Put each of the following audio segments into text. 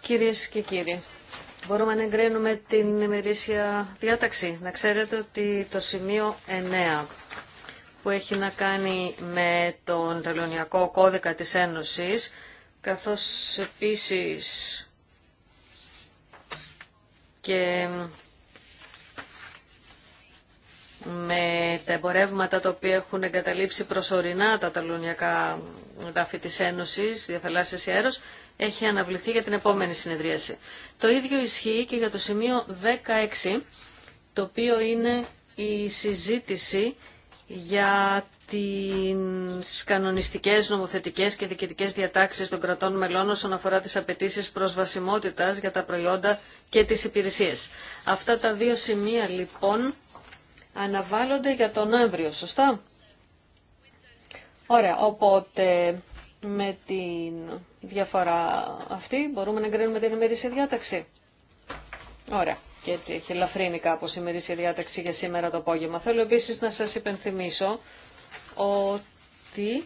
Κυρίες και κύριοι, μπορούμε να εγκρίνουμε την ημερήσια διάταξη. Να ξέρετε ότι το σημείο 9 που έχει να κάνει με τον Τελωνιακό Κώδικα της Ένωσης, καθώς επίσης και με τα εμπορεύματα τα οποία έχουν εγκαταλείψει προσωρινά τα ταλουνιακά δάφη της Ένωσης, διαθαλάσσιας αέρος, έχει αναβληθεί για την επόμενη συνεδρίαση. Το ίδιο ισχύει και για το σημείο 16, το οποίο είναι η συζήτηση για τις κανονιστικές, νομοθετικές και διοικητικές διατάξεις των κρατών μελών όσον αφορά τις απαιτήσει προσβασιμότητας για τα προϊόντα και τις υπηρεσίες. Αυτά τα δύο σημεία λοιπόν αναβάλλονται για τον Νοέμβριο, σωστά. Ωραία, οπότε με την διαφορά αυτή μπορούμε να εγκρίνουμε την ημερήσια διάταξη. Ωραία. Και έτσι έχει ελαφρύνει κάπως η ημερήσια διάταξη για σήμερα το απόγευμα. Θέλω επίσης να σας υπενθυμίσω ότι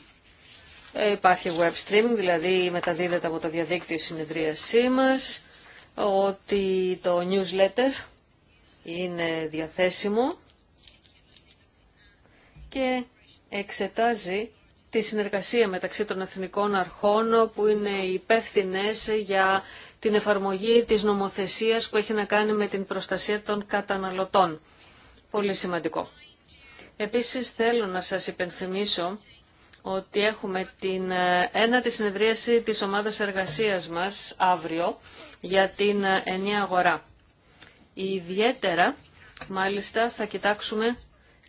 ε, υπάρχει web streaming, δηλαδή μεταδίδεται από το διαδίκτυο η συνεδρίασή μας, ότι το newsletter είναι διαθέσιμο και εξετάζει τη συνεργασία μεταξύ των εθνικών αρχών που είναι υπεύθυνε για την εφαρμογή της νομοθεσίας που έχει να κάνει με την προστασία των καταναλωτών. Πολύ σημαντικό. Επίσης θέλω να σας υπενθυμίσω ότι έχουμε την ε, ένατη συνεδρίαση της ομάδας εργασίας μας αύριο για την ε, ενιαία αγορά. Ιδιαίτερα, μάλιστα, θα κοιτάξουμε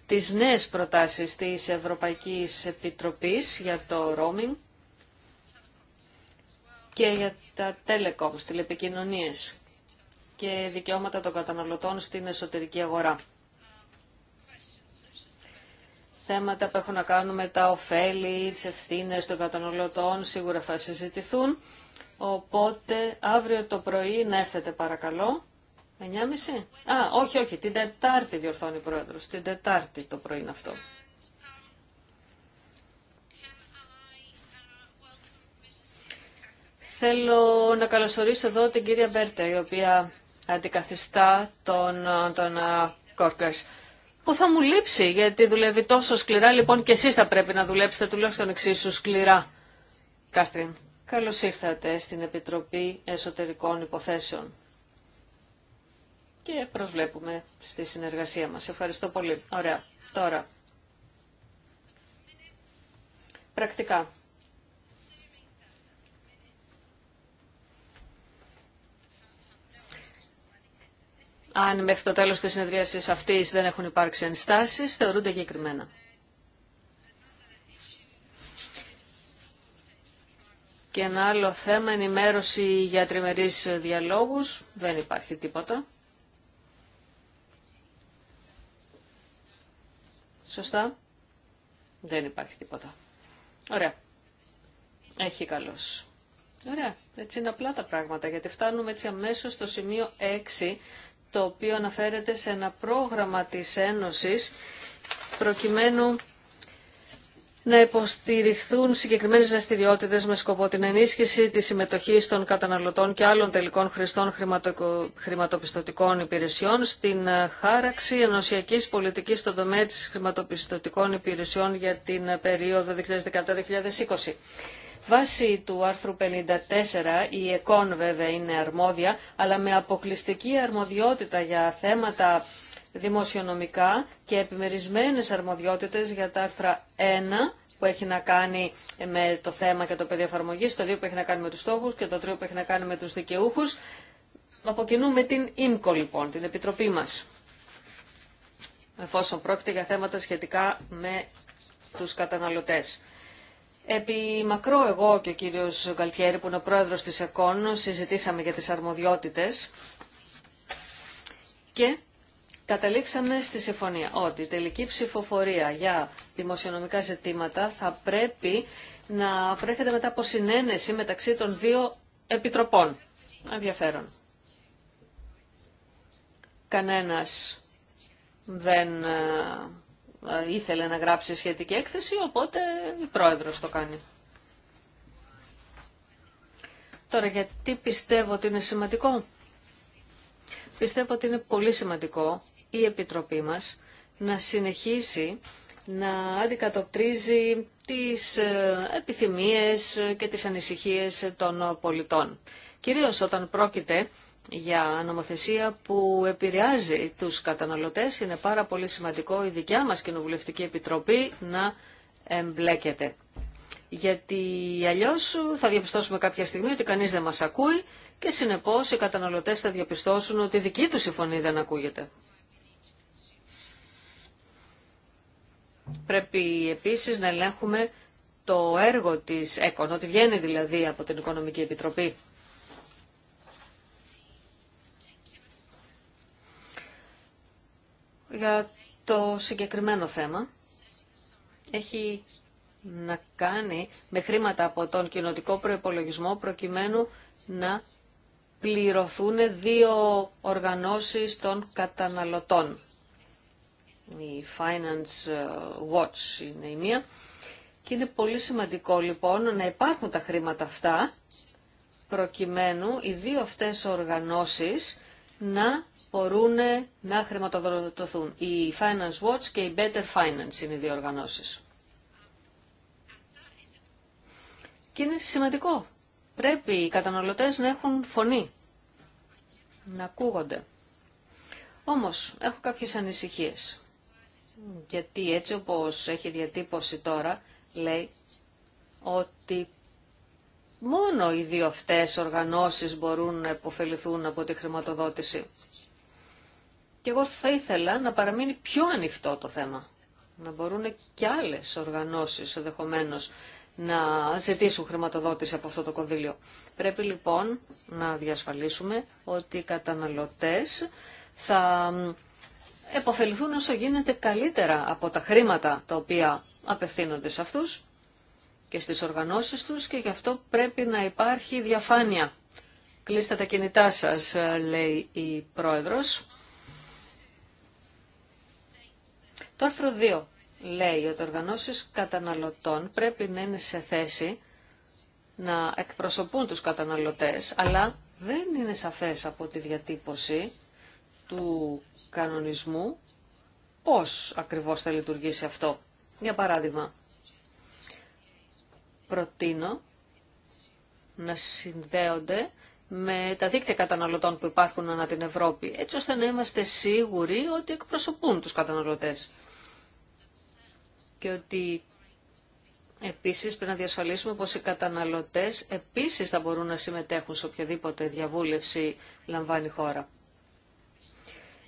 τις νέες προτάσεις της Ευρωπαϊκής Επιτροπής για το roaming και για τα telecom, τηλεπικοινωνίες και δικαιώματα των καταναλωτών στην εσωτερική αγορά. Θέματα που έχουν να κάνουν με τα ωφέλη, τις ευθύνες των καταναλωτών σίγουρα θα συζητηθούν. Οπότε αύριο το πρωί να έρθετε παρακαλώ 9.30. Α, όχι, όχι, την Τετάρτη διορθώνει ο Πρόεδρος. Την Τετάρτη το πρωί είναι αυτό. Θέλω να καλωσορίσω εδώ την κυρία Μπέρτε, η οποία αντικαθιστά τον, τον Κόρκας, που θα μου λείψει, γιατί δουλεύει τόσο σκληρά, λοιπόν και εσείς θα πρέπει να δουλέψετε τουλάχιστον εξίσου σκληρά. Κάθριν, καλώς ήρθατε στην Επιτροπή Εσωτερικών Υποθέσεων και προσβλέπουμε στη συνεργασία μας. Ευχαριστώ πολύ. Ωραία. Τώρα. Πρακτικά. Αν μέχρι το τέλος της συνεδρίασης αυτής δεν έχουν υπάρξει ενστάσεις, θεωρούνται εγκεκριμένα. Και ένα άλλο θέμα, ενημέρωση για τριμερείς διαλόγους, δεν υπάρχει τίποτα. Σωστά. Δεν υπάρχει τίποτα. Ωραία. Έχει καλώς. Ωραία. Έτσι είναι απλά τα πράγματα, γιατί φτάνουμε έτσι αμέσως στο σημείο 6, το οποίο αναφέρεται σε ένα πρόγραμμα της Ένωσης, προκειμένου να υποστηριχθούν συγκεκριμένες δραστηριότητε με σκοπό την ενίσχυση της συμμετοχής των καταναλωτών και άλλων τελικών χρηστών χρηματοπιστωτικών υπηρεσιών στην ε, χάραξη ενωσιακή πολιτικής στον τομέα τη χρηματοπιστωτικών υπηρεσιών για την περιοδο 2010 2017-2020. Βάσει του άρθρου 54, η ΕΚΟΝ βέβαια είναι αρμόδια, αλλά με αποκλειστική αρμοδιότητα για θέματα δημοσιονομικά και επιμερισμένες αρμοδιότητες για τα άρθρα 1 που έχει να κάνει με το θέμα και το πεδίο εφαρμογή, το 2 που έχει να κάνει με του στόχου και το 3 που έχει να κάνει με τους δικαιούχους. Αποκινούμε την ΙΜΚΟ λοιπόν, την Επιτροπή μα, εφόσον πρόκειται για θέματα σχετικά με του καταναλωτέ. Επί μακρό εγώ και ο κύριο Γκαλτιέρη που είναι ο πρόεδρος της ΕΚΟΝ συζητήσαμε για τι αρμοδιότητε. και καταλήξαμε στη συμφωνία ότι η τελική ψηφοφορία για δημοσιονομικά ζητήματα θα πρέπει να βρέχεται μετά από συνένεση μεταξύ των δύο επιτροπών. Ενδιαφέρον. Κανένας δεν ε, ε, ήθελε να γράψει σχετική έκθεση, οπότε η πρόεδρος το κάνει. Τώρα, γιατί πιστεύω ότι είναι σημαντικό. Πιστεύω ότι είναι πολύ σημαντικό η Επιτροπή μας να συνεχίσει να αντικατοπτρίζει τις ε, επιθυμίες και τις ανησυχίες των πολιτών. Κυρίως όταν πρόκειται για νομοθεσία που επηρεάζει τους καταναλωτές, είναι πάρα πολύ σημαντικό η δικιά μας Κοινοβουλευτική Επιτροπή να εμπλέκεται. Γιατί αλλιώς θα διαπιστώσουμε κάποια στιγμή ότι κανείς δεν μας ακούει και συνεπώς οι καταναλωτές θα διαπιστώσουν ότι δική τους η φωνή δεν ακούγεται. Πρέπει επίσης να ελέγχουμε το έργο της ΕΚΟΝ, ότι βγαίνει δηλαδή από την Οικονομική Επιτροπή. Για το συγκεκριμένο θέμα έχει να κάνει με χρήματα από τον κοινοτικό προϋπολογισμό προκειμένου να πληρωθούν δύο οργανώσεις των καταναλωτών η Finance ε, Watch είναι η μία. Και είναι πολύ σημαντικό λοιπόν να υπάρχουν τα χρήματα αυτά προκειμένου οι δύο αυτές οργανώσεις να μπορούν να χρηματοδοτηθούν. Η Finance Watch και η Better Finance είναι οι δύο οργανώσεις. Και είναι σημαντικό. Πρέπει οι καταναλωτές να έχουν φωνή, να ακούγονται. Όμως έχω κάποιες ανησυχίες γιατί έτσι όπως έχει διατύπωση τώρα λέει ότι μόνο οι δύο αυτές οργανώσεις μπορούν να υποφεληθούν από τη χρηματοδότηση. Και εγώ θα ήθελα να παραμείνει πιο ανοιχτό το θέμα. Να μπορούν και άλλες οργανώσεις ενδεχομένω να ζητήσουν χρηματοδότηση από αυτό το κονδύλιο. Πρέπει λοιπόν να διασφαλίσουμε ότι οι καταναλωτές θα επωφεληθούν όσο γίνεται καλύτερα από τα χρήματα τα οποία απευθύνονται σε αυτούς και στις οργανώσεις τους και γι' αυτό πρέπει να υπάρχει διαφάνεια. Κλείστε τα κινητά σας, λέει η Πρόεδρος. Το άρθρο 2 λέει ότι οργανώσεις καταναλωτών πρέπει να είναι σε θέση να εκπροσωπούν τους καταναλωτές, αλλά δεν είναι σαφές από τη διατύπωση του κανονισμού πώς ακριβώς θα λειτουργήσει αυτό. Για παράδειγμα, προτείνω να συνδέονται με τα δίκτυα καταναλωτών που υπάρχουν ανά την Ευρώπη, έτσι ώστε να είμαστε σίγουροι ότι εκπροσωπούν τους καταναλωτές. Και ότι επίσης πρέπει να διασφαλίσουμε πως οι καταναλωτές επίσης θα μπορούν να συμμετέχουν σε οποιαδήποτε διαβούλευση λαμβάνει η χώρα.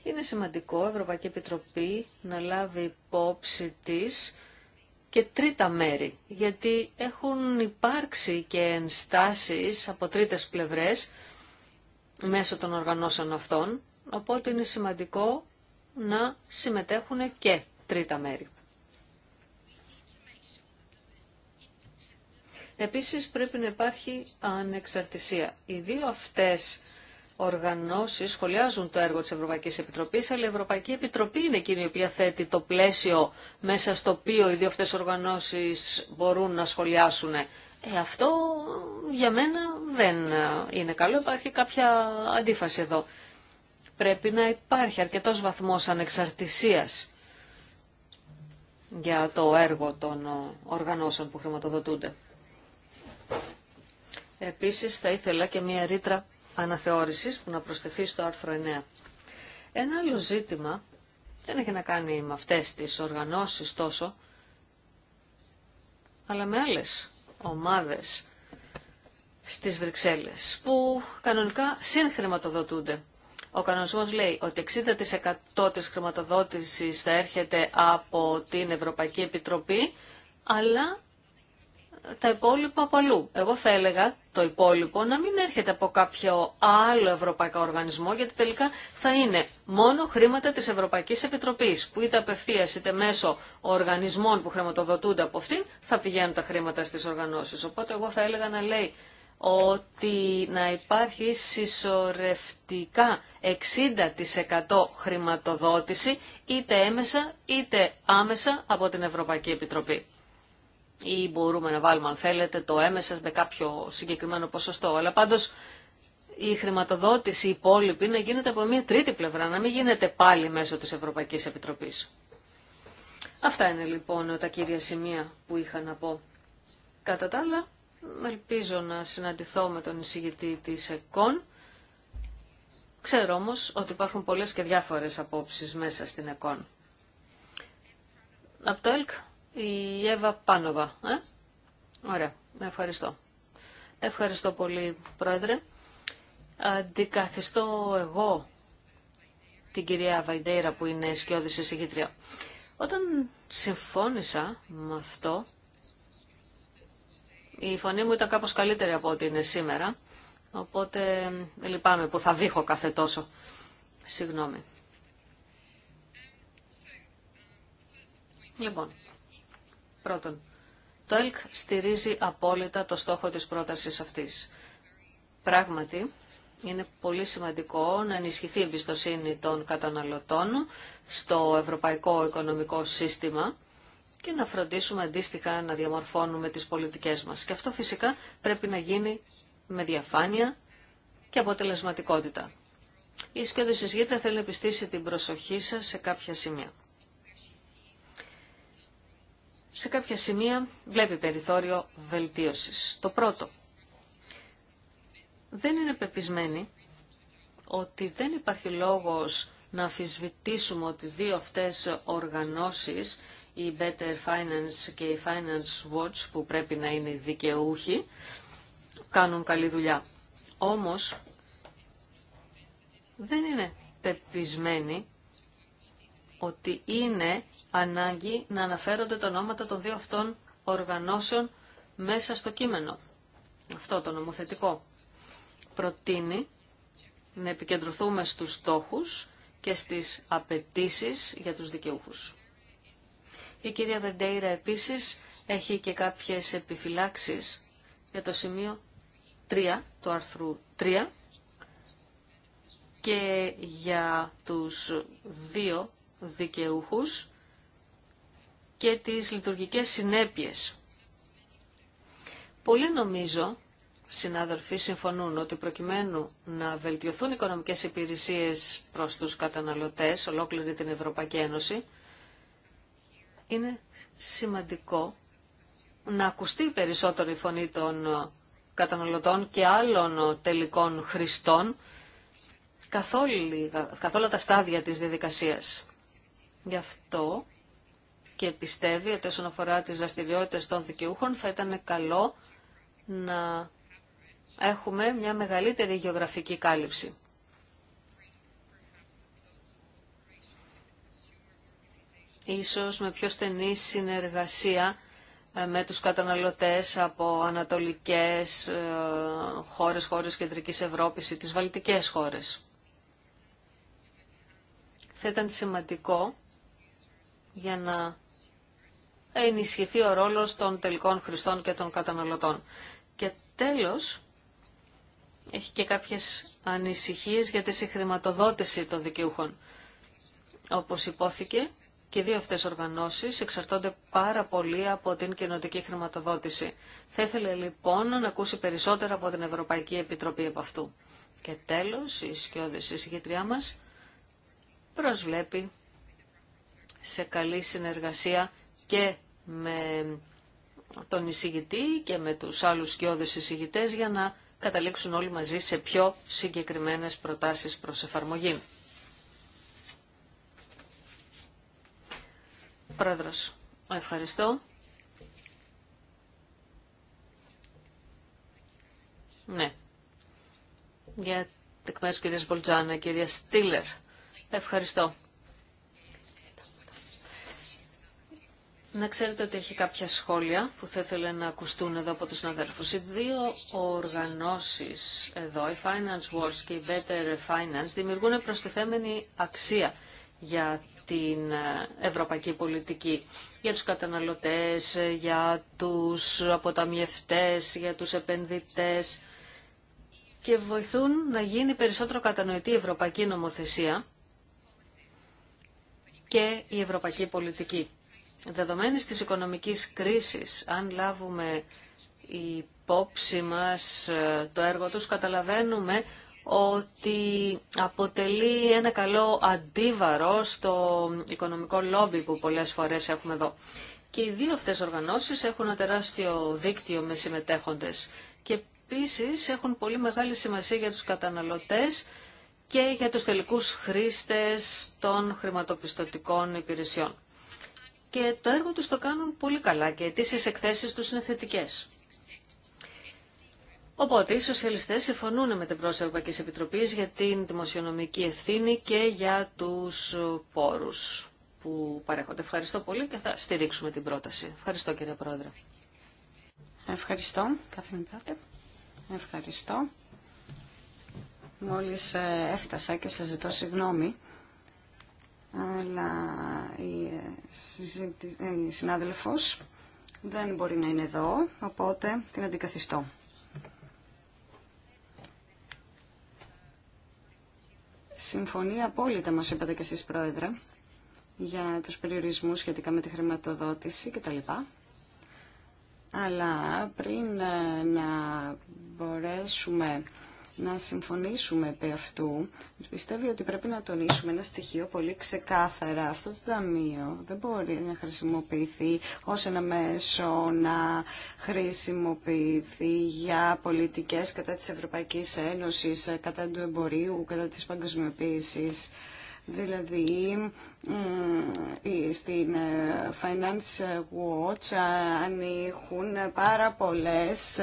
Είναι σημαντικό η Ευρωπαϊκή Επιτροπή να λάβει υπόψη της και τρίτα μέρη, γιατί έχουν υπάρξει και ενστάσεις από τρίτες πλευρές μέσω των οργανώσεων αυτών, οπότε είναι σημαντικό να συμμετέχουν και τρίτα μέρη. Επίσης πρέπει να υπάρχει ανεξαρτησία. Οι δύο αυτές οργανώσεις σχολιάζουν το έργο της Ευρωπαϊκής Επιτροπής, αλλά η Ευρωπαϊκή Επιτροπή είναι εκείνη η οποία θέτει το πλαίσιο μέσα στο οποίο οι δύο αυτές οργανώσεις μπορούν να σχολιάσουν. Ε, αυτό για μένα δεν είναι καλό, υπάρχει κάποια αντίφαση εδώ. Πρέπει να υπάρχει αρκετός βαθμός ανεξαρτησίας για το έργο των οργανώσεων που χρηματοδοτούνται. Επίσης θα ήθελα και μία ρήτρα αναθεώρησης που να προσθεθεί στο άρθρο 9. Ένα άλλο ζήτημα δεν έχει να κάνει με αυτές τις οργανώσεις τόσο, αλλά με άλλες ομάδες στις Βρυξέλλες, που κανονικά συγχρηματοδοτούνται. Ο κανονισμός λέει ότι 60% της χρηματοδότησης θα έρχεται από την Ευρωπαϊκή Επιτροπή, αλλά τα υπόλοιπα από αλλού. Εγώ θα έλεγα το υπόλοιπο να μην έρχεται από κάποιο άλλο ευρωπαϊκό οργανισμό, γιατί τελικά θα είναι μόνο χρήματα της Ευρωπαϊκής Επιτροπής, που είτε απευθεία είτε μέσω οργανισμών που χρηματοδοτούνται από αυτήν, θα πηγαίνουν τα χρήματα στις οργανώσεις. Οπότε εγώ θα έλεγα να λέει ότι να υπάρχει συσσωρευτικά 60% χρηματοδότηση είτε έμεσα είτε άμεσα από την Ευρωπαϊκή Επιτροπή ή μπορούμε να βάλουμε αν θέλετε το έμεσα με κάποιο συγκεκριμένο ποσοστό. Αλλά πάντως η χρηματοδότηση υπόλοιπη να γίνεται από μια τρίτη πλευρά, να μην γίνεται πάλι μέσω της Ευρωπαϊκής Επιτροπής. Αυτά είναι λοιπόν τα κύρια σημεία που είχα να πω. Κατά τα άλλα, ελπίζω να συναντηθώ με τον εισηγητή της ΕΚΟΝ. Ξέρω όμως ότι υπάρχουν πολλές και διάφορες απόψεις μέσα στην ΕΚΟΝ. Από το ΕΛΚ η Εύα Πάνοβα. Ε? Ωραία, ευχαριστώ. Ευχαριστώ πολύ, Πρόεδρε. Αντικαθιστώ εγώ την κυρία Βαϊντέιρα που είναι σκιώδης εισηγήτρια. Όταν συμφώνησα με αυτό, η φωνή μου ήταν κάπως καλύτερη από ό,τι είναι σήμερα, οπότε λυπάμαι που θα δείχω κάθε τόσο. Συγγνώμη. Λοιπόν, Πρώτον, το ΕΛΚ στηρίζει απόλυτα το στόχο της πρότασης αυτής. Πράγματι, είναι πολύ σημαντικό να ενισχυθεί η εμπιστοσύνη των καταναλωτών στο ευρωπαϊκό οικονομικό σύστημα και να φροντίσουμε αντίστοιχα να διαμορφώνουμε τις πολιτικές μας. Και αυτό φυσικά πρέπει να γίνει με διαφάνεια και αποτελεσματικότητα. Η σκέδωση συζήτητα θέλει να επιστήσει την προσοχή σας σε κάποια σημεία σε κάποια σημεία βλέπει περιθώριο βελτίωσης. Το πρώτο, δεν είναι πεπισμένη ότι δεν υπάρχει λόγος να αφισβητήσουμε ότι δύο αυτές οργανώσεις, η Better Finance και η Finance Watch, που πρέπει να είναι δικαιούχοι, κάνουν καλή δουλειά. Όμως, δεν είναι πεπισμένη ότι είναι ανάγκη να αναφέρονται τα ονόματα των δύο αυτών οργανώσεων μέσα στο κείμενο. Αυτό το νομοθετικό προτείνει να επικεντρωθούμε στους στόχους και στις απαιτήσεις για τους δικαιούχους. Η κυρία Βεντέιρα επίσης έχει και κάποιες επιφυλάξεις για το σημείο 3 του άρθρου 3 και για τους δύο δικαιούχους και τις λειτουργικές συνέπειες. Πολλοί νομίζω, συνάδελφοι, συμφωνούν ότι προκειμένου να βελτιωθούν οι οικονομικές υπηρεσίες προς τους καταναλωτές, ολόκληρη την Ευρωπαϊκή Ένωση, είναι σημαντικό να ακουστεί περισσότερο η φωνή των καταναλωτών και άλλων τελικών χρηστών καθ' όλα τα στάδια της διαδικασίας. Γι' αυτό και πιστεύει ότι όσον αφορά τις δραστηριότητε των δικαιούχων θα ήταν καλό να έχουμε μια μεγαλύτερη γεωγραφική κάλυψη. Ίσως με πιο στενή συνεργασία ε, με τους καταναλωτές από ανατολικές ε, χώρες, χώρες κεντρικής Ευρώπης ή τις βαλτικές χώρες. Θα ήταν σημαντικό για να ενισχυθεί ο ρόλος των τελικών χρηστών και των καταναλωτών. Και τέλος, έχει και κάποιες ανησυχίες για τη συγχρηματοδότηση των δικαιούχων. Όπως υπόθηκε, και δύο αυτές οργανώσεις εξαρτώνται πάρα πολύ από την κοινωτική χρηματοδότηση. Θα ήθελε λοιπόν να ακούσει περισσότερα από την Ευρωπαϊκή Επιτροπή από αυτού. Και τέλος, η σκιώδης εισηγητριά μας προσβλέπει σε καλή συνεργασία και με τον εισηγητή και με τους άλλους σκιώδες εισηγητές για να καταλήξουν όλοι μαζί σε πιο συγκεκριμένες προτάσεις προς εφαρμογή. Πρόεδρος, ευχαριστώ. Ναι. Για τεκμέρους κυρία Μπολτζάνα, κυρία Στήλερ. Ευχαριστώ. Να ξέρετε ότι έχει κάποια σχόλια που θα ήθελα να ακουστούν εδώ από τους συναδέλφους. Οι δύο οργανώσεις εδώ, η Finance Wars και η Better Finance, δημιουργούν προστιθέμενη αξία για την ε, ευρωπαϊκή πολιτική, για τους καταναλωτές, για τους αποταμιευτές, για τους επενδυτές και βοηθούν να γίνει περισσότερο κατανοητή η ευρωπαϊκή νομοθεσία και η ευρωπαϊκή πολιτική. Δεδομένης της οικονομικής κρίσης, αν λάβουμε υπόψη μας ε, το έργο τους, καταλαβαίνουμε ότι αποτελεί ένα καλό αντίβαρο στο οικονομικό λόμπι που πολλές φορές έχουμε εδώ. Και οι δύο αυτές οργανώσεις έχουν ένα τεράστιο δίκτυο με συμμετέχοντες και επίση έχουν πολύ μεγάλη σημασία για τους καταναλωτές και για τους τελικούς χρήστες των χρηματοπιστωτικών υπηρεσιών και το έργο τους το κάνουν πολύ καλά και αιτήσεις εκθέσεις τους είναι θετικέ. Οπότε οι σοσιαλιστές συμφωνούν με την πρόσωπα Ευρωπαϊκής Επιτροπής για την δημοσιονομική ευθύνη και για τους πόρους που παρέχονται. Ευχαριστώ πολύ και θα στηρίξουμε την πρόταση. Ευχαριστώ κύριε Πρόεδρε. Ευχαριστώ. Καθήν Ευχαριστώ. Μόλις ε, έφτασα και σας ζητώ συγγνώμη αλλά ε, η συνάδελφος δεν μπορεί να είναι εδώ, οπότε την αντικαθιστώ. Συμφωνεί απόλυτα, μας είπατε και εσείς, Πρόεδρε, για τους περιορισμούς σχετικά με τη χρηματοδότηση κτλ. Αλλά πριν ε, να μπορέσουμε να συμφωνήσουμε επί αυτού. Πιστεύει ότι πρέπει να τονίσουμε ένα στοιχείο πολύ ξεκάθαρα. Αυτό το ταμείο δεν μπορεί να χρησιμοποιηθεί ως ένα μέσο να χρησιμοποιηθεί για πολιτικές κατά της Ευρωπαϊκής Ένωσης, κατά του εμπορίου, κατά της παγκοσμιοποίησης. Δηλαδή, ε, στην ε, Finance Watch ε, ανοίχουν πάρα πολλές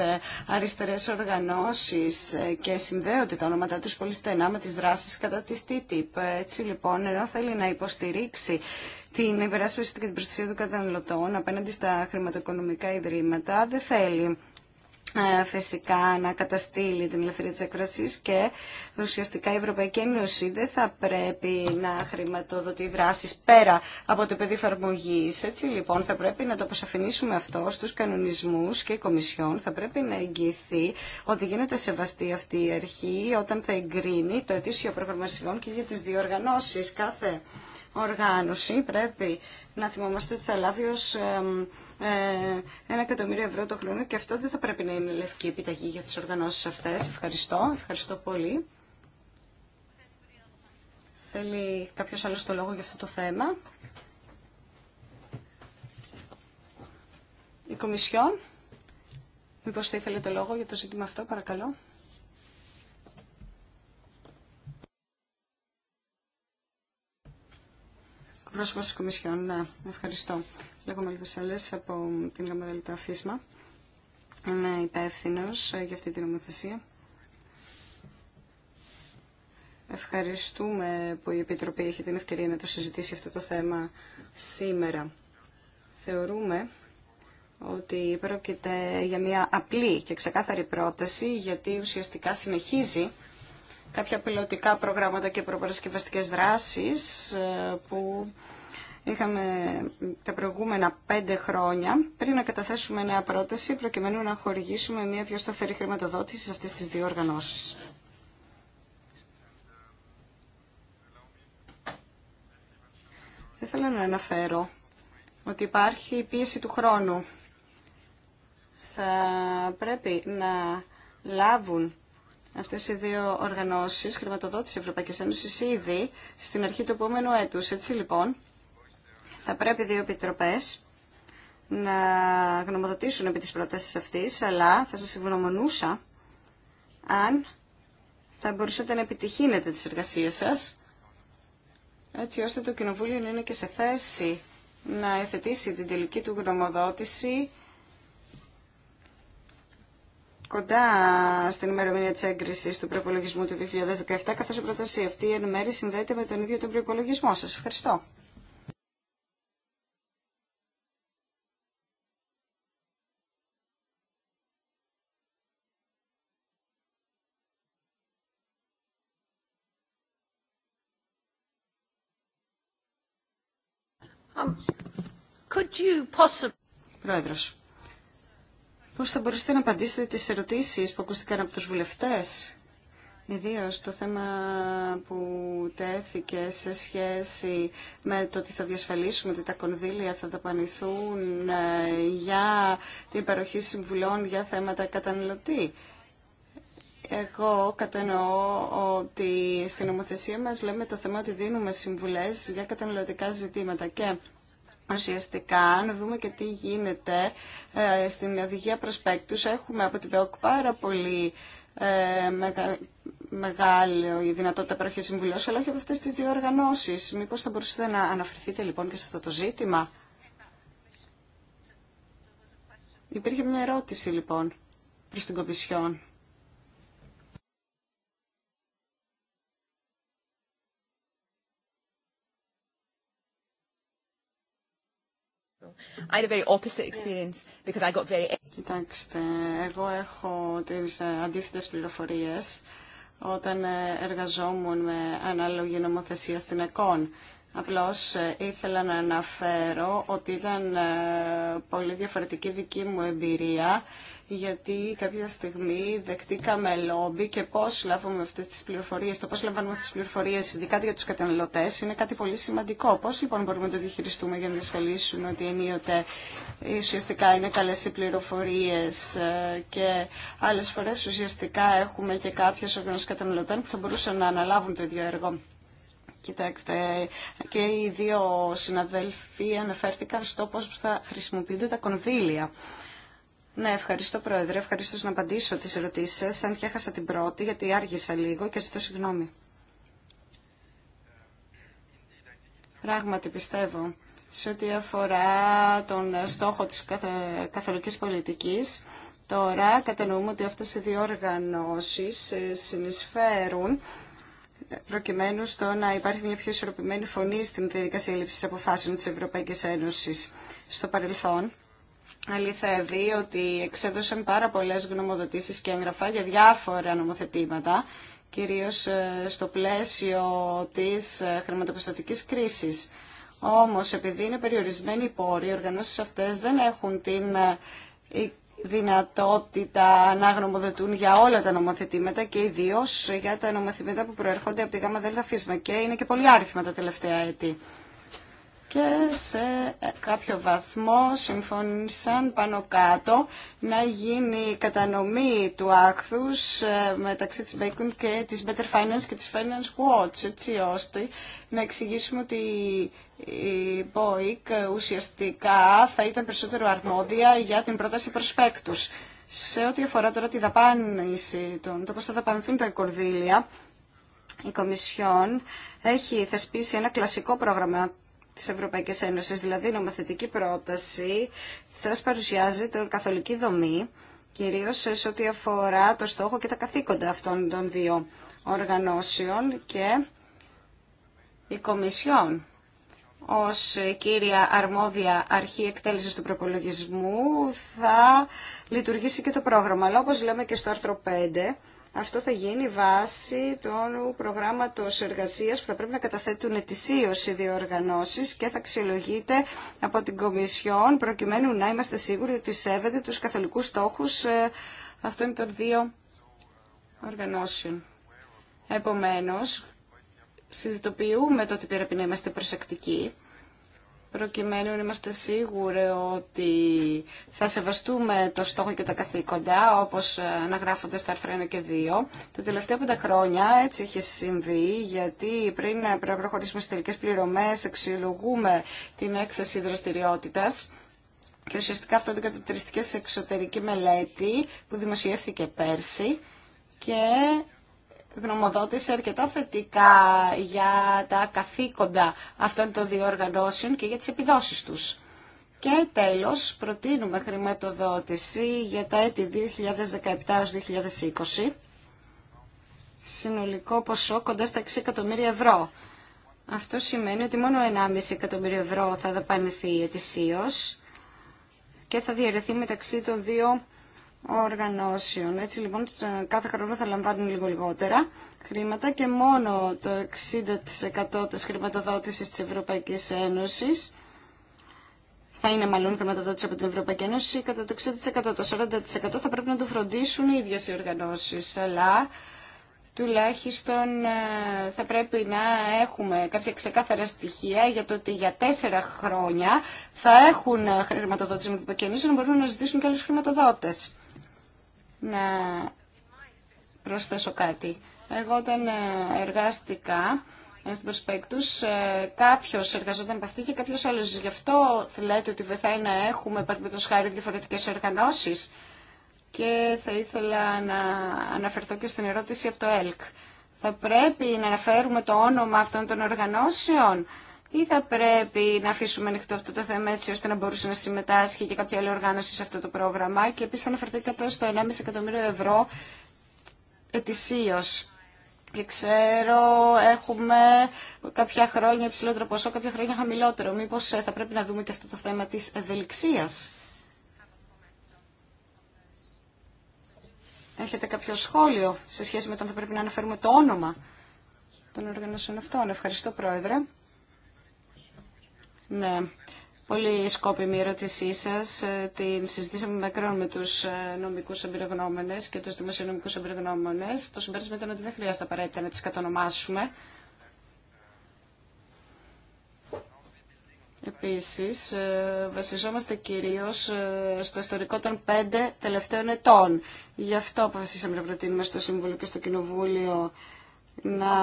αριστερές οργανώσεις και συνδέονται τα ονόματά τους πολύ στενά με τις δράσεις κατά της TTIP. Έτσι λοιπόν, ενώ θέλει να υποστηρίξει την υπεράσπιση και την προστασία των καταναλωτών απέναντι στα χρηματοοικονομικά ιδρύματα, δεν θέλει ε, φυσικά να καταστήλει την ελευθερία της έκφρασης και ουσιαστικά η Ευρωπαϊκή Ένωση δεν θα πρέπει να χρηματοδοτεί δράσεις πέρα από το πεδίο εφαρμογή. Έτσι λοιπόν θα πρέπει να το αποσαφηνίσουμε αυτό στους κανονισμούς και η Κομισιόν θα πρέπει να εγγυηθεί ότι γίνεται σεβαστή αυτή η αρχή όταν θα εγκρίνει το ετήσιο προγραμματισμό και για τις διοργανώσεις κάθε οργάνωση πρέπει να θυμόμαστε ότι θα λάβει ως ε, ένα εκατομμύριο ευρώ το χρόνο και αυτό δεν θα πρέπει να είναι λευκή επιταγή για τις οργανώσεις αυτές. Ευχαριστώ, ευχαριστώ πολύ. Θέλει κάποιος άλλος το λόγο για αυτό το θέμα. Η Κομισιόν, μήπως θα ήθελε το λόγο για το ζήτημα αυτό, παρακαλώ. Πρόσωπος της Κομισιόν, ναι, ευχαριστώ. Λέγομαι Λιβεσέλες από την Γαμαδελτά Φίσμα. Είμαι υπεύθυνο ε, για αυτή την νομοθεσία. Ευχαριστούμε που η Επιτροπή έχει την ευκαιρία να το συζητήσει αυτό το θέμα σήμερα. Θεωρούμε ότι πρόκειται για μια απλή και ξεκάθαρη πρόταση, γιατί ουσιαστικά συνεχίζει κάποια πιλωτικά προγράμματα και προπαρασκευαστικές δράσεις ε, που είχαμε τα προηγούμενα πέντε χρόνια πριν να καταθέσουμε νέα πρόταση προκειμένου να χορηγήσουμε μια πιο σταθερή χρηματοδότηση σε αυτές τις δύο οργανώσεις. Θα ήθελα να αναφέρω ότι υπάρχει η πίεση του χρόνου. Θα πρέπει να λάβουν αυτές οι δύο οργανώσεις χρηματοδότηση Ευρωπαϊκής Ένωσης ήδη στην αρχή του επόμενου έτους. Έτσι λοιπόν, θα πρέπει δύο επιτροπές να γνωμοδοτήσουν επί της πρότασης αυτής, αλλά θα σας ευγνωμονούσα αν θα μπορούσατε να επιτυχύνετε τις εργασίες σας, έτσι ώστε το Κοινοβούλιο να είναι και σε θέση να εθετήσει την τελική του γνωμοδότηση κοντά στην ημερομηνία της έγκρισης του προπολογισμού του 2017, καθώς η πρόταση αυτή εν μέρη συνδέεται με τον ίδιο τον προπολογισμό σας. Ευχαριστώ. Um, Πρόεδρος, πώς θα μπορούσατε να απαντήσετε τις ερωτήσεις που ακούστηκαν από τους βουλευτές, ιδίω το θέμα που τέθηκε σε σχέση με το ότι θα διασφαλίσουμε ότι τα κονδύλια θα δαπανηθούν ε, για την παροχή συμβουλών για θέματα καταναλωτή. Εγώ κατανοώ ότι στην νομοθεσία μας λέμε το θέμα ότι δίνουμε συμβουλές για καταναλωτικά ζητήματα και ουσιαστικά να δούμε και τι γίνεται ε, στην οδηγία προσπέκτους. Έχουμε από την ΠΕΟΚ πάρα πολύ ε, μεγάλη η δυνατότητα παροχή συμβουλών, αλλά όχι από αυτές τις δύο οργανώσεις. Μήπως θα μπορούσατε να αναφερθείτε λοιπόν και σε αυτό το ζήτημα. Υπήρχε μια ερώτηση λοιπόν προς την Κομισιόν. I had a very opposite experience because I got very... Κοιτάξτε, εγώ έχω τις ε, αντίθετες πληροφορίες όταν ε, εργαζόμουν με ανάλογη νομοθεσία στην ΕΚΟΝ. Απλώς ε, ήθελα να αναφέρω ότι ήταν πολύ διαφορετική δική μου εμπειρία γιατί κάποια στιγμή δεκτήκαμε λόμπι και πώς λάβουμε αυτές τις πληροφορίες, το πώ λαμβάνουμε αυτέ τις πληροφορίες, ειδικά για του καταναλωτέ, είναι κάτι πολύ σημαντικό. Πώ λοιπόν μπορούμε να το διαχειριστούμε για να ασφαλίσουμε ότι ενίοτε ε, ουσιαστικά είναι καλέ οι πληροφορίε ε, και άλλε φορέ, ουσιαστικά έχουμε και κάποιε οργανώσει καταναλωτών που θα μπορούσαν να αναλάβουν το ίδιο έργο. Κοιτάξτε, και οι δύο συναδέλφοι αναφέρθηκαν στο πώς θα χρησιμοποιούνται τα κονδύλια ναι, ευχαριστώ Πρόεδρε. Ευχαριστώ να απαντήσω τις ερωτήσεις σας, αν και έχασα την πρώτη, γιατί άργησα λίγο και ζητώ συγγνώμη. Πράγματι πιστεύω σε ό,τι αφορά τον στόχο της καθολικής πολιτικής. Τώρα κατανοούμε ότι αυτές οι δύο οργανώσεις ε, συνεισφέρουν ε, προκειμένου στο να υπάρχει μια πιο ισορροπημένη φωνή στην διαδικασία λήψη αποφάσεων της Ευρωπαϊκής Ένωσης στο παρελθόν αληθεύει ότι εξέδωσαν πάρα πολλές γνωμοδοτήσεις και έγγραφα για διάφορα νομοθετήματα, κυρίως ε, στο πλαίσιο της ε, χρηματοπιστωτικής κρίσης. Όμως, επειδή είναι περιορισμένοι οι πόροι, οι οργανώσεις αυτές δεν έχουν την ε, δυνατότητα να γνωμοδοτούν για όλα τα νομοθετήματα και ιδίω για τα νομοθετήματα που προέρχονται από τη ΓΑΜΑ ΔΕΛΤΑ και είναι και πολύ άριθμα τα τελευταία έτη και σε κάποιο βαθμό συμφώνησαν πάνω κάτω να γίνει κατανομή του άκθους ε, μεταξύ της Bacon και της Better Finance και της Finance Watch, έτσι ώστε να εξηγήσουμε ότι η BOIC ουσιαστικά θα ήταν περισσότερο αρμόδια για την πρόταση προσπέκτους. Σε ό,τι αφορά τώρα τη δαπάνηση, το πώς θα δαπανηθούν τα κορδίλια, η Κομισιόν έχει θεσπίσει ένα κλασικό πρόγραμμα της Ευρωπαϊκής Ένωσης, δηλαδή η νομοθετική πρόταση θα παρουσιάζει την καθολική δομή, κυρίως σε ό,τι αφορά το στόχο και τα καθήκοντα αυτών των δύο οργανώσεων και η Κομισιόν ως κύρια αρμόδια αρχή εκτέλεσης του προπολογισμού θα λειτουργήσει και το πρόγραμμα. Αλλά όπως λέμε και στο άρθρο 5, αυτό θα γίνει βάση του προγράμματο εργασία που θα πρέπει να καταθέτουν ετησίω οι δύο και θα αξιολογείται από την Κομισιόν προκειμένου να είμαστε σίγουροι ότι σέβεται τους καθολικού στόχους ε, αυτών των δύο οργανώσεων. Επομένως, συνειδητοποιούμε το ότι πρέπει να είμαστε προσεκτικοί προκειμένου να είμαστε σίγουροι ότι θα σεβαστούμε το στόχο και τα καθήκοντα, όπως ε, αναγράφονται στα άρθρα και 2. Τα τελευταία πέντε χρόνια έτσι έχει συμβεί, γιατί πριν προχωρήσουμε στις τελικές πληρωμές, αξιολογούμε την έκθεση δραστηριότητας. Και ουσιαστικά αυτό το σε εξωτερική μελέτη που δημοσιεύθηκε πέρσι και γνωμοδότησε αρκετά θετικά για τα καθήκοντα αυτών των οργανώσεων και για τις επιδόσεις τους. Και τέλος, προτείνουμε χρηματοδότηση για τα έτη 2017-2020, συνολικό ποσό κοντά στα 6 εκατομμύρια ευρώ. Αυτό σημαίνει ότι μόνο 1,5 εκατομμύριο ευρώ θα δαπανηθεί ετησίως και θα διαιρεθεί μεταξύ των δύο οργανώσεων. Έτσι λοιπόν κάθε χρόνο θα λαμβάνουν λίγο λιγότερα χρήματα και μόνο το 60% της χρηματοδότησης της Ευρωπαϊκής Ένωσης θα είναι μάλλον χρηματοδότηση από την Ευρωπαϊκή Ένωση, κατά το 60%, το 40% θα πρέπει να το φροντίσουν οι ίδιες οι οργανώσεις, αλλά τουλάχιστον ε, θα πρέπει να έχουμε κάποια ξεκάθαρα στοιχεία για το ότι για τέσσερα χρόνια θα έχουν ε, χρηματοδότηση με την Ευρωπαϊκή Ένωση να μπορούν να ζητήσουν και άλλους χρηματοδότες να προσθέσω κάτι. Εγώ όταν ε, εργάστηκα ε, στην Προσπέκτους ε, κάποιος εργαζόταν από αυτή και κάποιος άλλος. Γι' αυτό λέτε ότι δεν είναι να έχουμε το χάρη διαφορετικές οργανώσεις. Και θα ήθελα να αναφερθώ και στην ερώτηση από το ΕΛΚ. Θα πρέπει να αναφέρουμε το όνομα αυτών των οργανώσεων ή θα πρέπει να αφήσουμε ανοιχτό αυτό το θέμα έτσι ώστε να μπορούσε να συμμετάσχει και κάποια άλλη οργάνωση σε αυτό το πρόγραμμα. Και επίσης αναφερθήκατε στο 1,5 εκατομμύριο ευρώ ετησίω. Και ξέρω, έχουμε κάποια χρόνια υψηλότερο ποσό, κάποια χρόνια χαμηλότερο. Μήπω ε, θα πρέπει να δούμε και αυτό το θέμα τη ευελιξία. Έχετε κάποιο σχόλιο σε σχέση με το αν θα πρέπει να αναφέρουμε το όνομα των οργανώσεων αυτών. Ευχαριστώ, Πρόεδρε. Ναι. Πολύ σκόπιμη η ερώτησή σα. Ε, την συζητήσαμε μακρόν με του ε, νομικού εμπειρογνώμονε και του δημοσιονομικού εμπειρογνώμονε. Το συμπέρασμα ήταν ότι δεν χρειάζεται απαραίτητα να τι κατονομάσουμε. Επίση, ε, βασιζόμαστε κυρίως στο ιστορικό των πέντε τελευταίων ετών. Γι' αυτό αποφασίσαμε να προτείνουμε στο Σύμβουλο και στο Κοινοβούλιο να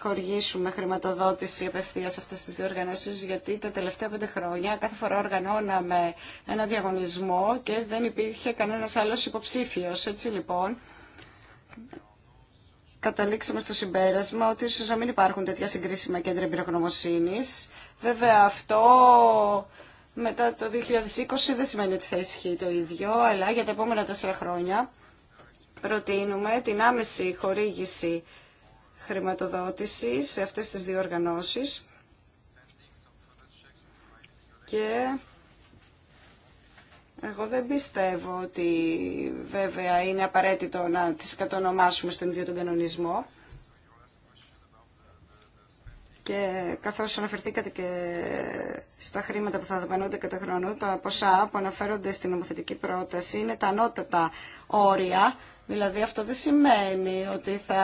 χορηγήσουμε χρηματοδότηση απευθείας σε αυτές τις διοργανώσεις, γιατί τα τελευταία πέντε χρόνια κάθε φορά οργανώναμε ένα διαγωνισμό και δεν υπήρχε κανένας άλλος υποψήφιος. Έτσι λοιπόν, καταλήξαμε στο συμπέρασμα ότι ίσως να μην υπάρχουν τέτοια συγκρίσιμα κέντρα εμπειρογνωμοσύνης. Βέβαια αυτό μετά το 2020 δεν σημαίνει ότι θα ισχύει το ίδιο, αλλά για τα επόμενα τέσσερα χρόνια προτείνουμε την άμεση χορήγηση χρηματοδότηση σε αυτές τις δύο οργανώσεις και εγώ δεν πιστεύω ότι βέβαια είναι απαραίτητο να τις κατονομάσουμε στον ίδιο τον κανονισμό. Και καθώς αναφερθήκατε και στα χρήματα που θα δαπανούνται κατά χρόνο, τα ποσά που αναφέρονται στην νομοθετική πρόταση είναι τα ανώτατα όρια Δηλαδή αυτό δεν σημαίνει ότι θα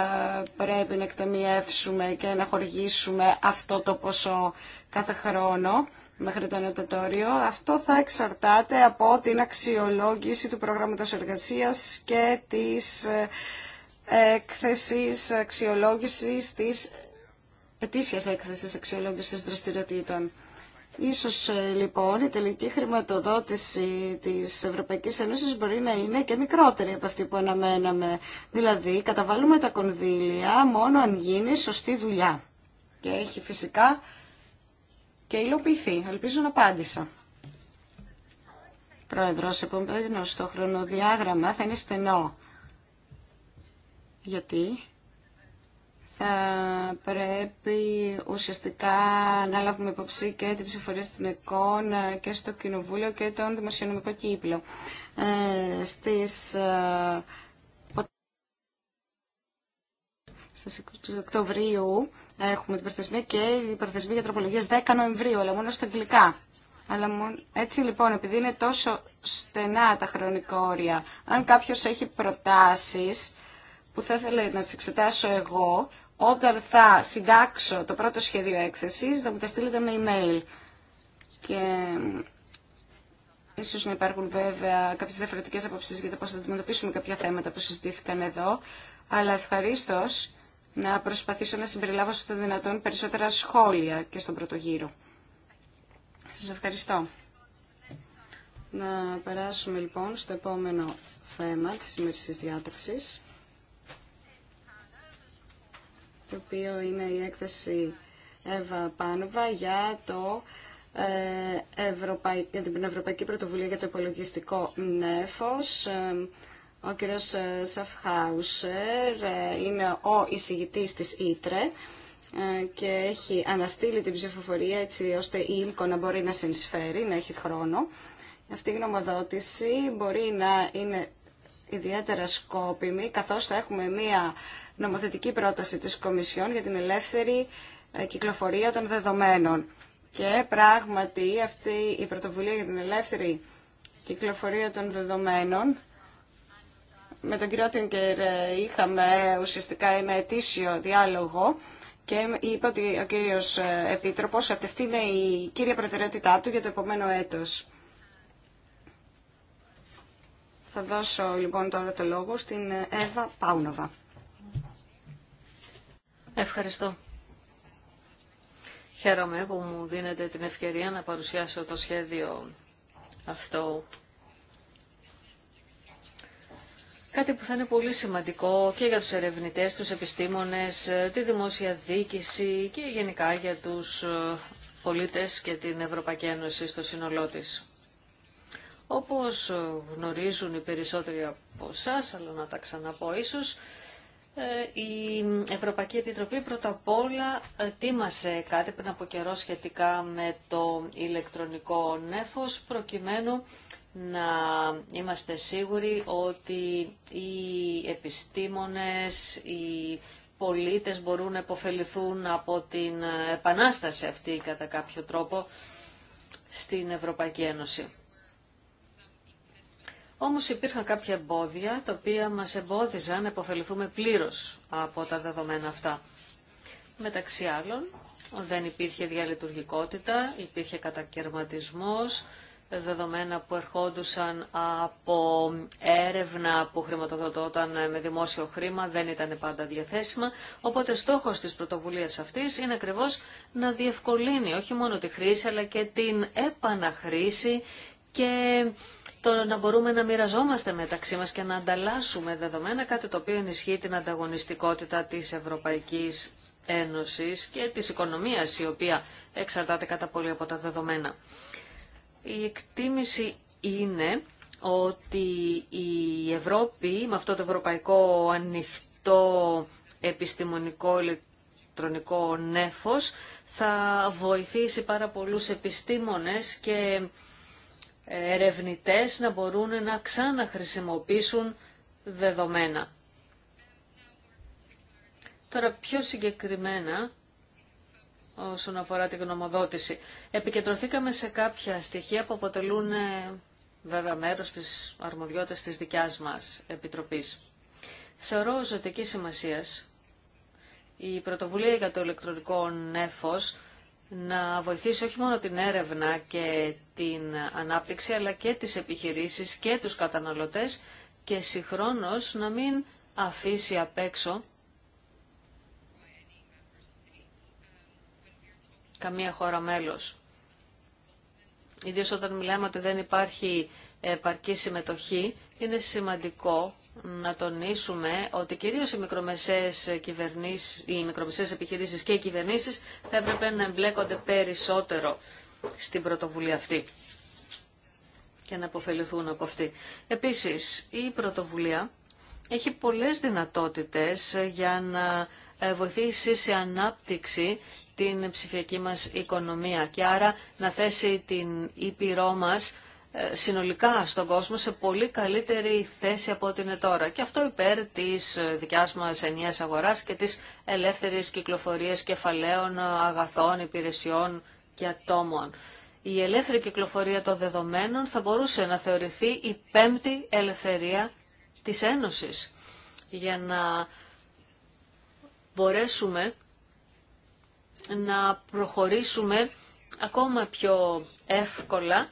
πρέπει να εκτεμιεύσουμε και να χορηγήσουμε αυτό το ποσό κάθε χρόνο μέχρι το νοτοτόριο. Αυτό θα εξαρτάται από την αξιολόγηση του προγράμματος εργασίας και της ε, έκθεσης αξιολόγησης της ετήσιας έκθεσης αξιολόγησης δραστηριοτήτων. Ίσως ε, λοιπόν η τελική χρηματοδότηση της Ευρωπαϊκής Ένωσης μπορεί να είναι και μικρότερη από αυτή που αναμέναμε. Δηλαδή καταβάλουμε τα κονδύλια μόνο αν γίνει σωστή δουλειά. Και έχει φυσικά και υλοποιηθεί. Ελπίζω να απάντησα. Πρόεδρος, επομένως το χρονοδιάγραμμα θα είναι στενό. Γιατί θα ε, πρέπει ουσιαστικά να λάβουμε υπόψη και την ψηφορία στην ΕΚΟΝ ε, και στο Κοινοβούλιο και τον Δημοσιονομικό Κύπλο. Ε, στις ε, στις Οκτωβρίου έχουμε την προθεσμία και η προθεσμία για τροπολογίες 10 Νοεμβρίου, αλλά μόνο στα αγγλικά. Αλλά μόνο... Έτσι λοιπόν, επειδή είναι τόσο στενά τα χρονικά όρια, αν κάποιος έχει προτάσεις που θα ήθελε να τις εξετάσω εγώ, όταν θα συντάξω το πρώτο σχέδιο έκθεσης, θα μου τα στείλετε με email. Και ίσως να υπάρχουν βέβαια κάποιες διαφορετικές απόψεις για το πώς θα αντιμετωπίσουμε κάποια θέματα που συζητήθηκαν εδώ, αλλά ευχαρίστω να προσπαθήσω να συμπεριλάβω στο δυνατόν περισσότερα σχόλια και στον πρώτο γύρο. Σας ευχαριστώ. Να περάσουμε λοιπόν στο επόμενο θέμα της σημερινής διάταξης. το οποίο είναι η έκθεση Εύα Πάνοβα για το ε, Ευρωπαϊ... για την Ευρωπαϊκή Πρωτοβουλία για το Υπολογιστικό Νέφος. Ε, ο κύριος ε, Σαφχάουσερ είναι ο εισηγητής της Ήτρε και έχει αναστείλει την ψηφοφορία έτσι ώστε η ΙΜΚΟ να μπορεί να συνεισφέρει, να έχει χρόνο. Αυτή η γνωμοδότηση μπορεί να είναι ιδιαίτερα σκόπιμη καθώς θα έχουμε μία νομοθετική πρόταση της Κομισιόν για την ελεύθερη ε, κυκλοφορία των δεδομένων. Και πράγματι αυτή η πρωτοβουλία για την ελεύθερη κυκλοφορία των δεδομένων με τον κύριο Τίνκερ ε, είχαμε ουσιαστικά ένα ετήσιο διάλογο και είπε ότι ο κύριος ε, Επίτροπος αυτή είναι η κύρια προτεραιότητά του για το επόμενο έτος. Θα δώσω λοιπόν τώρα το λόγο στην Εύα Πάουνοβα. Ευχαριστώ. Χαίρομαι που μου δίνετε την ευκαιρία να παρουσιάσω το σχέδιο αυτό. Κάτι που θα είναι πολύ σημαντικό και για τους ερευνητές, τους επιστήμονες, τη δημόσια δίκηση και γενικά για τους ε, πολίτες και την Ευρωπαϊκή Ένωση στο σύνολό της. Όπως γνωρίζουν οι περισσότεροι από εσά, αλλά να τα ξαναπώ ίσως, ε, η Ευρωπαϊκή Επιτροπή πρώτα απ' όλα τίμασε κάτι πριν από καιρό σχετικά με το ηλεκτρονικό νέφος προκειμένου να είμαστε σίγουροι ότι οι επιστήμονες, οι πολίτες μπορούν να υποφεληθούν από την επανάσταση αυτή κατά κάποιο τρόπο στην Ευρωπαϊκή Ένωση. Όμως υπήρχαν κάποια εμπόδια τα οποία μας εμπόδιζαν να υποφεληθούμε πλήρως από τα δεδομένα αυτά. Μεταξύ άλλων δεν υπήρχε διαλειτουργικότητα, υπήρχε κατακαιρματισμός, δεδομένα που ερχόντουσαν από έρευνα που χρηματοδοτόταν με δημόσιο χρήμα δεν ήταν πάντα διαθέσιμα. Οπότε στόχος της πρωτοβουλίας αυτής είναι ακριβώς να διευκολύνει όχι μόνο τη χρήση αλλά και την επαναχρήση και το να μπορούμε να μοιραζόμαστε μεταξύ μας και να ανταλλάσσουμε δεδομένα, κάτι το οποίο ενισχύει την ανταγωνιστικότητα της Ευρωπαϊκής Ένωσης και της οικονομίας, η οποία εξαρτάται κατά πολύ από τα δεδομένα. Η εκτίμηση είναι ότι η Ευρώπη με αυτό το ευρωπαϊκό ανοιχτό επιστημονικό ηλεκτρονικό νέφος θα βοηθήσει πάρα πολλούς επιστήμονες και ερευνητές να μπορούν να ξαναχρησιμοποιήσουν δεδομένα. Τώρα πιο συγκεκριμένα όσον αφορά την γνωμοδότηση. Επικεντρωθήκαμε σε κάποια στοιχεία που αποτελούν ε, βέβαια μέρος της αρμοδιότητας της δικιάς μας Επιτροπής. Θεωρώ ζωτική σημασίας η πρωτοβουλία για το ηλεκτρονικό νέφος να βοηθήσει όχι μόνο την έρευνα και την ανάπτυξη, αλλά και τις επιχειρήσεις και τους καταναλωτές και συγχρόνως να μην αφήσει απ' έξω καμία χώρα μέλος. Ιδίως όταν μιλάμε ότι δεν υπάρχει επαρκή συμμετοχή είναι σημαντικό να τονίσουμε ότι κυρίως οι μικρομεσαίες, κυβερνήσεις, οι μικρομεσαίες επιχειρήσεις και οι κυβερνήσεις θα έπρεπε να εμπλέκονται περισσότερο στην πρωτοβουλία αυτή και να αποφεληθούν από αυτή. Επίσης, η πρωτοβουλία έχει πολλές δυνατότητες για να ε, βοηθήσει σε ανάπτυξη την ψηφιακή μας οικονομία και άρα να θέσει την ήπειρό μας ε, συνολικά στον κόσμο σε πολύ καλύτερη θέση από ό,τι είναι τώρα. Και αυτό υπέρ της ε, δικιάς μας ενιαίας αγοράς και της ελεύθερης κυκλοφορίας κεφαλαίων, αγαθών, υπηρεσιών και ατόμων. Η ελεύθερη κυκλοφορία των δεδομένων θα μπορούσε να θεωρηθεί η πέμπτη ελευθερία της Ένωσης. Για να μπορέσουμε να προχωρήσουμε ακόμα πιο εύκολα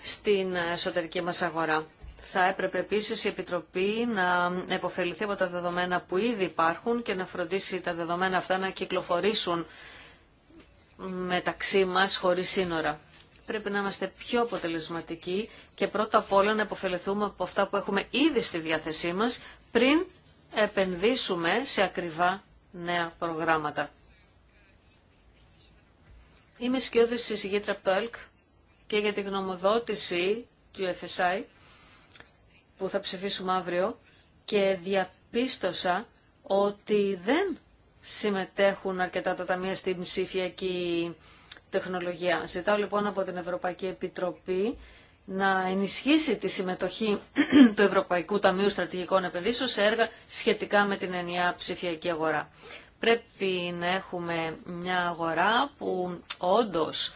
στην εσωτερική μας αγορά. Θα έπρεπε επίσης η Επιτροπή να επωφεληθεί από τα δεδομένα που ήδη υπάρχουν και να φροντίσει τα δεδομένα αυτά να κυκλοφορήσουν μεταξύ μας χωρίς σύνορα. Πρέπει να είμαστε πιο αποτελεσματικοί και πρώτα απ' όλα να επωφεληθούμε από αυτά που έχουμε ήδη στη διάθεσή μας πριν επενδύσουμε σε ακριβά νέα προγράμματα. Είμαι σκιώδης η από το ΕΛΚ και για την γνωμοδότηση του FSI που θα ψηφίσουμε αύριο και διαπίστωσα ότι δεν συμμετέχουν αρκετά τα ταμεία στην ψηφιακή τεχνολογία. Ζητάω λοιπόν από την Ευρωπαϊκή Επιτροπή να ενισχύσει τη συμμετοχή του Ευρωπαϊκού Ταμείου Στρατηγικών Επενδύσεων σε έργα σχετικά με την ενιαία ψηφιακή αγορά. Πρέπει να έχουμε μια αγορά που όντως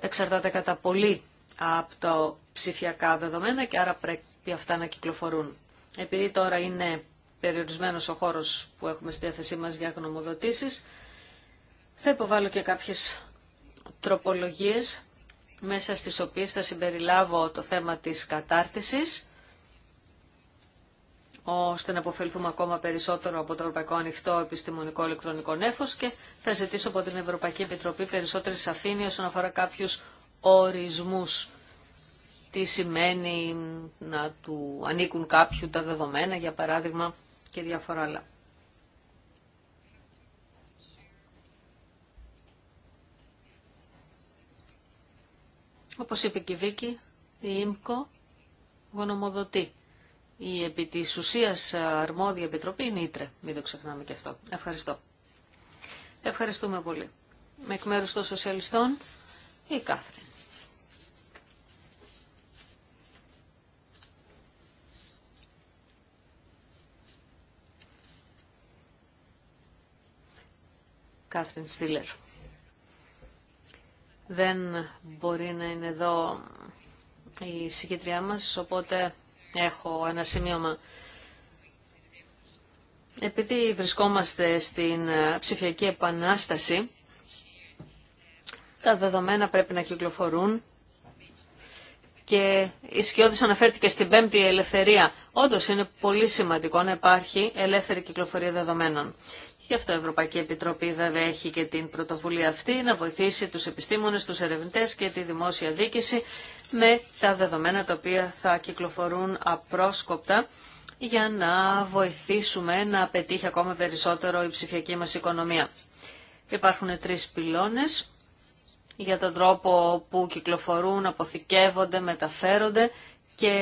εξαρτάται κατά πολύ από τα ψηφιακά δεδομένα και άρα πρέπει αυτά να κυκλοφορούν. Επειδή τώρα είναι περιορισμένος ο χώρος που έχουμε στη διάθεσή μας για γνωμοδοτήσεις, θα υποβάλω και κάποιες τροπολογίες μέσα στις οποίες θα συμπεριλάβω το θέμα της κατάρτισης ώστε να αποφελθούμε ακόμα περισσότερο από το Ευρωπαϊκό Ανοιχτό Επιστημονικό Ελεκτρονικό Νέφος και θα ζητήσω από την Ευρωπαϊκή Επιτροπή περισσότερη σαφήνεια όσον αφορά κάποιου ορισμούς. Τι σημαίνει να του ανήκουν κάποιου τα δεδομένα, για παράδειγμα, και διάφορα άλλα. Όπως είπε και η Βίκη, η ΙΜΚΟ γονομοδοτεί η επί τη ουσία ε, αρμόδια επιτροπή είναι ήτρε. Μην το ξεχνάμε και αυτό. Ευχαριστώ. Ευχαριστούμε πολύ. Με εκ μέρου των σοσιαλιστών, η Κάθριν. Κάθριν Στήλερ. Δεν μπορεί να είναι εδώ η συγκεντριά μας, οπότε έχω ένα σημείωμα. Επειδή βρισκόμαστε στην ε, ψηφιακή επανάσταση, τα δεδομένα πρέπει να κυκλοφορούν και η Σκιώδης αναφέρθηκε στην πέμπτη ελευθερία. Όντως είναι πολύ σημαντικό να υπάρχει ελεύθερη κυκλοφορία δεδομένων. Γι' αυτό η Ευρωπαϊκή Επιτροπή βέβαια έχει και την πρωτοβουλία αυτή να βοηθήσει τους επιστήμονες, τους ερευνητές και τη δημόσια δίκηση με τα δεδομένα τα οποία θα κυκλοφορούν απρόσκοπτα για να βοηθήσουμε να πετύχει ακόμα περισσότερο η ψηφιακή μας οικονομία. Υπάρχουν τρεις πυλώνες για τον τρόπο που κυκλοφορούν, αποθηκεύονται, μεταφέρονται και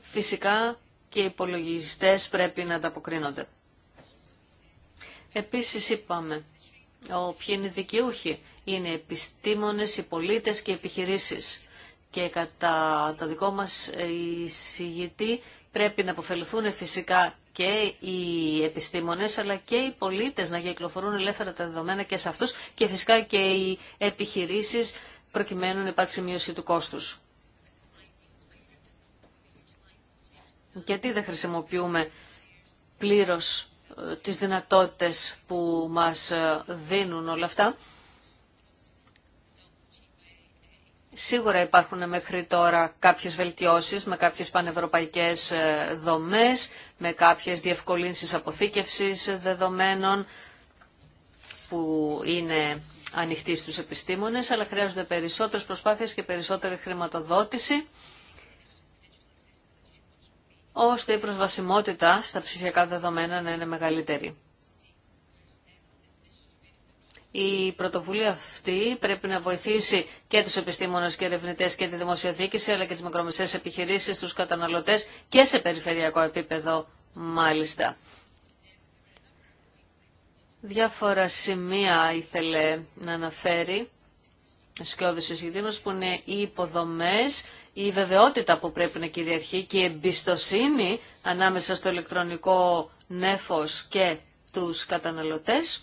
φυσικά και οι υπολογιστές πρέπει να τα ανταποκρίνονται. Επίσης είπαμε Όποιοι είναι είναι δικαιούχοι. Είναι επιστήμονες, οι πολίτες και οι επιχειρήσεις. Και κατά το δικό μας ε, εισηγητή πρέπει να αποφελθούν φυσικά και οι επιστήμονες αλλά και οι πολίτες να κυκλοφορούν ελεύθερα τα δεδομένα και σε αυτούς και φυσικά και οι επιχειρήσεις προκειμένου να υπάρξει μείωση του κόστους. Γιατί δεν χρησιμοποιούμε πλήρως τις δυνατότητες που μας ε, δίνουν όλα αυτά. Σίγουρα υπάρχουν μέχρι τώρα κάποιες βελτιώσεις με κάποιες πανευρωπαϊκές ε, δομές, με κάποιες διευκολύνσεις αποθήκευσης δεδομένων που είναι ανοιχτή στους επιστήμονες, αλλά χρειάζονται περισσότερες προσπάθειες και περισσότερη χρηματοδότηση ώστε η προσβασιμότητα στα ψηφιακά δεδομένα να είναι μεγαλύτερη. Η πρωτοβουλία αυτή πρέπει να βοηθήσει και τους επιστήμονες και ερευνητές και τη δημοσιοδίκηση, αλλά και τις μικρομεσαίες επιχειρήσεις, τους καταναλωτές και σε περιφερειακό επίπεδο μάλιστα. Διάφορα σημεία ήθελε να αναφέρει σκιώδης εισηγητήμος που είναι οι υποδομές η βεβαιότητα που πρέπει να κυριαρχεί και η εμπιστοσύνη ανάμεσα στο ηλεκτρονικό νέφος και τους καταναλωτές.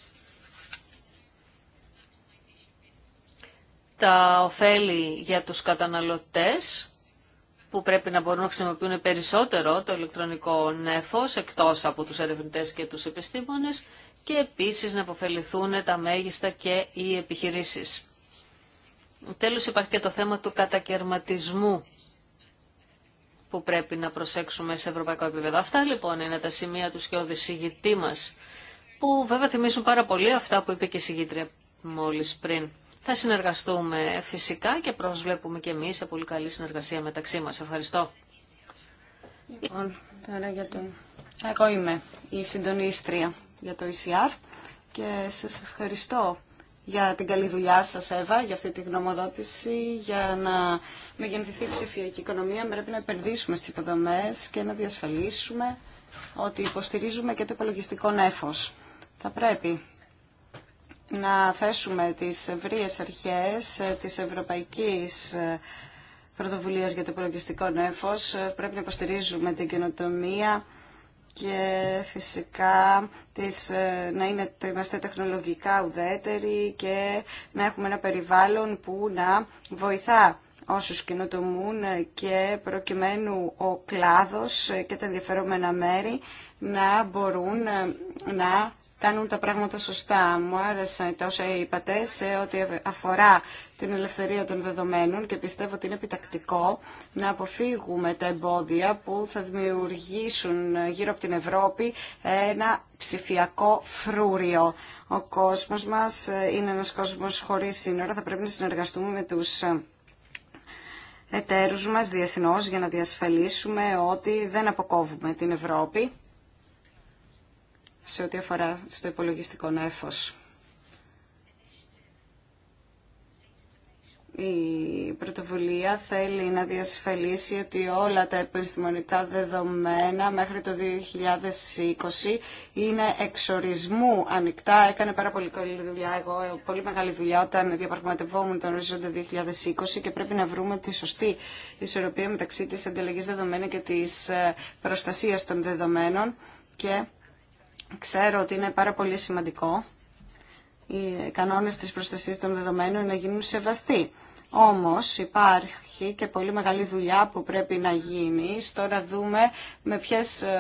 Τα ωφέλη για τους καταναλωτές που πρέπει να μπορούν να χρησιμοποιούν περισσότερο το ηλεκτρονικό νέφος εκτός από τους ερευνητές και τους επιστήμονες και επίσης να αποφεληθούν τα μέγιστα και οι επιχειρήσεις. Τέλος υπάρχει και το θέμα του κατακαιρματισμού που πρέπει να προσέξουμε σε ευρωπαϊκό επίπεδο. Αυτά λοιπόν είναι τα σημεία του σκιώδη συγητή μας, που βέβαια θυμίζουν πάρα πολύ αυτά που είπε και η συγγήτρια μόλις πριν. Θα συνεργαστούμε φυσικά και προσβλέπουμε και εμείς σε πολύ καλή συνεργασία μεταξύ μας. Ευχαριστώ. Λοιπόν, Εγώ είμαι η συντονίστρια για το ECR και σας ευχαριστώ για την καλή δουλειά σας, Εύα, για αυτή τη γνωμοδότηση, για να μεγενθηθεί η ψηφιακή οικονομία. Πρέπει να επενδύσουμε στις υποδομές και να διασφαλίσουμε ότι υποστηρίζουμε και το υπολογιστικό νέφος. Θα πρέπει να θέσουμε τις ευρείες αρχές ε, της Ευρωπαϊκής ε, Πρωτοβουλίας για το υπολογιστικό νέφος. Ε, πρέπει να υποστηρίζουμε την καινοτομία και φυσικά τις, ε, να είναι, είμαστε τεχνολογικά ουδέτεροι και να έχουμε ένα περιβάλλον που να βοηθά όσους κοινοτομούν και προκειμένου ο κλάδος ε, και τα ενδιαφερόμενα μέρη να μπορούν ε, να κάνουν τα πράγματα σωστά. Μου άρεσαν τα όσα είπατε σε ό,τι αφορά την ελευθερία των δεδομένων και πιστεύω ότι είναι επιτακτικό να αποφύγουμε τα εμπόδια που θα δημιουργήσουν γύρω από την Ευρώπη ένα ψηφιακό φρούριο. Ο κόσμος μας είναι ένας κόσμος χωρίς σύνορα, θα πρέπει να συνεργαστούμε με τους εταίρους μας διεθνώς για να διασφαλίσουμε ότι δεν αποκόβουμε την Ευρώπη σε ό,τι αφορά στο υπολογιστικό νέφος. η πρωτοβουλία θέλει να διασφαλίσει ότι όλα τα επιστημονικά δεδομένα μέχρι το 2020 είναι εξορισμού ανοιχτά. Έκανε πάρα πολύ καλή δουλειά εγώ, πολύ μεγάλη δουλειά όταν διαπραγματευόμουν τον ορίζοντα 2020 και πρέπει να βρούμε τη σωστή ισορροπία μεταξύ της ανταλλαγής δεδομένων και της ε, προστασίας των δεδομένων και Ξέρω ότι είναι πάρα πολύ σημαντικό οι κανόνες της προστασίας των δεδομένων να γίνουν σεβαστοί. Όμως υπάρχει και πολύ μεγάλη δουλειά που πρέπει να γίνει. Τώρα δούμε με, ποιες, ε,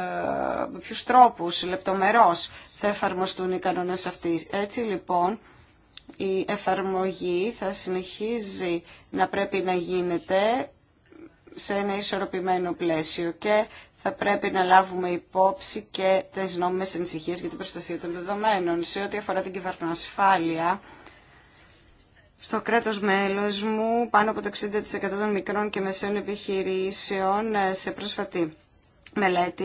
με ποιους τρόπους λεπτομερώς θα εφαρμοστούν οι κανόνες αυτοί. Έτσι λοιπόν η εφαρμογή θα συνεχίζει να πρέπει να γίνεται σε ένα ισορροπημένο πλαίσιο και θα πρέπει να λάβουμε υπόψη και τι νόμιμε ανησυχίε για την προστασία των δεδομένων. Σε ό,τι αφορά την κυβερνοασφάλεια, στο κράτο μέλο μου πάνω από το 60% των μικρών και μεσαίων επιχειρήσεων ε, σε πρόσφατη μελέτη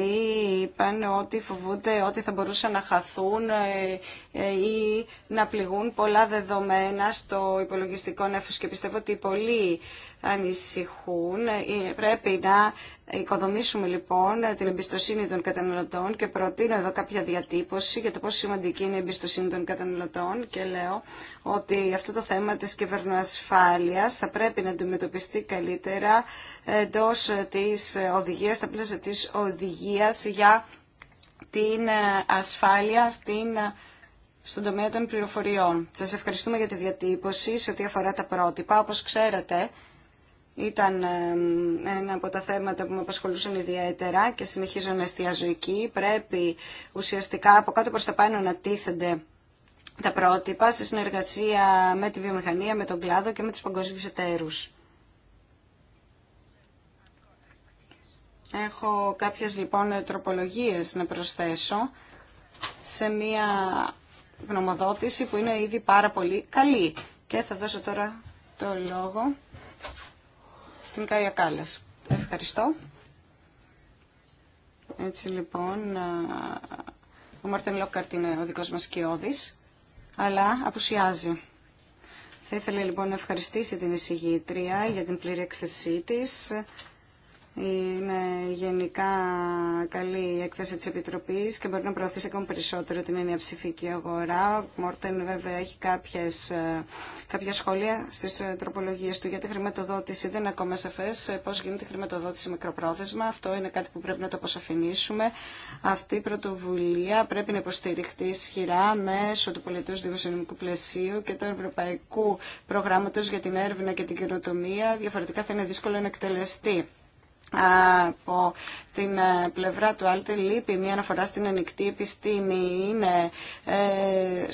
είπαν ότι φοβούνται ότι θα μπορούσαν να χαθούν ε, ε, ή να πληγούν πολλά δεδομένα στο υπολογιστικό νέφος και πιστεύω ότι πολλοί ανησυχούν. Ε, πρέπει να οικοδομήσουμε λοιπόν την εμπιστοσύνη των καταναλωτών και προτείνω εδώ κάποια διατύπωση για το πόσο σημαντική είναι η εμπιστοσύνη των καταναλωτών και λέω ότι αυτό το θέμα της κυβερνοασφάλειας θα πρέπει να αντιμετωπιστεί καλύτερα εντό της οδηγίας, στα πλαίσια της οδηγίας για την ασφάλεια στην στον τομέα των πληροφοριών. Σας ευχαριστούμε για τη διατύπωση σε ό,τι αφορά τα πρότυπα. Όπως ξέρετε, ήταν ένα από τα θέματα που με απασχολούσαν ιδιαίτερα και συνεχίζω να εστιάζω εκεί. Πρέπει ουσιαστικά από κάτω προς τα πάνω να τίθενται τα πρότυπα σε συνεργασία με τη βιομηχανία, με τον κλάδο και με τους παγκόσμιους εταίρους. Έχω κάποιες λοιπόν τροπολογίες να προσθέσω σε μια γνωμοδότηση που είναι ήδη πάρα πολύ καλή. Και θα δώσω τώρα το λόγο στην Κάια Κάλλας. Ευχαριστώ. Έτσι λοιπόν, ο Μάρτιν Λόκαρτ είναι ο δικός μας κοιόδης, αλλά απουσιάζει. Θα ήθελα λοιπόν να ευχαριστήσει την εισηγήτρια για την πλήρη εκθεσή της. Είναι γενικά καλή η έκθεση της Επιτροπής και μπορεί να προωθήσει ακόμη περισσότερο την έννοια ψηφική αγορά. Ο Μόρτεν βέβαια έχει κάποιες, ε, κάποια σχόλια στις ε, τροπολογίες του για τη χρηματοδότηση. Δεν είναι ακόμα σαφές ε, πώς γίνεται η χρηματοδότηση μικροπρόθεσμα. Αυτό είναι κάτι που πρέπει να το αποσαφηνίσουμε. Αυτή η πρωτοβουλία πρέπει να υποστηριχτεί ισχυρά μέσω του πολιτικού δημοσιονομικού πλαισίου και του Ευρωπαϊκού Προγράμματος για την Έρευνα και την Καινοτομία. Διαφορετικά θα είναι δύσκολο να εκτελεστεί από την ε, πλευρά του Άλτε λείπει μια αναφορά στην ανοιχτή επιστήμη. Είναι ε,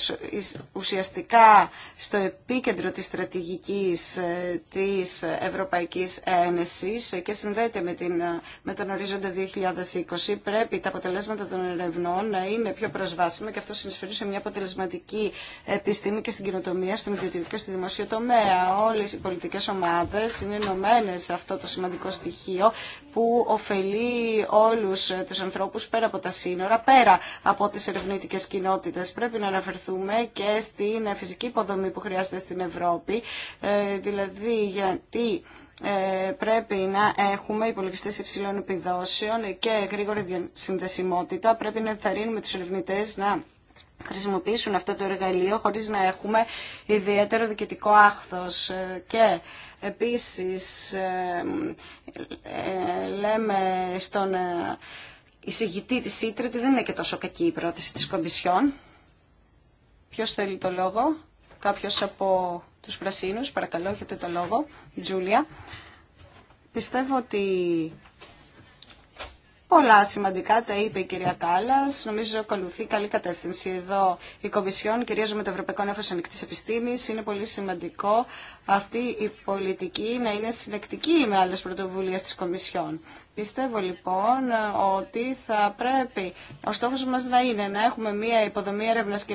ουσιαστικά στο επίκεντρο της στρατηγικής ε, της Ευρωπαϊκής Ένωσης και συνδέεται με, την, με τον ορίζοντα 2020. Πρέπει τα αποτελέσματα των ερευνών να είναι πιο προσβάσιμα και αυτό συνεισφέρει σε μια αποτελεσματική επιστήμη και στην κοινοτομία, στην ιδιωτική και στη δημοσία τομέα. Όλες οι πολιτικές ομάδες είναι ενωμένε σε αυτό το σημαντικό στοιχείο που ωφελεί όλους ε, τους ανθρώπους πέρα από τα σύνορα, πέρα από τις ερευνητικές κοινότητες. Πρέπει να αναφερθούμε και στην ε, φυσική υποδομή που χρειάζεται στην Ευρώπη, ε, δηλαδή γιατί πρέπει να έχουμε υπολογιστές υψηλών επιδόσεων και γρήγορη συνδεσιμότητα. Πρέπει να ενθαρρύνουμε τους ερευνητές να χρησιμοποιήσουν αυτό το εργαλείο χωρίς να έχουμε ιδιαίτερο διοικητικό άχθος και Επίσης, ε, λέμε στον ε, εισηγητή της Ήτρε ότι δεν είναι και τόσο κακή η πρόταση της Κομισιόν. Ποιος θέλει το λόγο, κάποιος από τους Πρασίνους, παρακαλώ έχετε το λόγο, Τζούλια. Πιστεύω ότι Πολλά σημαντικά τα είπε η κυρία Κάλλα. Νομίζω ακολουθεί καλή κατεύθυνση εδώ η Κομισιόν, κυρίω με το Ευρωπαϊκό Νέφο Ανοιχτή Επιστήμης. Είναι πολύ σημαντικό αυτή η πολιτική να είναι συνεκτική με άλλε πρωτοβουλίε τη Κομισιόν. Πιστεύω λοιπόν ότι θα πρέπει ο στόχος μας να είναι να έχουμε μια υποδομή έρευνας και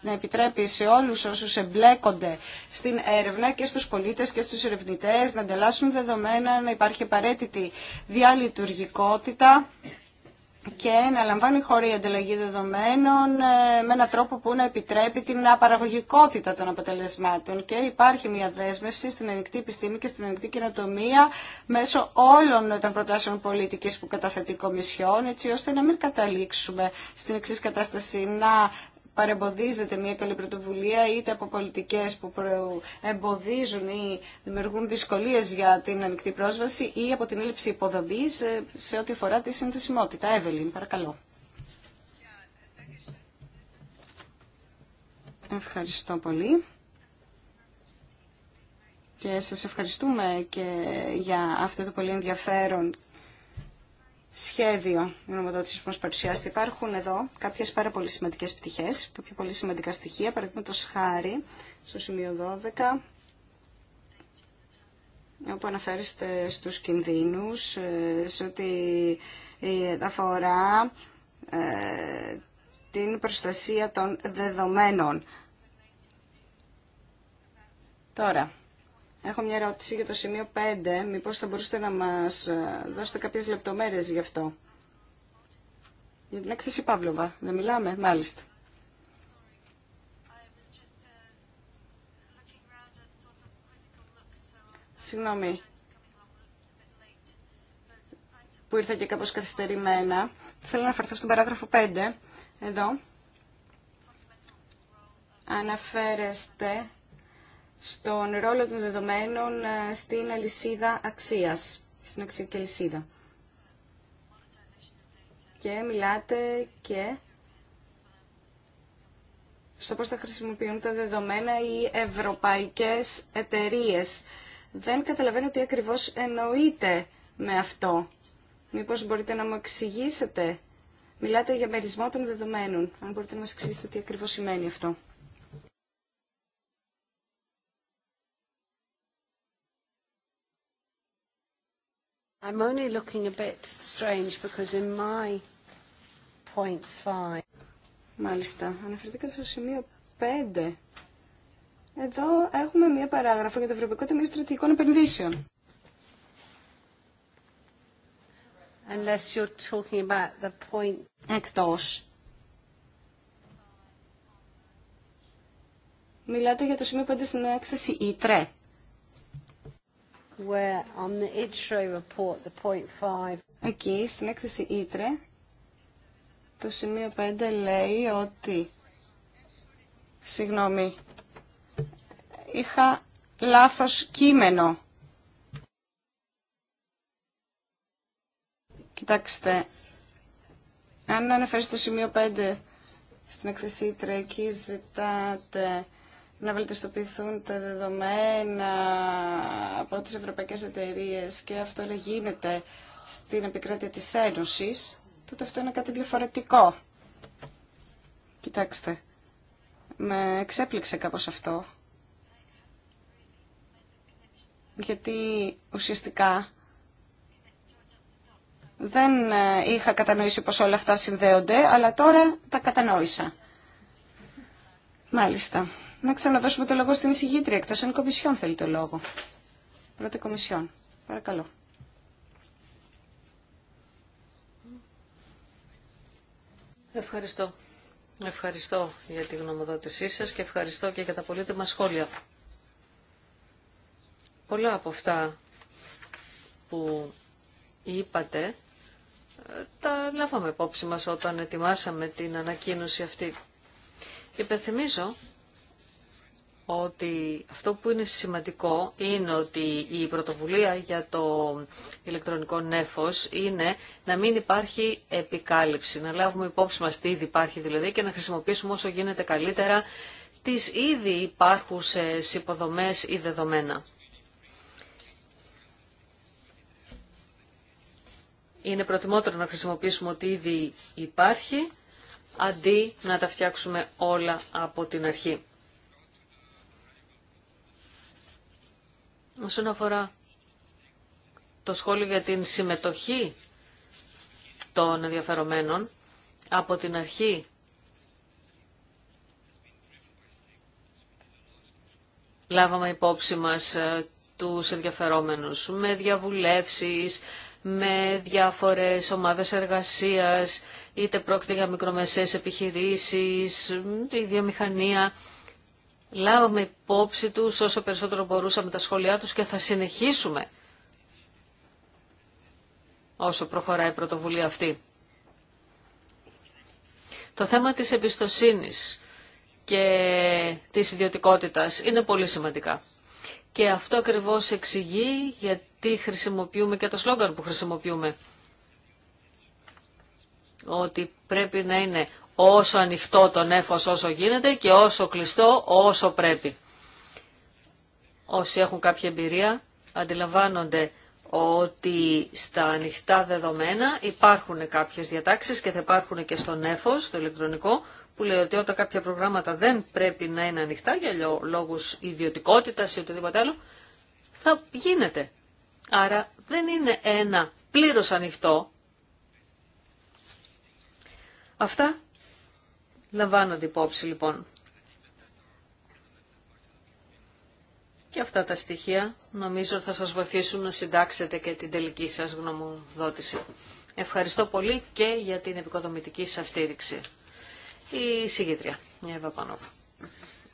να επιτρέπει σε όλους όσους εμπλέκονται στην έρευνα και στους πολίτες και στους ερευνητές να ανταλλάσσουν δεδομένα, να υπάρχει απαραίτητη διαλειτουργικότητα και να λαμβάνει χωρί ανταλλαγή δεδομένων ε, με έναν τρόπο που να επιτρέπει την απαραγωγικότητα των αποτελεσμάτων. Και υπάρχει μια δέσμευση στην ανοιχτή επιστήμη και στην ανοιχτή κοινοτομία μέσω όλων των προτάσεων πολιτικής που καταθέτει η Κομισιόν, έτσι ώστε να μην καταλήξουμε στην εξή κατάσταση, να παρεμποδίζεται μια καλή πρωτοβουλία είτε από πολιτικές που εμποδίζουν ή δημιουργούν δυσκολίες για την ανοιχτή πρόσβαση ή από την έλλειψη υποδομής ε, σε ό,τι αφορά τη συνθεσιμότητα. Εύελιν, παρακαλώ. Ευχαριστώ πολύ. Και σας ευχαριστούμε και για αυτό το πολύ ενδιαφέρον σχέδιο γνωμοδότησης που μα παρουσιάστηκε. Υπάρχουν εδώ κάποιες πάρα πολύ σημαντικές πτυχές, κάποια πολύ σημαντικά στοιχεία, παραδείγματο χάρη στο σημείο 12, όπου αναφέρεστε στους κινδύνους, ε, σε ό,τι ε, αφορά ε, την προστασία των δεδομένων. Τώρα, Έχω μια ερώτηση για το σημείο 5. Μήπως θα μπορούσατε να μας ε, δώσετε κάποιες λεπτομέρειες γι' αυτό. Για την έκθεση Παύλοβα. Δεν μιλάμε. Μάλιστα. Συγγνώμη που ήρθα και κάπως καθυστερημένα. Θέλω να φερθώ στον παράγραφο 5. Εδώ αναφέρεστε στον ρόλο των δεδομένων ε, στην αλυσίδα αξίας, στην αξιακή αλυσίδα. Και μιλάτε και στο πώς θα χρησιμοποιούν τα δεδομένα οι ευρωπαϊκές εταιρείες. Δεν καταλαβαίνω τι ακριβώς εννοείται με αυτό. Μήπως μπορείτε να μου εξηγήσετε. Μιλάτε για μερισμό των δεδομένων. Αν μπορείτε να μας εξηγήσετε τι ακριβώς σημαίνει αυτό. I'm only looking a bit strange because in my point five... Μάλιστα, αναφερθήκα στο σημείο 5. Εδώ έχουμε μία παράγραφο για το Ευρωπαϊκό Ταμείο Στρατηγικών Επενδύσεων. Unless Μιλάτε για το σημείο 5 στην έκθεση ΙΤΡΕ. E εκεί, στην έκθεση Ήτρε, το σημείο 5 λέει ότι... Συγγνώμη, είχα λάθος κείμενο. Κοιτάξτε, αν αναφέρει το σημείο 5 στην έκθεση Ήτρε, εκεί ζητάτε να βελτιστοποιηθούν τα δεδομένα από τις ευρωπαϊκές εταιρείες και αυτό γίνεται στην επικράτεια της Ένωσης, τότε αυτό είναι κάτι διαφορετικό. Κοιτάξτε, με εξέπληξε κάπως αυτό. Γιατί ουσιαστικά δεν ε, είχα κατανοήσει πως όλα αυτά συνδέονται, αλλά τώρα τα κατανόησα. Μάλιστα να ξαναδώσουμε το λόγο στην εισηγήτρια, εκτός αν Κομισιόν θέλει το λόγο. Πρώτα Κομισιόν. Παρακαλώ. Ευχαριστώ. Ευχαριστώ για τη γνωμοδότησή σας και ευχαριστώ και για τα πολύτιμα σχόλια. Πολλά από αυτά που είπατε ε, τα λάβαμε υπόψη μας όταν ετοιμάσαμε την ανακοίνωση αυτή. Υπενθυμίζω ότι αυτό που είναι σημαντικό είναι ότι η πρωτοβουλία για το ηλεκτρονικό νέφος είναι να μην υπάρχει επικάλυψη, να λάβουμε υπόψη μας τι ήδη υπάρχει δηλαδή και να χρησιμοποιήσουμε όσο γίνεται καλύτερα τις ήδη υπάρχουσες υποδομές ή δεδομένα. Είναι προτιμότερο να χρησιμοποιήσουμε ότι ήδη υπάρχει αντί να τα φτιάξουμε όλα από την αρχή. Όσον αφορά το σχόλιο για την συμμετοχή των ενδιαφερομένων, από την αρχή λάβαμε υπόψη μας ε, τους ενδιαφερόμενους με διαβουλεύσεις, με διάφορες ομάδες εργασίας, είτε πρόκειται για μικρομεσαίες επιχειρήσεις, η βιομηχανία λάβαμε υπόψη τους όσο περισσότερο μπορούσαμε τα σχόλιά τους και θα συνεχίσουμε όσο προχωράει η πρωτοβουλία αυτή. Το θέμα της εμπιστοσύνης και της ιδιωτικότητας είναι πολύ σημαντικά. Και αυτό ακριβώς εξηγεί γιατί χρησιμοποιούμε και το σλόγγαν που χρησιμοποιούμε. Ότι πρέπει να είναι όσο ανοιχτό το νέφος όσο γίνεται και όσο κλειστό όσο πρέπει. Όσοι έχουν κάποια εμπειρία αντιλαμβάνονται ότι στα ανοιχτά δεδομένα υπάρχουν κάποιες διατάξεις και θα υπάρχουν και στο νέφος, στο ηλεκτρονικό, που λέει ότι όταν κάποια προγράμματα δεν πρέπει να είναι ανοιχτά για λόγους ιδιωτικότητας ή οτιδήποτε άλλο, θα γίνεται. Άρα δεν είναι ένα πλήρως ανοιχτό. Αυτά Λαμβάνονται υπόψη λοιπόν. Και αυτά τα στοιχεία νομίζω θα σας βοηθήσουν να συντάξετε και την τελική σας γνωμοδότηση. Ευχαριστώ πολύ και για την επικοδομητική σας στήριξη. Η συγήτρια. η Εύα Πανόβ.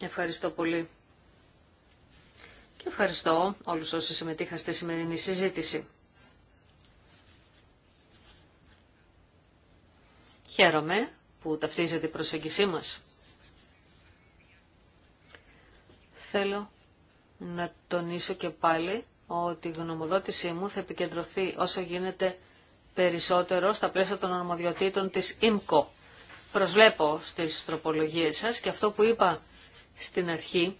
Ευχαριστώ πολύ. Και ευχαριστώ όλους όσοι συμμετείχαν στη σημερινή συζήτηση. Χαίρομαι που ταυτίζεται η προσέγγισή μας. Θέλω να τονίσω και πάλι ότι η γνωμοδότησή μου θα επικεντρωθεί όσο γίνεται περισσότερο στα πλαίσια των αρμοδιοτήτων της ΙΜΚΟ. Προσβλέπω στις τροπολογίες σας και αυτό που είπα στην αρχή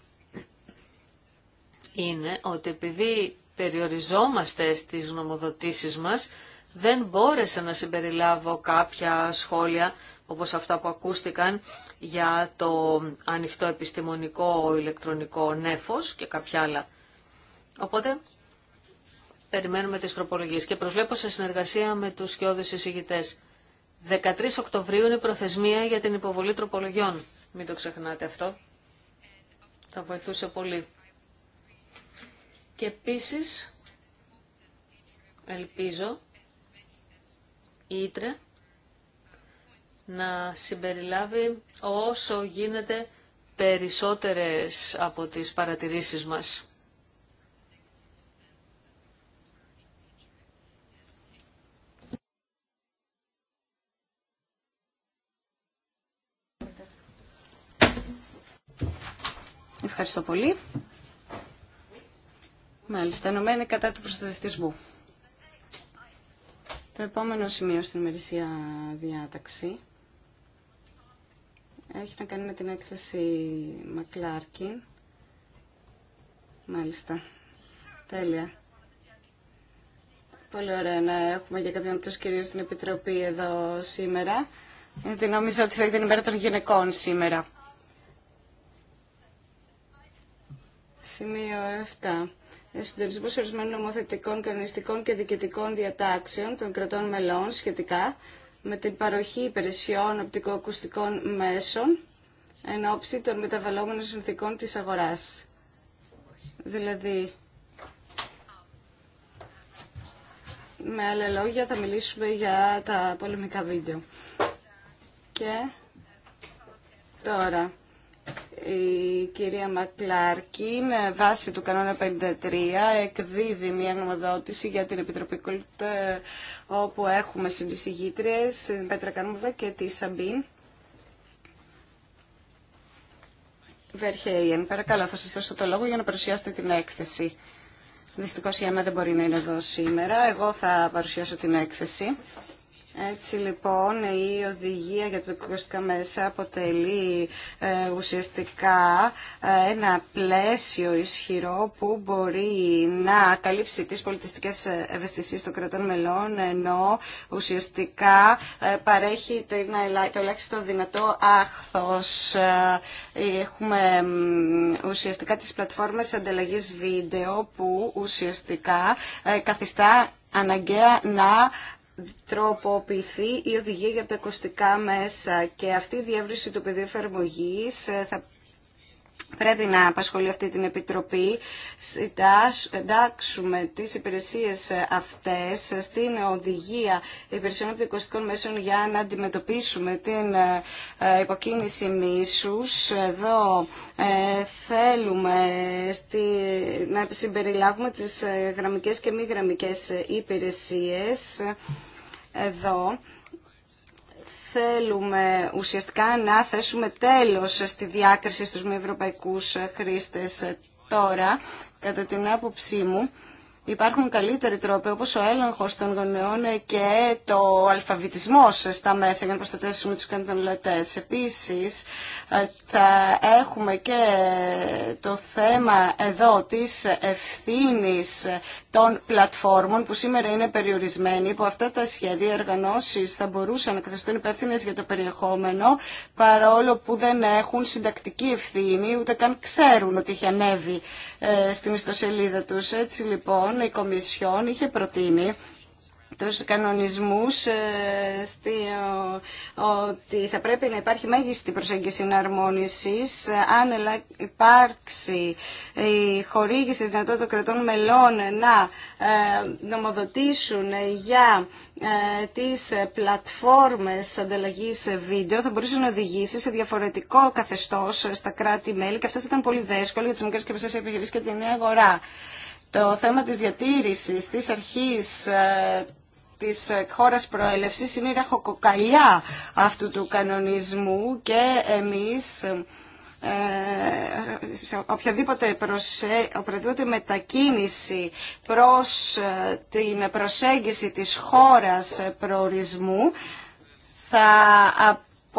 είναι ότι επειδή περιοριζόμαστε στις γνωμοδοτήσεις μας, δεν μπόρεσα να συμπεριλάβω κάποια σχόλια όπως αυτά που ακούστηκαν για το ανοιχτό επιστημονικό ηλεκτρονικό νέφος και κάποια άλλα. Οπότε περιμένουμε τις τροπολογίες και προσβλέπω σε συνεργασία με τους σκιώδες εισηγητές. 13 Οκτωβρίου είναι η προθεσμία για την υποβολή τροπολογιών. Μην το ξεχνάτε αυτό. Θα βοηθούσε πολύ. Και επίσης, ελπίζω, η Ήτρε να συμπεριλάβει όσο γίνεται περισσότερες από τις παρατηρήσεις μας. Ευχαριστώ πολύ. Μάλιστα, ενωμένη κατά του προστατευτισμού. Το επόμενο σημείο στην ημερησία διάταξη έχει να κάνει με την έκθεση Μακλάρκιν. Μάλιστα. Τέλεια. Πολύ ωραία να έχουμε για κάποιον από τους κυρίους στην Επιτροπή εδώ σήμερα. Γιατί νόμιζα ότι θα ήταν η μέρα των γυναικών σήμερα. Σημείο 7. Ε, Συντονισμό ορισμένων νομοθετικών, κανονιστικών και διοικητικών διατάξεων των κρατών μελών σχετικά με την παροχή υπηρεσιών οπτικοακουστικών μέσων εν ώψη των μεταβαλλόμενων συνθήκων της αγοράς. Δηλαδή, με άλλα λόγια, θα μιλήσουμε για τα πολεμικά βίντεο. Και τώρα, η κυρία Μακλάρκιν, βάσει του κανόνα 53, εκδίδει μια γνωμοδότηση για την Επιτροπή Κολτ, ε, όπου έχουμε συνεισηγήτριες, την Πέτρα Κανούβα και τη Σαμπίν. Βερχέιεν, παρακαλώ, θα σας δώσω το λόγο για να παρουσιάσετε την έκθεση. Δυστυχώς η ΑΜΑ δεν μπορεί να είναι εδώ σήμερα. Εγώ θα παρουσιάσω την έκθεση. Έτσι λοιπόν η οδηγία για το οικογνωστικά μέσα αποτελεί ε, ουσιαστικά ε, ένα πλαίσιο ισχυρό που μπορεί να καλύψει τις πολιτιστικές ευαισθησίες των κρατών μελών ενώ ουσιαστικά ε, παρέχει το, το ελάχιστο δυνατό άχθος. Έχουμε ουσιαστικά τις πλατφόρμες ανταλλαγής βίντεο που ουσιαστικά καθιστά αναγκαία να τροποποιηθεί η οδηγία για τα ακουστικά μέσα και αυτή η διεύρυνση του πεδίου εφαρμογή ε, θα πρέπει να απασχολεί αυτή την Επιτροπή, εντάξουμε τις υπηρεσίες ε, αυτές ε, στην οδηγία υπηρεσιών οπτικοστικών μέσων για να αντιμετωπίσουμε την υποκίνηση μίσου, Εδώ θέλουμε στη, να συμπεριλάβουμε τις γραμμικές και μη γραμμικές υπηρεσίε εδώ θέλουμε ουσιαστικά να θέσουμε τέλος στη διάκριση στους μη ευρωπαϊκούς χρήστες τώρα, κατά την άποψή μου υπάρχουν καλύτεροι τρόποι όπως ο έλεγχος των γονεών και το αλφαβητισμός στα μέσα για να προστατεύσουμε τους καταναλωτέ. Επίσης ε, θα έχουμε και το θέμα εδώ της ευθύνης των πλατφόρμων που σήμερα είναι περιορισμένοι που αυτά τα σχέδια οργανώσει θα μπορούσαν να καθιστούν υπεύθυνε για το περιεχόμενο παρόλο που δεν έχουν συντακτική ευθύνη ούτε καν ξέρουν ότι έχει ανέβει ε, στην ιστοσελίδα τους. Έτσι λοιπόν η Κομισιόν είχε προτείνει τους κανονισμούς ε, στη, ότι θα πρέπει να υπάρχει μέγιστη προσέγγιση εναρμόνισης αν υπάρξει η χορήγηση δυνατότητα των κρατών μελών να ε, νομοδοτήσουν για ε, τις πλατφόρμες ανταλλαγής βίντεο θα μπορούσε να οδηγήσει σε διαφορετικό καθεστώς στα κράτη-μέλη και αυτό θα ήταν πολύ δύσκολο για τις μικρές και μεσαίες επιχειρήσεις και την νέα αγορά. Το θέμα της διατήρησης της αρχής της χώρας προέλευσης είναι η ραχοκοκαλιά αυτού του κανονισμού και εμείς ε, σε οποιαδήποτε, προσε... οποιαδήποτε μετακίνηση προς ε, την προσέγγιση της χώρας προορισμού θα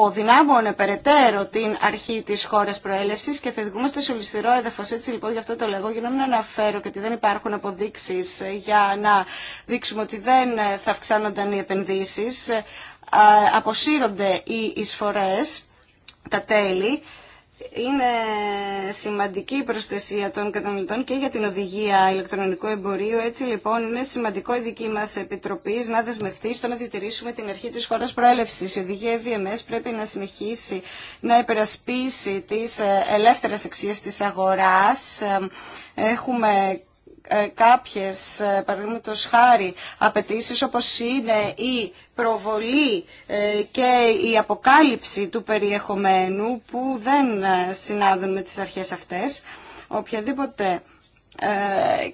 αποδυνάμωνε περαιτέρω την αρχή της χώρας προέλευση και θα σε ολιστηρό έδαφος. Έτσι λοιπόν γι' αυτό το λέγω για να μην αναφέρω και ότι δεν υπάρχουν αποδείξεις ε, για να δείξουμε ότι δεν ε, θα αυξάνονταν οι επενδύσει, ε, Αποσύρονται οι εισφορέ τα τέλη είναι σημαντική η προστασία των καταναλωτών και για την οδηγία ηλεκτρονικού εμπορίου. Έτσι λοιπόν είναι σημαντικό η δική μας επιτροπή να δεσμευτεί στο να διατηρήσουμε την αρχή της χώρας προέλευσης. Η οδηγία EVMS πρέπει να συνεχίσει να υπερασπίσει τις ε, ελεύθερες αξίες της αγοράς. Ε, έχουμε ε, κάποιες, ε, παραδείγματος χάρη, απαιτήσει όπως είναι η προβολή ε, και η αποκάλυψη του περιεχομένου που δεν συνάδουν με τις αρχές αυτές, οποιαδήποτε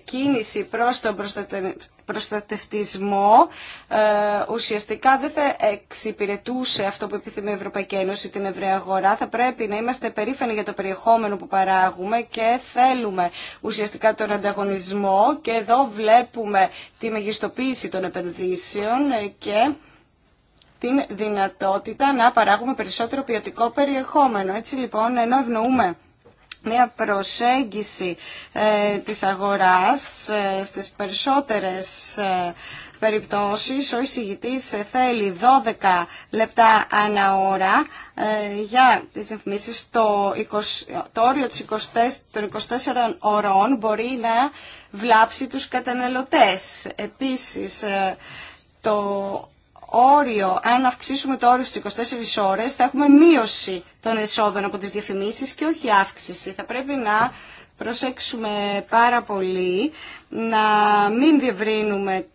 κίνηση προς τον προστατευτισμό ε, ουσιαστικά δεν θα εξυπηρετούσε αυτό που επιθυμεί η Ευρωπαϊκή Ένωση την ευρεία αγορά. Θα πρέπει να είμαστε περήφανοι για το περιεχόμενο που παράγουμε και θέλουμε ουσιαστικά τον ανταγωνισμό και εδώ βλέπουμε τη μεγιστοποίηση των επενδύσεων και την δυνατότητα να παράγουμε περισσότερο ποιοτικό περιεχόμενο. Έτσι λοιπόν, ενώ ευνοούμε μια προσέγγιση ε, της αγοράς ε, στις περισσότερες ε, περιπτώσεις ο εισηγητής θέλει 12 λεπτά ανά ώρα για τις εμφυμίσεις το, 20, το όριο της 24, των 24 ωρών μπορεί να βλάψει τους καταναλωτές. Επίσης το όριο, αν αυξήσουμε το όριο στις 24 ώρες, θα έχουμε μείωση των εσόδων από τις διαφημίσεις και όχι αύξηση. Θα πρέπει να προσέξουμε πάρα πολύ, να μην διευρύνουμε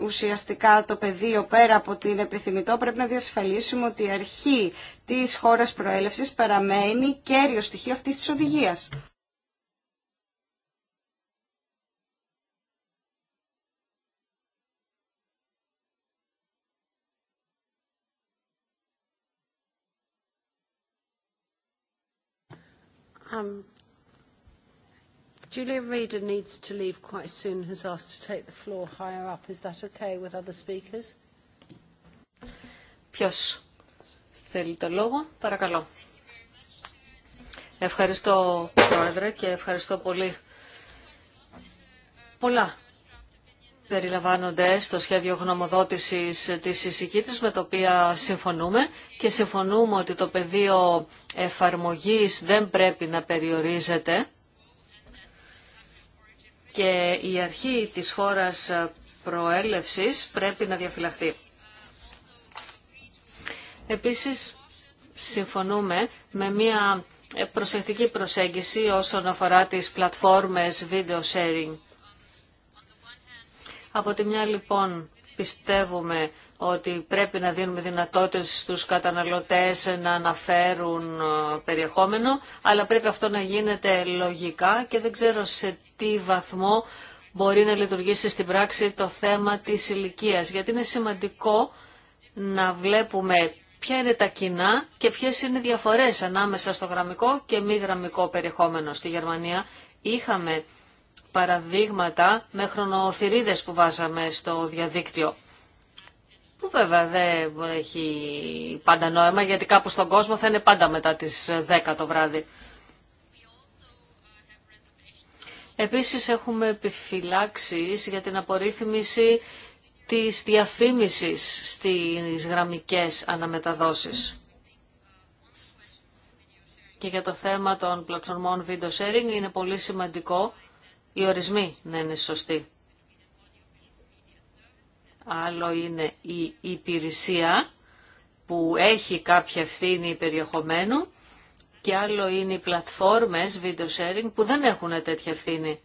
ουσιαστικά το πεδίο πέρα από την επιθυμητό πρέπει να διασφαλίσουμε ότι η αρχή της χώρας προέλευσης παραμένει κέριο στοιχείο αυτής της οδηγίας. Julia Reader needs to leave quite soon, has asked to take the floor higher up. Is that okay with other speakers? Ποιος θέλει το λόγο, παρακαλώ. Ευχαριστώ, Πρόεδρε, και ευχαριστώ πολύ. Πολλά περιλαμβάνονται στο σχέδιο γνωμοδότησης της εισηγήτης με το οποίο συμφωνούμε και συμφωνούμε ότι το πεδίο εφαρμογής δεν πρέπει να περιορίζεται και η αρχή της χώρας προέλευσης πρέπει να διαφυλαχθεί. Επίσης, συμφωνούμε με μια προσεκτική προσέγγιση όσον αφορά τις πλατφόρμες video sharing από τη μια λοιπόν πιστεύουμε ότι πρέπει να δίνουμε δυνατότητες στους καταναλωτές να αναφέρουν ε, περιεχόμενο, αλλά πρέπει αυτό να γίνεται λογικά και δεν ξέρω σε τι βαθμό μπορεί να λειτουργήσει στην πράξη το θέμα της ηλικίας. γιατί είναι σημαντικό να βλέπουμε ποια είναι τα κοινά και ποιες είναι οι διαφορές ανάμεσα στο γραμμικό και μη γραμμικό περιεχόμενο. Στη Γερμανία είχαμε παραδείγματα με χρονοθυρίδες που βάζαμε στο διαδίκτυο. Που βέβαια δεν έχει πάντα νόημα γιατί κάπου στον κόσμο θα είναι πάντα μετά τις 10 το βράδυ. Επίσης έχουμε επιφυλάξεις για την απορρίθμιση της διαφήμισης στις γραμμικές αναμεταδόσεις. Και για το θέμα των πλατφορμών video sharing είναι πολύ σημαντικό οι ορισμοί να είναι σωστοί. Άλλο είναι η υπηρεσία που έχει κάποια ευθύνη περιεχομένου και άλλο είναι οι πλατφόρμες video sharing που δεν έχουν τέτοια ευθύνη.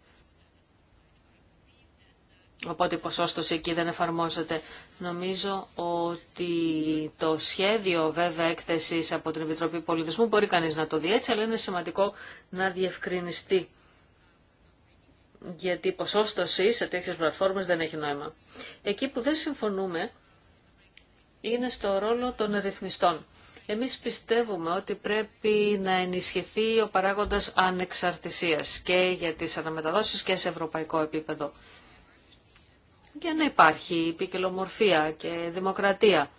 Οπότε η ποσόστοση εκεί δεν εφαρμόζεται. Νομίζω ότι το σχέδιο βέβαια έκθεσης από την Επιτροπή Πολιτισμού μπορεί κανείς να το δει έτσι, αλλά είναι σημαντικό να διευκρινιστεί γιατί η ποσόστοση σε τέτοιες πλατφόρμες δεν έχει νόημα. Εκεί που δεν συμφωνούμε είναι στο ρόλο των ρυθμιστών. Εμείς πιστεύουμε ότι πρέπει να ενισχυθεί ο παράγοντας ανεξαρτησίας και για τις αναμεταδόσεις και σε ευρωπαϊκό επίπεδο. Για να υπάρχει ποικιλομορφία και δημοκρατία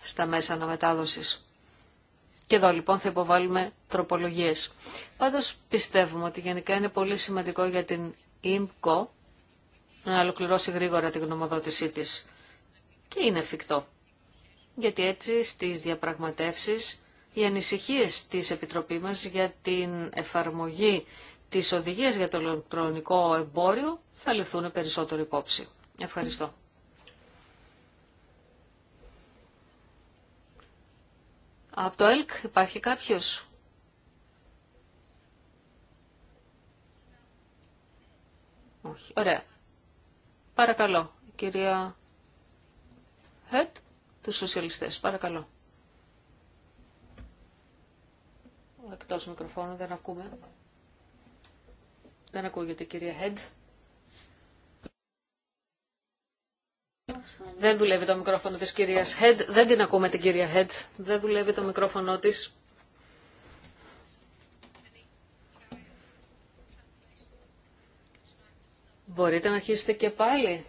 στα μέσα αναμετάδοσης. Και εδώ λοιπόν θα υποβάλουμε τροπολογίες. Πάντως πιστεύουμε ότι γενικά είναι πολύ σημαντικό για την ΙΜΚΟ να ολοκληρώσει γρήγορα την γνωμοδότησή της. Και είναι εφικτό. Γιατί έτσι στις διαπραγματεύσεις οι ανησυχίες της Επιτροπής μας για την εφαρμογή της οδηγίας για το ηλεκτρονικό εμπόριο θα ληφθούν περισσότερο υπόψη. Ευχαριστώ. Από το ΕΛΚ υπάρχει κάποιος. Όχι. Ωραία. Παρακαλώ, κυρία Χετ, τους σοσιαλιστές. Παρακαλώ. Εκτός μικροφώνου δεν ακούμε. Δεν ακούγεται κυρία Χεντ. Δεν δουλεύει το μικρόφωνο της κυρίας Head. Δεν την ακούμε την κυρία Head. Δεν δουλεύει το μικρόφωνο της. Μπορείτε να αρχίσετε και πάλι.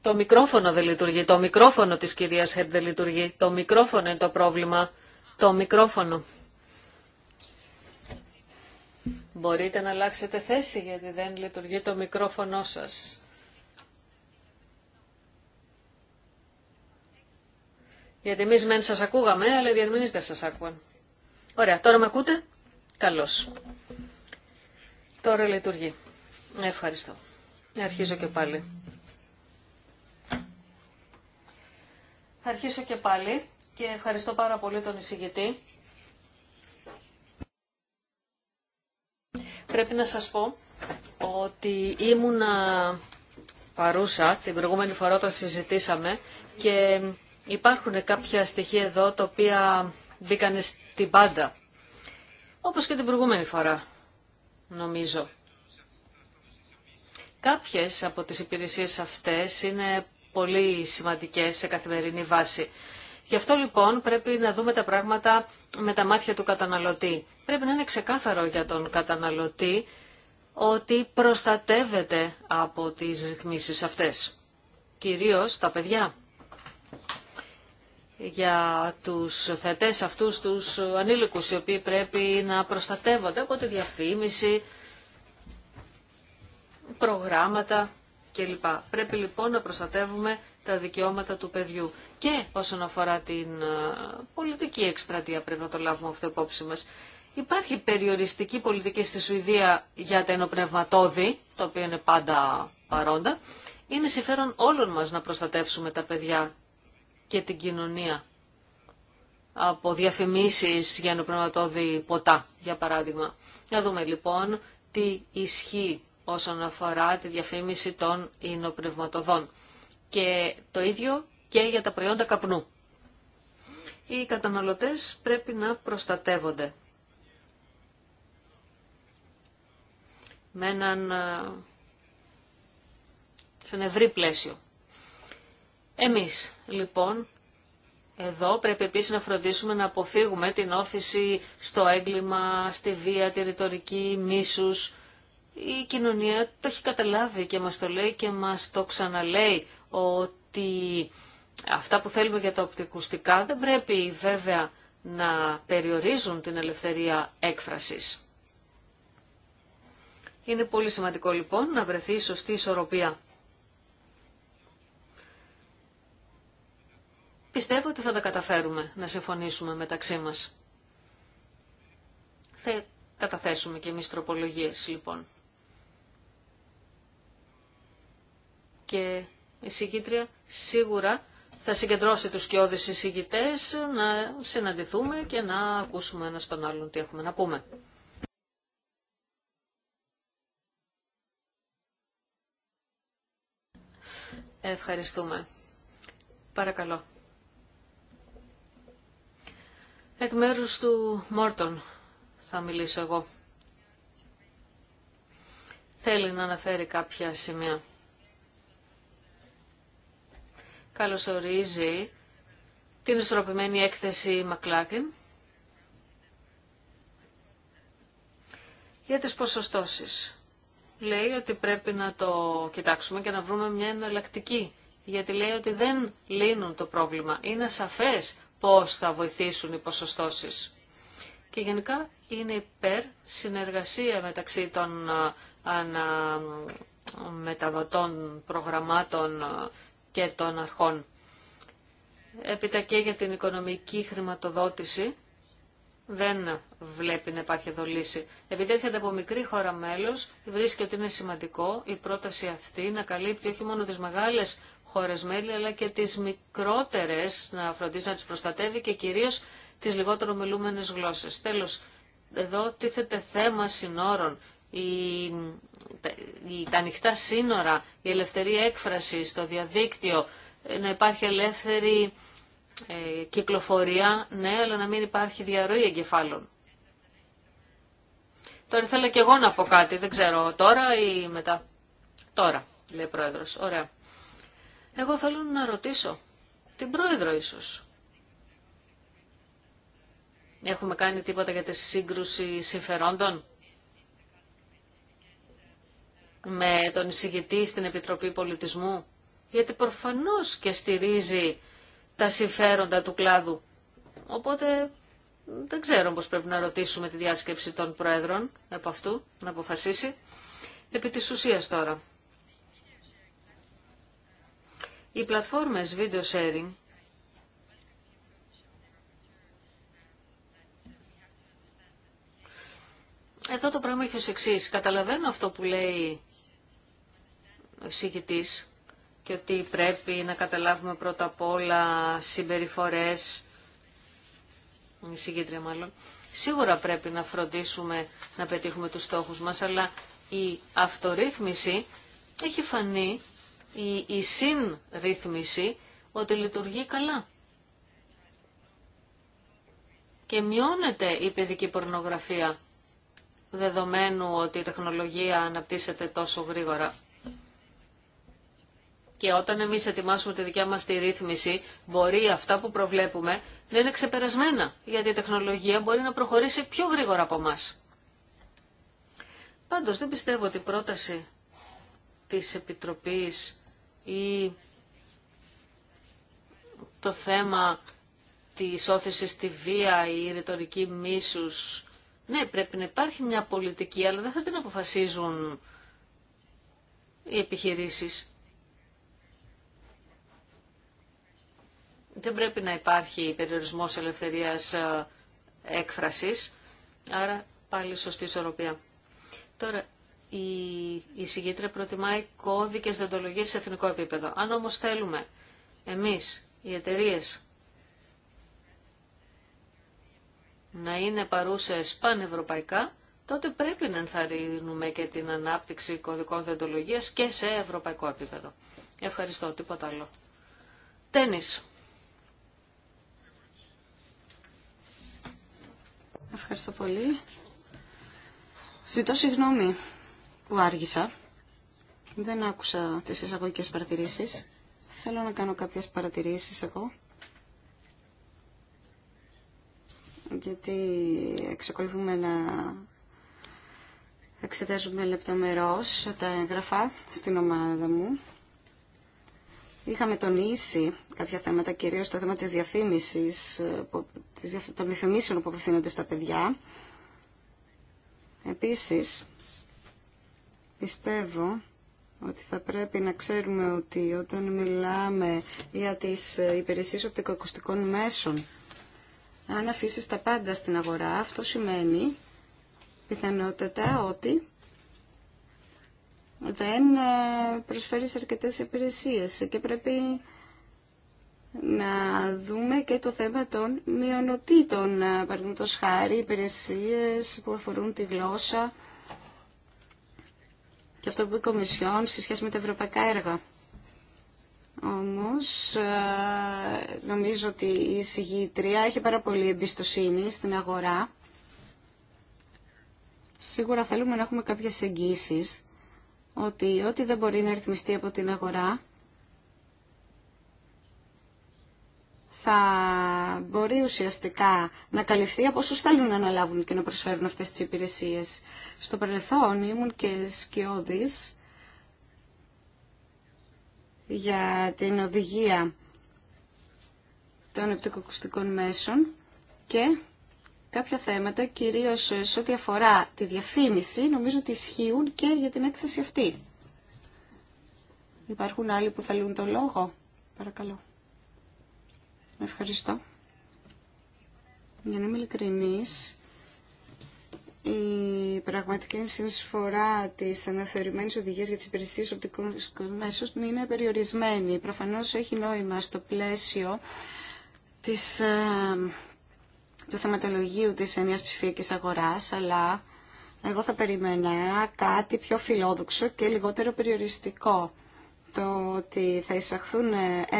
Το μικρόφωνο δεν λειτουργεί. Το μικρόφωνο της κυρίας Head δεν λειτουργεί. Το μικρόφωνο είναι το πρόβλημα. Το μικρόφωνο. Μπορείτε να αλλάξετε θέση γιατί δεν λειτουργεί το μικρόφωνο σας. Γιατί εμεί μεν σας ακούγαμε, αλλά οι διερμηνείς δεν σας άκουγαν. Ωραία, τώρα με ακούτε. Καλώς. Τώρα λειτουργεί. Ναι, ευχαριστώ. Αρχίζω και πάλι. Θα αρχίσω και πάλι και ευχαριστώ πάρα πολύ τον εισηγητή πρέπει να σας πω ότι ήμουνα παρούσα την προηγούμενη φορά όταν συζητήσαμε και υπάρχουν κάποια στοιχεία εδώ τα οποία μπήκαν στην πάντα. Όπως και την προηγούμενη φορά, νομίζω. Κάποιες από τις υπηρεσίες αυτές είναι πολύ σημαντικές σε καθημερινή βάση. Γι' αυτό λοιπόν πρέπει να δούμε τα πράγματα με τα μάτια του καταναλωτή. Πρέπει να είναι ξεκάθαρο για τον καταναλωτή ότι προστατεύεται από τις ρυθμίσεις αυτές. Κυρίως τα παιδιά. Για τους θετές αυτούς τους ανήλικους οι οποίοι πρέπει να προστατεύονται από τη διαφήμιση, προγράμματα κλπ. Πρέπει λοιπόν να προστατεύουμε τα δικαιώματα του παιδιού. Και όσον αφορά την ε, πολιτική εκστρατεία πρέπει να το λάβουμε αυτό υπόψη μας. Υπάρχει περιοριστική πολιτική στη Σουηδία για τα ενοπνευματόδη, το οποίο είναι πάντα παρόντα. Είναι συμφέρον όλων μας να προστατεύσουμε τα παιδιά και την κοινωνία από διαφημίσεις για ενοπνευματόδη ποτά, για παράδειγμα. Να δούμε λοιπόν τι ισχύει όσον αφορά τη διαφήμιση των ενοπνευματοδών και το ίδιο και για τα προϊόντα καπνού. Οι καταναλωτές πρέπει να προστατεύονται με έναν σε ένα ευρύ πλαίσιο. Εμείς λοιπόν εδώ πρέπει επίσης να φροντίσουμε να αποφύγουμε την όθηση στο έγκλημα, στη βία, τη ρητορική, μίσους. Η κοινωνία το έχει καταλάβει και μας το λέει και μας το ξαναλέει ότι αυτά που θέλουμε για τα οπτικουστικά δεν πρέπει βέβαια να περιορίζουν την ελευθερία έκφρασης. Είναι πολύ σημαντικό λοιπόν να βρεθεί η σωστή ισορροπία. Πιστεύω ότι θα τα καταφέρουμε να συμφωνήσουμε μεταξύ μας. Θα καταθέσουμε και εμείς τροπολογίες λοιπόν. Και η συγκήτρια σίγουρα θα συγκεντρώσει τους κοιόδης συζητητές να συναντηθούμε και να ακούσουμε ένα τον άλλον τι έχουμε να πούμε. Ευχαριστούμε. Παρακαλώ. Εκ μέρους του Μόρτον θα μιλήσω εγώ. Θέλει να αναφέρει κάποια σημεία καλωσορίζει την ισορροπημένη έκθεση Μακλάκιν για τις ποσοστώσεις. Λέει ότι πρέπει να το κοιτάξουμε και να βρούμε μια εναλλακτική, γιατί λέει ότι δεν λύνουν το πρόβλημα. Είναι σαφές πώς θα βοηθήσουν οι ποσοστώσεις. Και γενικά είναι υπέρ συνεργασία μεταξύ των ε, μεταδοτών προγραμμάτων και των αρχών. Έπειτα και για την οικονομική χρηματοδότηση δεν βλέπει να υπάρχει εδώ λύση. Επειδή έρχεται από μικρή χώρα μέλος, βρίσκει ότι είναι σημαντικό η πρόταση αυτή να καλύπτει όχι μόνο τις μεγάλες χώρες μέλη, αλλά και τις μικρότερες, να φροντίζει να τις προστατεύει και κυρίως τις λιγότερο μιλούμενες γλώσσες. Τέλος, εδώ τίθεται θέμα συνόρων η, η, τα ανοιχτά σύνορα, η ελευθερία έκφραση στο διαδίκτυο, ε, να υπάρχει ελεύθερη ε, κυκλοφορία, ναι, αλλά να μην υπάρχει διαρροή εγκεφάλων. Τώρα θέλω και εγώ να πω κάτι, δεν ξέρω τώρα ή μετά. Τώρα, λέει ο Πρόεδρος. Ωραία. Εγώ θέλω να ρωτήσω την Πρόεδρο ίσως. Έχουμε κάνει τίποτα για τη σύγκρουση συμφερόντων με τον εισηγητή στην Επιτροπή Πολιτισμού, γιατί προφανώς και στηρίζει τα συμφέροντα του κλάδου. Οπότε δεν ξέρω πώς πρέπει να ρωτήσουμε τη διάσκεψη των Προέδρων από αυτού, να αποφασίσει. Επί της ουσίας τώρα. Οι πλατφόρμες video sharing Εδώ το πράγμα έχει ως εξής. Καταλαβαίνω αυτό που λέει και ότι πρέπει να καταλάβουμε πρώτα απ' όλα συμπεριφορές, εισηγήτρια μάλλον, σίγουρα πρέπει να φροντίσουμε να πετύχουμε τους στόχους μας, αλλά η αυτορύθμιση έχει φανεί, η, η συνρύθμιση, ότι λειτουργεί καλά. Και μειώνεται η παιδική πορνογραφία, δεδομένου ότι η τεχνολογία αναπτύσσεται τόσο γρήγορα. Και όταν εμείς ετοιμάσουμε τη δικιά μας τη ρύθμιση, μπορεί αυτά που προβλέπουμε να είναι ξεπερασμένα, γιατί η τεχνολογία μπορεί να προχωρήσει πιο γρήγορα από εμά. Πάντως δεν πιστεύω ότι η πρόταση της Επιτροπής ή το θέμα της όθησης στη βία ή η ρητορική μίσους. Ναι, πρέπει να υπάρχει μια πολιτική, αλλά δεν θα την αποφασίζουν οι επιχειρήσεις. δεν πρέπει να υπάρχει περιορισμός ελευθερίας ε, έκφρασης, άρα πάλι σωστή ισορροπία. Τώρα, η, η συγκήτρια προτιμάει κώδικες δεντολογίες σε εθνικό επίπεδο. Αν όμως θέλουμε εμείς, οι εταιρείε να είναι παρούσες πανευρωπαϊκά, τότε πρέπει να ενθαρρύνουμε και την ανάπτυξη κωδικών δεντολογίας και σε ευρωπαϊκό επίπεδο. Ευχαριστώ, τίποτα άλλο. Τένις. Ευχαριστώ πολύ. Ζητώ συγγνώμη που άργησα. Δεν άκουσα τις εισαγωγικές παρατηρήσεις. Θέλω να κάνω κάποιες παρατηρήσεις εγώ. Γιατί εξακολουθούμε να εξετάζουμε λεπτομερώς τα εγγραφά στην ομάδα μου. Είχαμε τονίσει κάποια θέματα, κυρίως το θέμα της διαφήμισης, ε, των διαφημίσεων που απευθύνονται στα παιδιά. Επίσης, πιστεύω ότι θα πρέπει να ξέρουμε ότι όταν μιλάμε για τις ε, υπηρεσίες οπτικοακουστικών μέσων, αν αφήσει τα πάντα στην αγορά, αυτό σημαίνει πιθανότατα ότι δεν ε, προσφέρει αρκετές υπηρεσίες και πρέπει να δούμε και το θέμα των μειονοτήτων, ε, παραδείγματο χάρη, υπηρεσίες που αφορούν τη γλώσσα και αυτό που η Κομισιόν σε σχέση με τα ευρωπαϊκά έργα. Όμως, ε, νομίζω ότι η συγγήτρια έχει πάρα πολύ εμπιστοσύνη στην αγορά. Σίγουρα θέλουμε να έχουμε κάποιες εγγύσεις ότι ό,τι δεν μπορεί να ρυθμιστεί από την αγορά θα μπορεί ουσιαστικά να καλυφθεί από όσους θέλουν να αναλάβουν και να προσφέρουν αυτές τις υπηρεσίες. Στο παρελθόν ήμουν και σκιώδης για την οδηγία των οπτικοκουστικών μέσων και κάποια θέματα, κυρίως σε ό,τι αφορά τη διαφήμιση, νομίζω ότι ισχύουν και για την έκθεση αυτή. Υπάρχουν άλλοι που θέλουν το λόγο. Παρακαλώ. Ευχαριστώ. Για να είμαι ειλικρινής, η πραγματική συνεισφορά τη αναθεωρημένη οδηγία για τι υπηρεσίε οπτικών μέσων είναι περιορισμένη. Προφανώ έχει νόημα στο πλαίσιο τη ε, του θεματολογίου της ενίας ψηφιακής αγοράς, αλλά εγώ θα περιμένα κάτι πιο φιλόδοξο και λιγότερο περιοριστικό. Το ότι θα εισαχθούν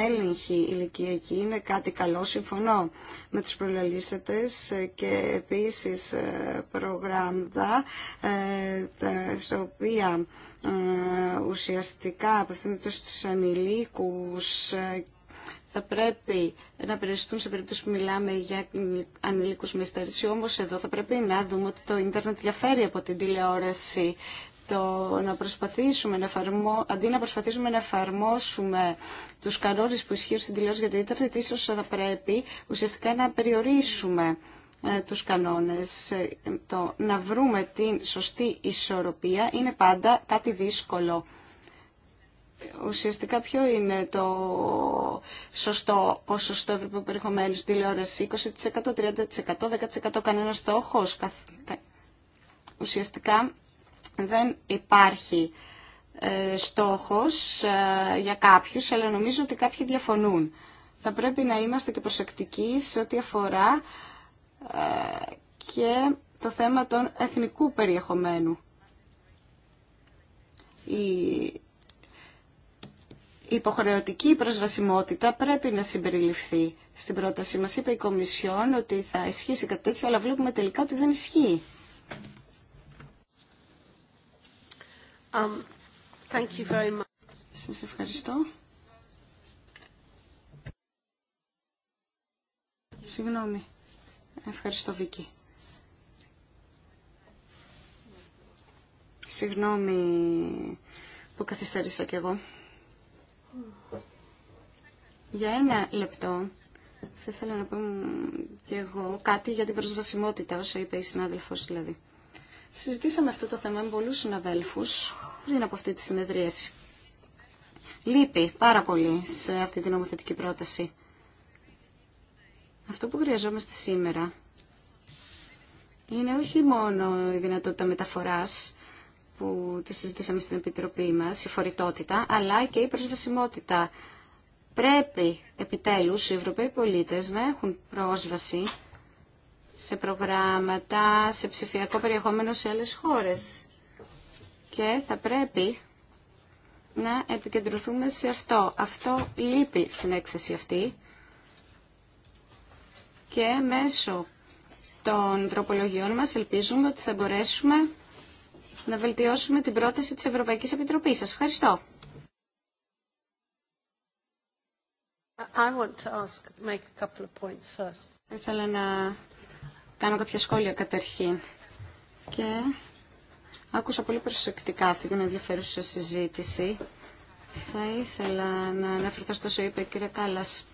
έλεγχοι ηλικιακοί είναι κάτι καλό, συμφωνώ με τους προλαλήσατες και επίσης ε, προγράμματα ε, τα οποία ε, ουσιαστικά απευθύνεται στους ανηλίκους θα πρέπει να περιστούν σε περίπτωση που μιλάμε για ανηλίκους με Όμως εδώ θα πρέπει να δούμε ότι το ίντερνετ διαφέρει από την τηλεόραση. Το να προσπαθήσουμε να εφαρμο... αντί να προσπαθήσουμε να εφαρμόσουμε τους κανόνες που ισχύουν στην τηλεόραση για το ίντερνετ, ίσως θα πρέπει ουσιαστικά να περιορίσουμε ε, τους κανόνες. Ε, το να βρούμε την σωστή ισορροπία είναι πάντα κάτι δύσκολο ουσιαστικά ποιο είναι το σωστό ποσοστό ευρωπαϊκού περιεχομένου στην τηλεόραση, 20%, 30%, 10% κανένα στόχος. Ουσιαστικά δεν υπάρχει ε, στόχος ε, για κάποιους, αλλά νομίζω ότι κάποιοι διαφωνούν. Θα πρέπει να είμαστε και προσεκτικοί σε ό,τι αφορά ε, και το θέμα των εθνικού περιεχομένου. Η η υποχρεωτική προσβασιμότητα πρέπει να συμπεριληφθεί στην πρόταση. Μας είπε η Κομισιόν ότι θα ισχύσει κάτι τέτοιο, αλλά βλέπουμε τελικά ότι δεν ισχύει. Um, ευχαριστώ. Συγγνώμη. Ευχαριστώ, Βίκη. Συγγνώμη που καθυστέρησα κι εγώ. Για ένα λεπτό θα ήθελα να πω και εγώ κάτι για την προσβασιμότητα, όσα είπε η συνάδελφος δηλαδή. Συζητήσαμε αυτό το θέμα με πολλούς συναδέλφους πριν από αυτή τη συνεδρίαση. Λείπει πάρα πολύ σε αυτή την νομοθετική πρόταση. Αυτό που χρειαζόμαστε σήμερα είναι όχι μόνο η δυνατότητα μεταφοράς που τη συζητήσαμε στην Επιτροπή μας, η φορητότητα, αλλά και η προσβασιμότητα Πρέπει επιτέλους οι Ευρωπαίοι πολίτες να έχουν πρόσβαση σε προγράμματα, σε ψηφιακό περιεχόμενο σε άλλες χώρες. Και θα πρέπει να επικεντρωθούμε σε αυτό. Αυτό λείπει στην έκθεση αυτή και μέσω των τροπολογιών μας ελπίζουμε ότι θα μπορέσουμε να βελτιώσουμε την πρόταση της Ευρωπαϊκής Επιτροπής. Σας ευχαριστώ. I want ask, make couple Ήθελα να κάνω κάποια σχόλια καταρχήν. Και άκουσα πολύ προσεκτικά αυτή την ενδιαφέρουσα συζήτηση. Θα ήθελα να αναφερθώ στο όσο είπε η κυρία Κάλλας.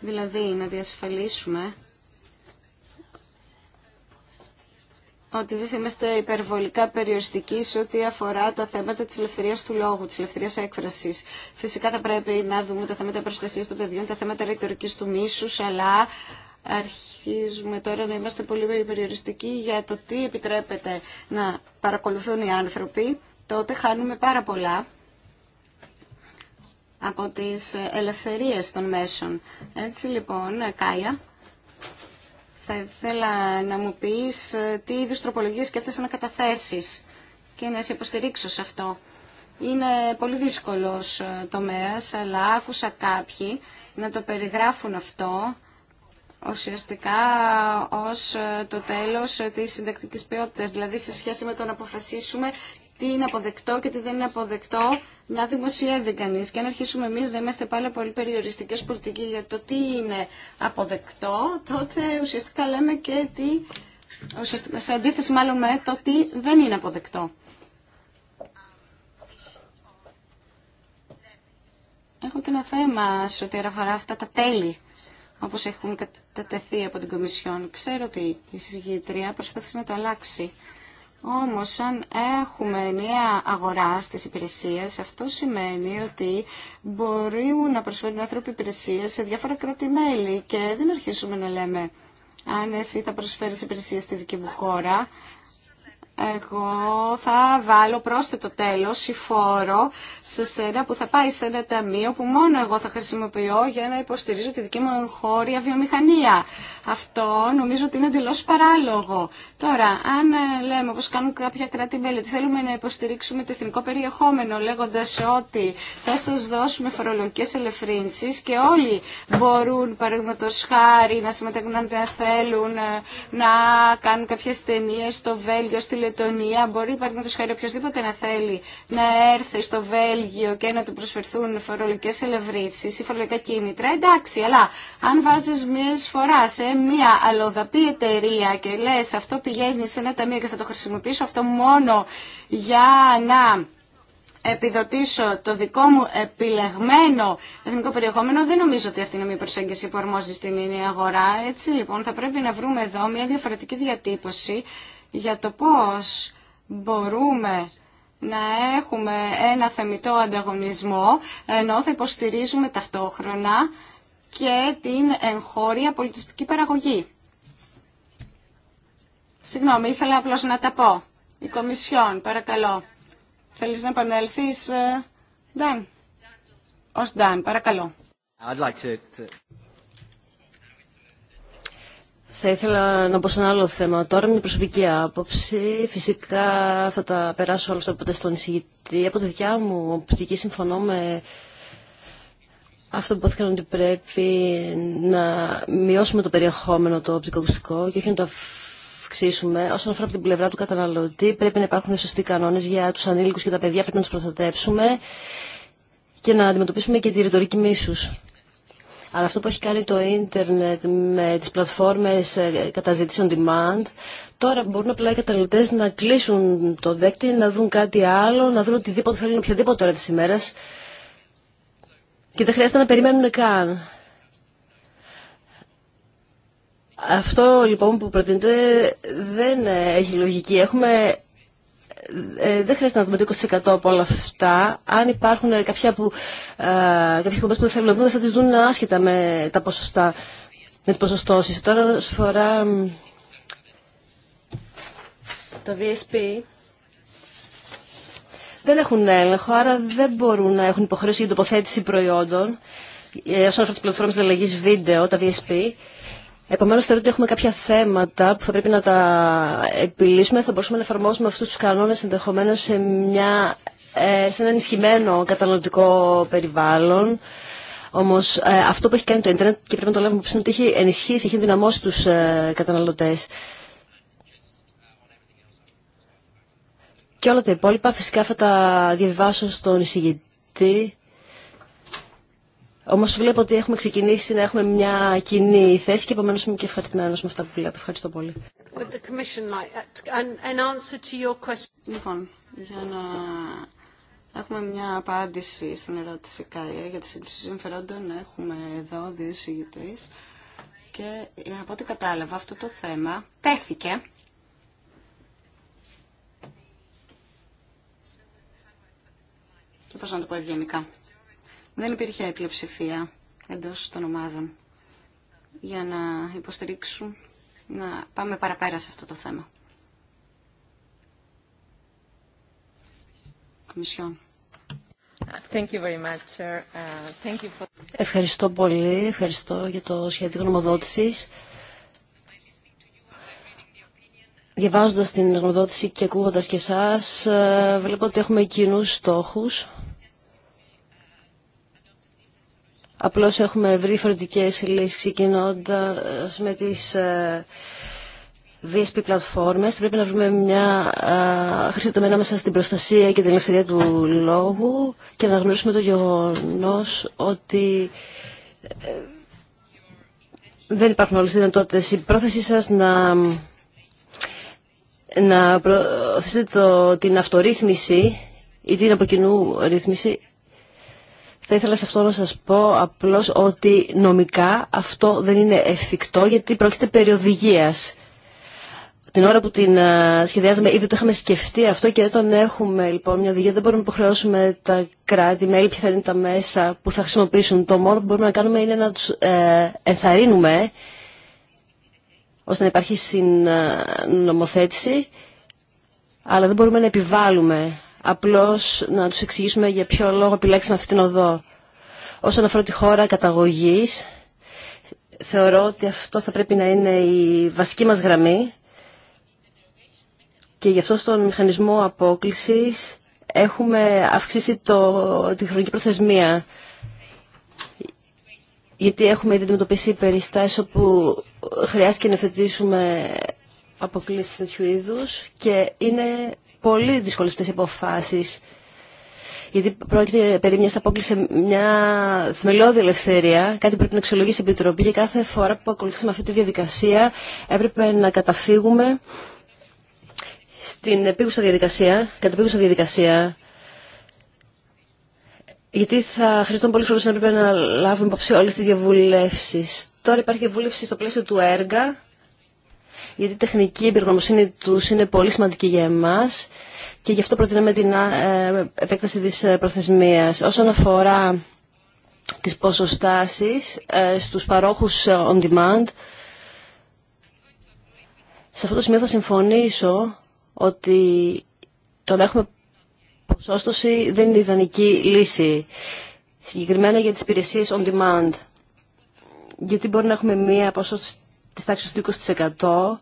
Δηλαδή, να διασφαλίσουμε ότι δεν είμαστε υπερβολικά περιοριστικοί σε ό,τι αφορά τα θέματα της ελευθερίας του λόγου, της ελευθερίας έκφρασης. Φυσικά θα πρέπει να δούμε τα θέματα προστασία των παιδιών, τα θέματα ρητορική του μίσου, αλλά αρχίζουμε τώρα να είμαστε πολύ περιοριστικοί για το τι επιτρέπεται να παρακολουθούν οι άνθρωποι, τότε χάνουμε πάρα πολλά από τις ελευθερίες των μέσων. Έτσι λοιπόν, Κάια, θα ήθελα να μου πεις ε, τι είδους και σκέφτεσαι να καταθέσεις και να σε υποστηρίξω σε αυτό. Είναι πολύ δύσκολος ε, τομέας, αλλά άκουσα κάποιοι να το περιγράφουν αυτό ουσιαστικά ως ε, το τέλος της συντακτικής ποιότητας, δηλαδή σε σχέση με το να αποφασίσουμε τι είναι αποδεκτό και τι δεν είναι αποδεκτό να δημοσιεύει κανεί. Και αν αρχίσουμε εμεί να είμαστε πάλι πολύ περιοριστικέ πολιτικοί για το τι είναι αποδεκτό, τότε ουσιαστικά λέμε και τι. Ουσιαστικά, σε αντίθεση μάλλον με το τι δεν είναι αποδεκτό. Έχω και ένα θέμα σε ό,τι αφορά αυτά τα τέλη, όπως έχουν κατατεθεί από την Κομισιόν. Ξέρω ότι η συγγήτρια προσπάθησε να το αλλάξει όμως αν έχουμε νέα αγορά στις υπηρεσίες, αυτό σημαίνει ότι μπορούν να προσφέρουν άνθρωποι υπηρεσίες σε διάφορα κράτη-μέλη και δεν αρχίσουμε να λέμε αν ναι, εσύ θα προσφέρεις υπηρεσίες στη δική μου χώρα, εγώ θα βάλω πρόσθετο τέλος ή φόρο σε σένα που θα πάει σε ένα ταμείο που μόνο εγώ θα χρησιμοποιώ για να υποστηρίζω τη δική μου εγχώρια βιομηχανία. Αυτό νομίζω ότι είναι εντελώ παράλογο. Τώρα, αν ε, λέμε όπως κάνουν κάποια κράτη-μέλη ότι θέλουμε να υποστηρίξουμε το εθνικό περιεχόμενο λέγοντας ότι θα σας δώσουμε φορολογικές ελευθερίνσεις και όλοι μπορούν παραδείγματο χάρη να συμμετέχουν αν δεν θέλουν ε, να κάνουν κάποιες ταινίες στο Βέλγιο, στη Λετωνία μπορεί παραδείγματο χάρη οποιοδήποτε να θέλει να έρθει στο Βέλγιο και να του προσφερθούν φορολογικέ ελευρήσεις ή φορολογικά κίνητρα, εντάξει, αλλά αν βάζει μια φορά σε μια αλλοδαπή εταιρεία και λε, αυτό πηγαίνει σε ένα ταμείο και θα το χρησιμοποιήσω αυτό μόνο για να επιδοτήσω το δικό μου επιλεγμένο εθνικό περιεχόμενο, δεν νομίζω ότι αυτή είναι μια προσέγγιση που αρμόζει στην ίδια αγορά. Έτσι λοιπόν θα πρέπει να βρούμε εδώ μια διαφορετική διατύπωση για το πώς μπορούμε να έχουμε ένα θεμητό ανταγωνισμό, ενώ θα υποστηρίζουμε ταυτόχρονα και την εγχώρια πολιτιστική παραγωγή. Συγγνώμη, ήθελα απλώς να τα πω. Η Κομισιόν, παρακαλώ. Θέλεις να επανέλθεις, ε, Νταν. Ως Νταν, παρακαλώ. Θα ήθελα να πω σε ένα άλλο θέμα. Τώρα είναι η προσωπική άποψη. Φυσικά θα τα περάσω όλα αυτά ποτέ στον εισηγητή. Από τη δικιά μου οπτική συμφωνώ με αυτό που υπόθηκαν ότι πρέπει να μειώσουμε το περιεχόμενο το οπτικοακουστικό και όχι να το αυξήσουμε. Όσον αφορά από την πλευρά του καταναλωτή, πρέπει να υπάρχουν σωστοί κανόνε για του ανήλικου και τα παιδιά, πρέπει να του προστατεύσουμε και να αντιμετωπίσουμε και τη ρητορική μίσου. Αλλά αυτό που έχει κάνει το ίντερνετ με τις πλατφόρμες ε, καταζήτηση on demand, τώρα μπορούν απλά οι καταναλωτέ να κλείσουν το δέκτη, να δουν κάτι άλλο, να δουν οτιδήποτε θέλουν οποιαδήποτε ώρα της ημέρας και δεν χρειάζεται να περιμένουν καν. Αυτό λοιπόν που προτείνεται δεν έχει λογική. Έχουμε ε, δεν χρειάζεται να δούμε το 20% από όλα αυτά. Αν υπάρχουν κάποια που, ε, κάποιες που δεν θέλουν να δουν, θα τις δουν άσχετα με τα ποσοστά, με τις ποσοστώσεις. Τώρα, όσον αφορά τα VSP, δεν έχουν έλεγχο, άρα δεν μπορούν να έχουν υποχρέωση για τοποθέτηση προϊόντων ε, όσον αφορά τις πλατφόρμες αλλαγή βίντεο, τα VSP. Επομένως θεωρώ ότι έχουμε κάποια θέματα που θα πρέπει να τα επιλύσουμε. Θα μπορούσαμε να εφαρμόσουμε αυτούς τους κανόνες ενδεχομένω σε, μια, ε, σε ένα ενισχυμένο καταναλωτικό περιβάλλον. Όμως ε, αυτό που έχει κάνει το ίντερνετ και πρέπει να το λάβουμε είναι ότι έχει ενισχύσει, έχει δυναμώσει τους ε, καταναλωτές. Και όλα τα υπόλοιπα φυσικά θα τα διαβιβάσω στον εισηγητή Όμω βλέπω ότι έχουμε ξεκινήσει να έχουμε μια κοινή θέση και επομένω είμαι και ευχαριστημένο με αυτά που βλέπω. Ευχαριστώ πολύ. Λοιπόν, για να Έχουμε μια απάντηση στην ερώτηση ΚΑΕ για τη σύγκριση συμφερόντων. Έχουμε εδώ δύο συγγητές και από ό,τι κατάλαβα αυτό το θέμα τέθηκε και πώς να το πω ευγενικά δεν υπήρχε πλειοψηφία εντός των ομάδων για να υποστηρίξουν να πάμε παραπέρα σε αυτό το θέμα. Thank you uh, Ευχαριστώ πολύ. Ευχαριστώ για το σχέδιο γνωμοδότησης. Διαβάζοντας την γνωμοδότηση και ακούγοντας και εσάς, ε, βλέπω ότι έχουμε κοινούς στόχους. Απλώς έχουμε βρει φροντικές λύσεις ξεκινώντας με τις ε, VSP πλατφόρμες. Πρέπει να βρούμε μια ε, χρησιτομένα μέσα στην προστασία και την ελευθερία του λόγου και να γνωρίσουμε το γεγονός ότι ε, δεν υπάρχουν όλες τις δυνατότητες. Η πρόθεσή σας να, να προωθήσετε την αυτορύθμιση ή την αποκοινού ρύθμιση θα ήθελα σε αυτό να σας πω απλώς ότι νομικά αυτό δεν είναι εφικτό γιατί πρόκειται περί οδηγίας. Την ώρα που την ε, σχεδιάζαμε ήδη το είχαμε σκεφτεί αυτό και όταν έχουμε λοιπόν μια οδηγία δεν μπορούμε να υποχρεώσουμε τα κράτη, μέλη, ποια θα είναι τα μέσα που θα χρησιμοποιήσουν. Το μόνο που μπορούμε να κάνουμε είναι να τους ε, ενθαρρύνουμε ώστε να υπάρχει συνομοθέτηση αλλά δεν μπορούμε να επιβάλλουμε απλώς να τους εξηγήσουμε για ποιο λόγο επιλέξαμε αυτήν την οδό. Όσον αφορά τη χώρα καταγωγής, θεωρώ ότι αυτό θα πρέπει να είναι η βασική μας γραμμή και γι' αυτό στον μηχανισμό απόκλησης έχουμε αυξήσει το, τη χρονική προθεσμία γιατί έχουμε ήδη αντιμετωπίσει περιστάσεις όπου χρειάστηκε να θετήσουμε αποκλήσεις τέτοιου είδου και είναι πολύ δύσκολες αυτές οι αποφάσει. γιατί πρόκειται περί μιας απόκληση μια θεμελιώδη ελευθερία, κάτι που πρέπει να αξιολογήσει η Επιτροπή και κάθε φορά που ακολουθήσαμε αυτή τη διαδικασία έπρεπε να καταφύγουμε στην επίγουσα διαδικασία, επίγουσα διαδικασία, γιατί θα χρειαζόταν πολύ χρόνο να έπρεπε να λάβουμε υπόψη όλε τι διαβουλεύσει. Τώρα υπάρχει διαβούλευση στο πλαίσιο του έργα γιατί η τεχνική εμπειρογνωμοσύνη τους είναι πολύ σημαντική για εμάς και γι' αυτό προτείνουμε την ε, επέκταση της ε, προθεσμίας. Όσον αφορά τις ποσοστάσεις ε, στους παρόχους on demand, σε αυτό το σημείο θα συμφωνήσω ότι το να έχουμε ποσόστοση δεν είναι ιδανική λύση. Συγκεκριμένα για τις υπηρεσίε on demand. Γιατί μπορεί να έχουμε μία ποσόστοση της τάξης του 20%.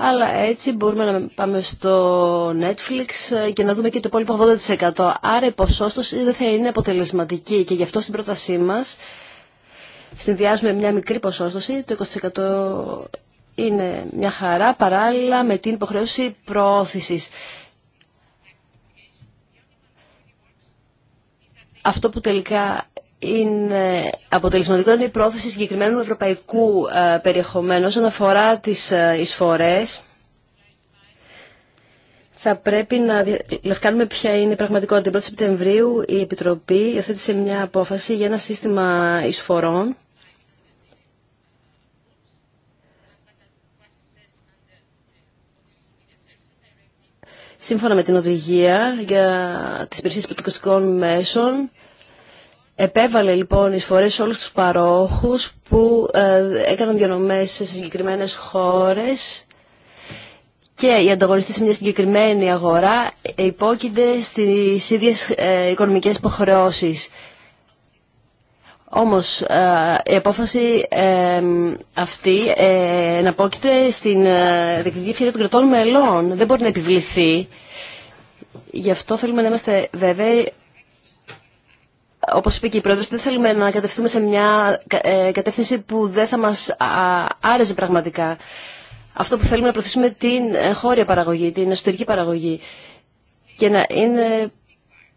Αλλά έτσι μπορούμε να πάμε στο Netflix ε, και να δούμε και το υπόλοιπο 80%. Άρα η ποσόστοση δεν θα είναι αποτελεσματική και γι' αυτό στην πρότασή μας συνδυάζουμε μια μικρή ποσόστοση, το 20% είναι μια χαρά παράλληλα με την υποχρέωση προώθησης. Αυτό που τελικά είναι αποτελεσματικό είναι η πρόθεση συγκεκριμένου ευρωπαϊκού ε, περιεχομένου όσον αφορά τις ε, εισφορές θα πρέπει να λευκάνουμε ποια είναι η πραγματικότητα. Την 1η Σεπτεμβρίου η Επιτροπή υιοθέτησε μια απόφαση για ένα σύστημα εισφορών σύμφωνα με την οδηγία για τις υπηρεσίες πρωτοκοστικών μέσων Επέβαλε λοιπόν εισφορές σε όλους τους παρόχους που ε, έκαναν διανομές σε συγκεκριμένες χώρες και οι ανταγωνιστές σε μια συγκεκριμένη αγορά υπόκεινται στις ίδιες ε, οικονομικές υποχρεώσεις. Όμως ε, η απόφαση αυτή να εναπόκειται στην δεκτική ευκαιρία των κρατών μελών. Δεν μπορεί να επιβληθεί. Γι' αυτό θέλουμε να είμαστε βέβαιοι όπως είπε και η πρόεδρος, δεν θέλουμε να κατευθύνουμε σε μια ε, κατεύθυνση που δεν θα μας άρεσε πραγματικά. Αυτό που θέλουμε να προωθήσουμε την ε, χώρια παραγωγή, την εσωτερική παραγωγή και να είναι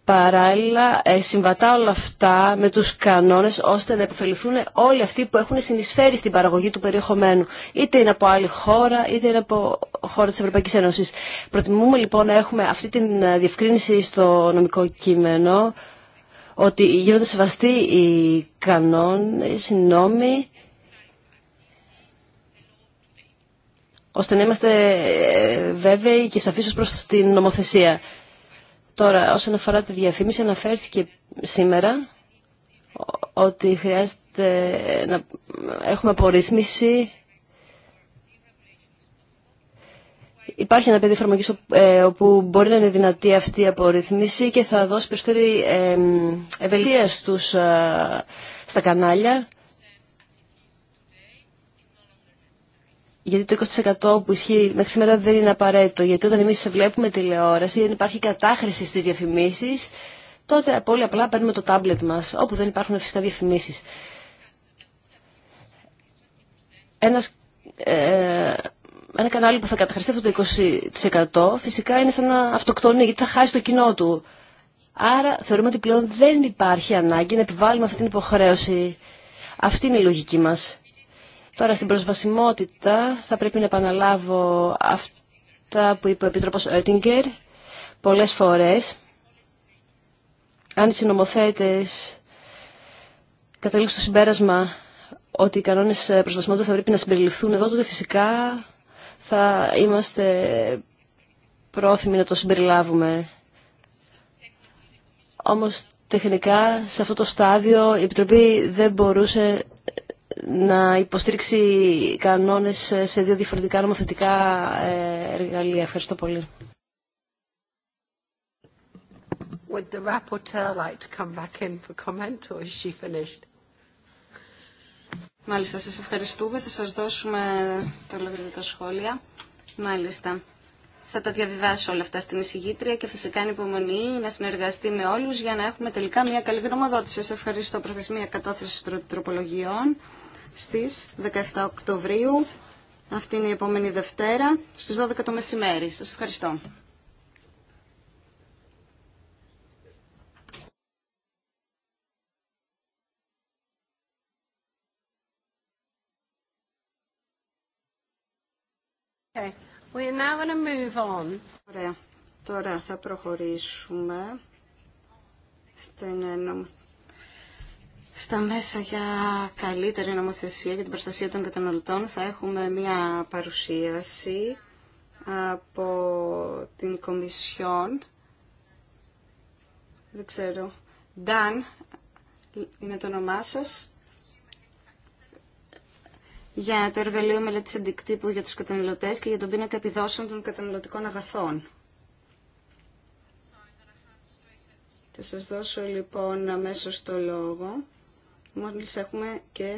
παράλληλα ε, συμβατά όλα αυτά με τους κανόνες ώστε να υποφεληθούν όλοι αυτοί που έχουν συνεισφέρει στην παραγωγή του περιεχομένου είτε είναι από άλλη χώρα είτε είναι από χώρα της Ευρωπαϊκής Ένωσης. Προτιμούμε λοιπόν να έχουμε αυτή την διευκρίνηση στο νομικό κείμενο ότι γίνονται σεβαστοί οι κανόνες, οι νόμοι, ώστε να είμαστε ε, βέβαιοι και σαφείς ως προς την νομοθεσία. Τώρα, όσον αφορά τη διαφήμιση, αναφέρθηκε σήμερα ότι χρειάζεται να έχουμε απορρίθμιση Υπάρχει ένα πεδίο εφαρμογή ε, όπου μπορεί να είναι δυνατή αυτή η απορρίθμιση και θα δώσει περισσότερη ευελιξία στους, ε, στα κανάλια. Γιατί το 20% που ισχύει μέχρι σήμερα δεν είναι απαραίτητο. Γιατί όταν εμείς βλέπουμε τηλεόραση, δεν υπάρχει κατάχρηση στις διαφημίσεις, τότε πολύ απλά παίρνουμε το τάμπλετ μας, όπου δεν υπάρχουν φυσικά διαφημίσεις. Ένας ε, ένα κανάλι που θα καταχρηστεί αυτό το 20% φυσικά είναι σαν να αυτοκτονεί γιατί θα χάσει το κοινό του. Άρα θεωρούμε ότι πλέον δεν υπάρχει ανάγκη να επιβάλλουμε αυτή την υποχρέωση. Αυτή είναι η λογική μας. Τώρα στην προσβασιμότητα θα πρέπει να επαναλάβω αυτά που είπε ο Επίτροπος Oettinger πολλές φορές. Αν οι συνομοθέτες καταλήξουν στο συμπέρασμα ότι οι κανόνες προσβασιμότητας θα πρέπει να συμπεριληφθούν εδώ, τότε φυσικά θα είμαστε πρόθυμοι να το συμπεριλάβουμε. Όμως τεχνικά σε αυτό το στάδιο η Επιτροπή δεν μπορούσε να υποστήριξει κανόνες σε δύο διαφορετικά νομοθετικά ε, εργαλεία. Ευχαριστώ πολύ. Would the like to come back in for comment, or Μάλιστα, σας ευχαριστούμε. Θα σας δώσουμε το λόγο για τα σχόλια. Μάλιστα. Θα τα διαβιβάσω όλα αυτά στην εισηγήτρια και φυσικά είναι υπομονή να συνεργαστεί με όλους για να έχουμε τελικά μια καλή γνωμοδότηση. Σας ευχαριστώ προθεσμία κατάθεση τροπολογιών στις 17 Οκτωβρίου. Αυτή είναι η επόμενη Δευτέρα στις 12 το μεσημέρι. Σας ευχαριστώ. Ε, Ωραία. Τώρα θα προχωρήσουμε στην ε, στα μέσα για καλύτερη νομοθεσία για την προστασία των καταναλωτών θα έχουμε μια παρουσίαση από την Κομισιόν. Δεν ξέρω. Dan είναι το όνομά σας για το εργαλείο μελέτης αντικτύπου για τους καταναλωτές και για τον πίνακα επιδόσεων των καταναλωτικών αγαθών. Θα σας δώσω λοιπόν αμέσω το λόγο. Μόλις έχουμε και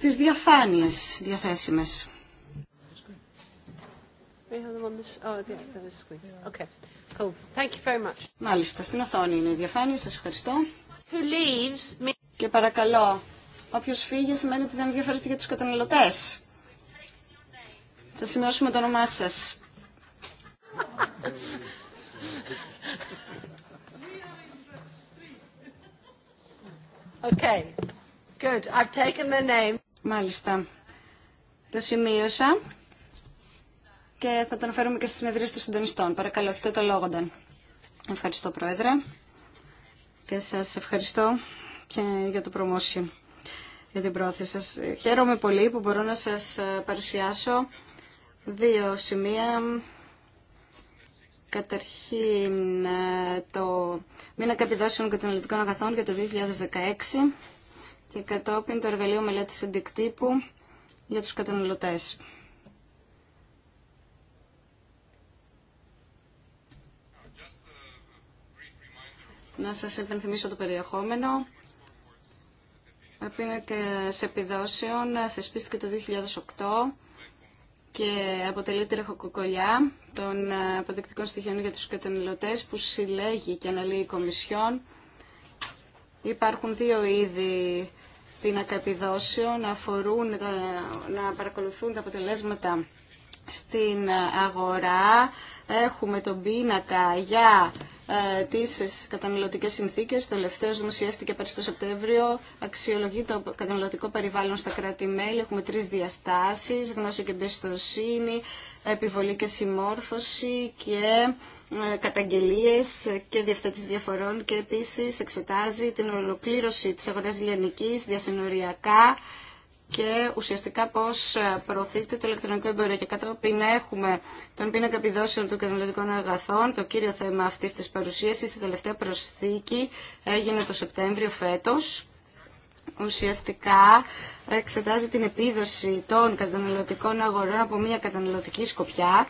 τις διαφάνειες διαθέσιμες. Oh, Μάλιστα, στην οθόνη είναι η διαφάνεια. Σας ευχαριστώ. Και παρακαλώ Όποιο φύγει σημαίνει ότι δεν ενδιαφέρεστε για του καταναλωτέ. Θα σημειώσουμε το όνομά σα. Okay. Good. I've taken the name. Μάλιστα. Το σημείωσα και θα τον φέρουμε και στη συνεδρίες των συντονιστών. Παρακαλώ, έχετε το λόγο, Νταν. Ευχαριστώ, Πρόεδρε. Και σας ευχαριστώ και για το προμόσιο για την πρόθεση σας. Χαίρομαι πολύ που μπορώ να σας ε, παρουσιάσω δύο σημεία. Καταρχήν ε, το μήνα καπιδάσεων καταναλωτικών αγαθών για το 2016 και κατόπιν το εργαλείο μελέτης αντικτύπου για τους καταναλωτές. Να σας επενθυμίσω το περιεχόμενο πίνακας επιδόσεων θεσπίστηκε το 2008 και αποτελεί τρεχοκοκολιά των ε, αποδεικτικών στοιχείων για τους καταναλωτές που συλλέγει και αναλύει η Κομισιόν. Υπάρχουν δύο είδη πίνακα επιδόσεων, αφορούν ε, να παρακολουθούν τα αποτελέσματα στην ε, αγορά. Έχουμε τον πίνακα για ε, Τι καταναλωτικέ συνθήκες. Το τελευταίο δημοσιεύτηκε πέρσι το Σεπτέμβριο. Αξιολογεί το καταναλωτικό περιβάλλον στα κράτη-μέλη. Έχουμε τρεις διαστάσεις, γνώση και εμπιστοσύνη, επιβολή και συμμόρφωση και ε, καταγγελίες και διευθέτηση διαφορών και επίσης εξετάζει την ολοκλήρωση της αγοράς λιανικής διασυνοριακά και ουσιαστικά πώς ε, προωθείται το ηλεκτρονικό εμπόριο. Και κατόπιν έχουμε τον πίνακα επιδόσεων των καταναλωτικών αγαθών. Το κύριο θέμα αυτής της παρουσίαση. η τελευταία προσθήκη έγινε το Σεπτέμβριο φέτος ουσιαστικά εξετάζει την επίδοση των καταναλωτικών αγορών από μια καταναλωτική σκοπιά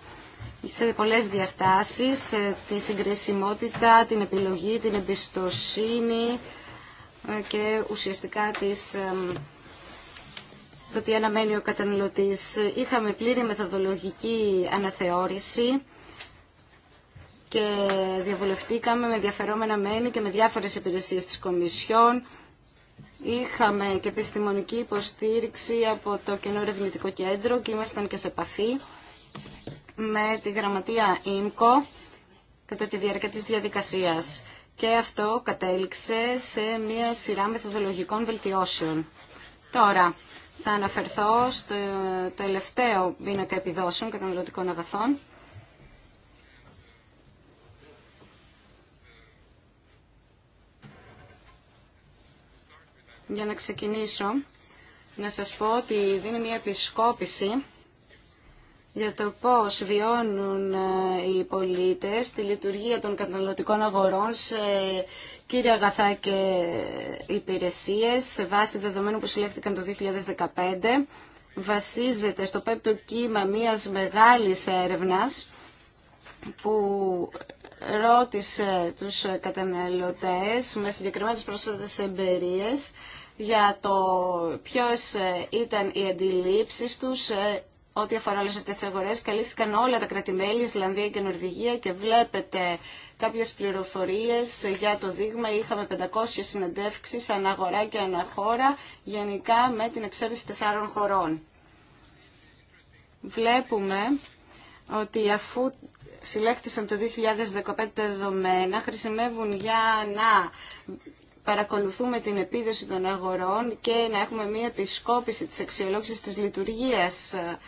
σε πολλές διαστάσεις, ε, τη συγκρισιμότητα, την επιλογή, την εμπιστοσύνη ε, και ουσιαστικά τις το τι αναμένει ο καταναλωτής. Είχαμε πλήρη μεθοδολογική αναθεώρηση και διαβουλευτήκαμε με διαφερόμενα μένη και με διάφορες υπηρεσίες της Κομισιόν. Είχαμε και επιστημονική υποστήριξη από το Κοινό Ερευνητικό Κέντρο και ήμασταν και σε επαφή με τη γραμματεία ΙΜΚΟ κατά τη διάρκεια της διαδικασίας. Και αυτό κατέληξε σε μια σειρά μεθοδολογικών βελτιώσεων. Τώρα, θα αναφερθώ στο τελευταίο πίνακα επιδόσεων καταναλωτικών αγαθών. Για να ξεκινήσω, να σας πω ότι δίνει μια επισκόπηση για το πώς βιώνουν ε, οι πολίτες τη λειτουργία των καταναλωτικών αγορών σε Κύριε αγαθά και υπηρεσίες σε βάση δεδομένου που συλλέχθηκαν το 2015 βασίζεται στο πέπτο κύμα μιας μεγάλης έρευνας που ρώτησε τους καταναλωτές με συγκεκριμένες πρόσθετες εμπειρίες για το ποιες ήταν οι αντιλήψεις τους ό,τι αφορά όλες αυτές τις αγορές, καλύφθηκαν όλα τα κρατημέλη, Ισλανδία και Νορβηγία και βλέπετε κάποιες πληροφορίες για το δείγμα. Είχαμε 500 ανά αναγορά και αναχώρα, γενικά με την εξαίρεση τεσσάρων χωρών. Βλέπουμε ότι αφού συλλέχθησαν το 2015 δεδομένα, χρησιμεύουν για να παρακολουθούμε την επίδοση των αγορών και να έχουμε μία επισκόπηση της αξιολόγησης της λειτουργίας ε,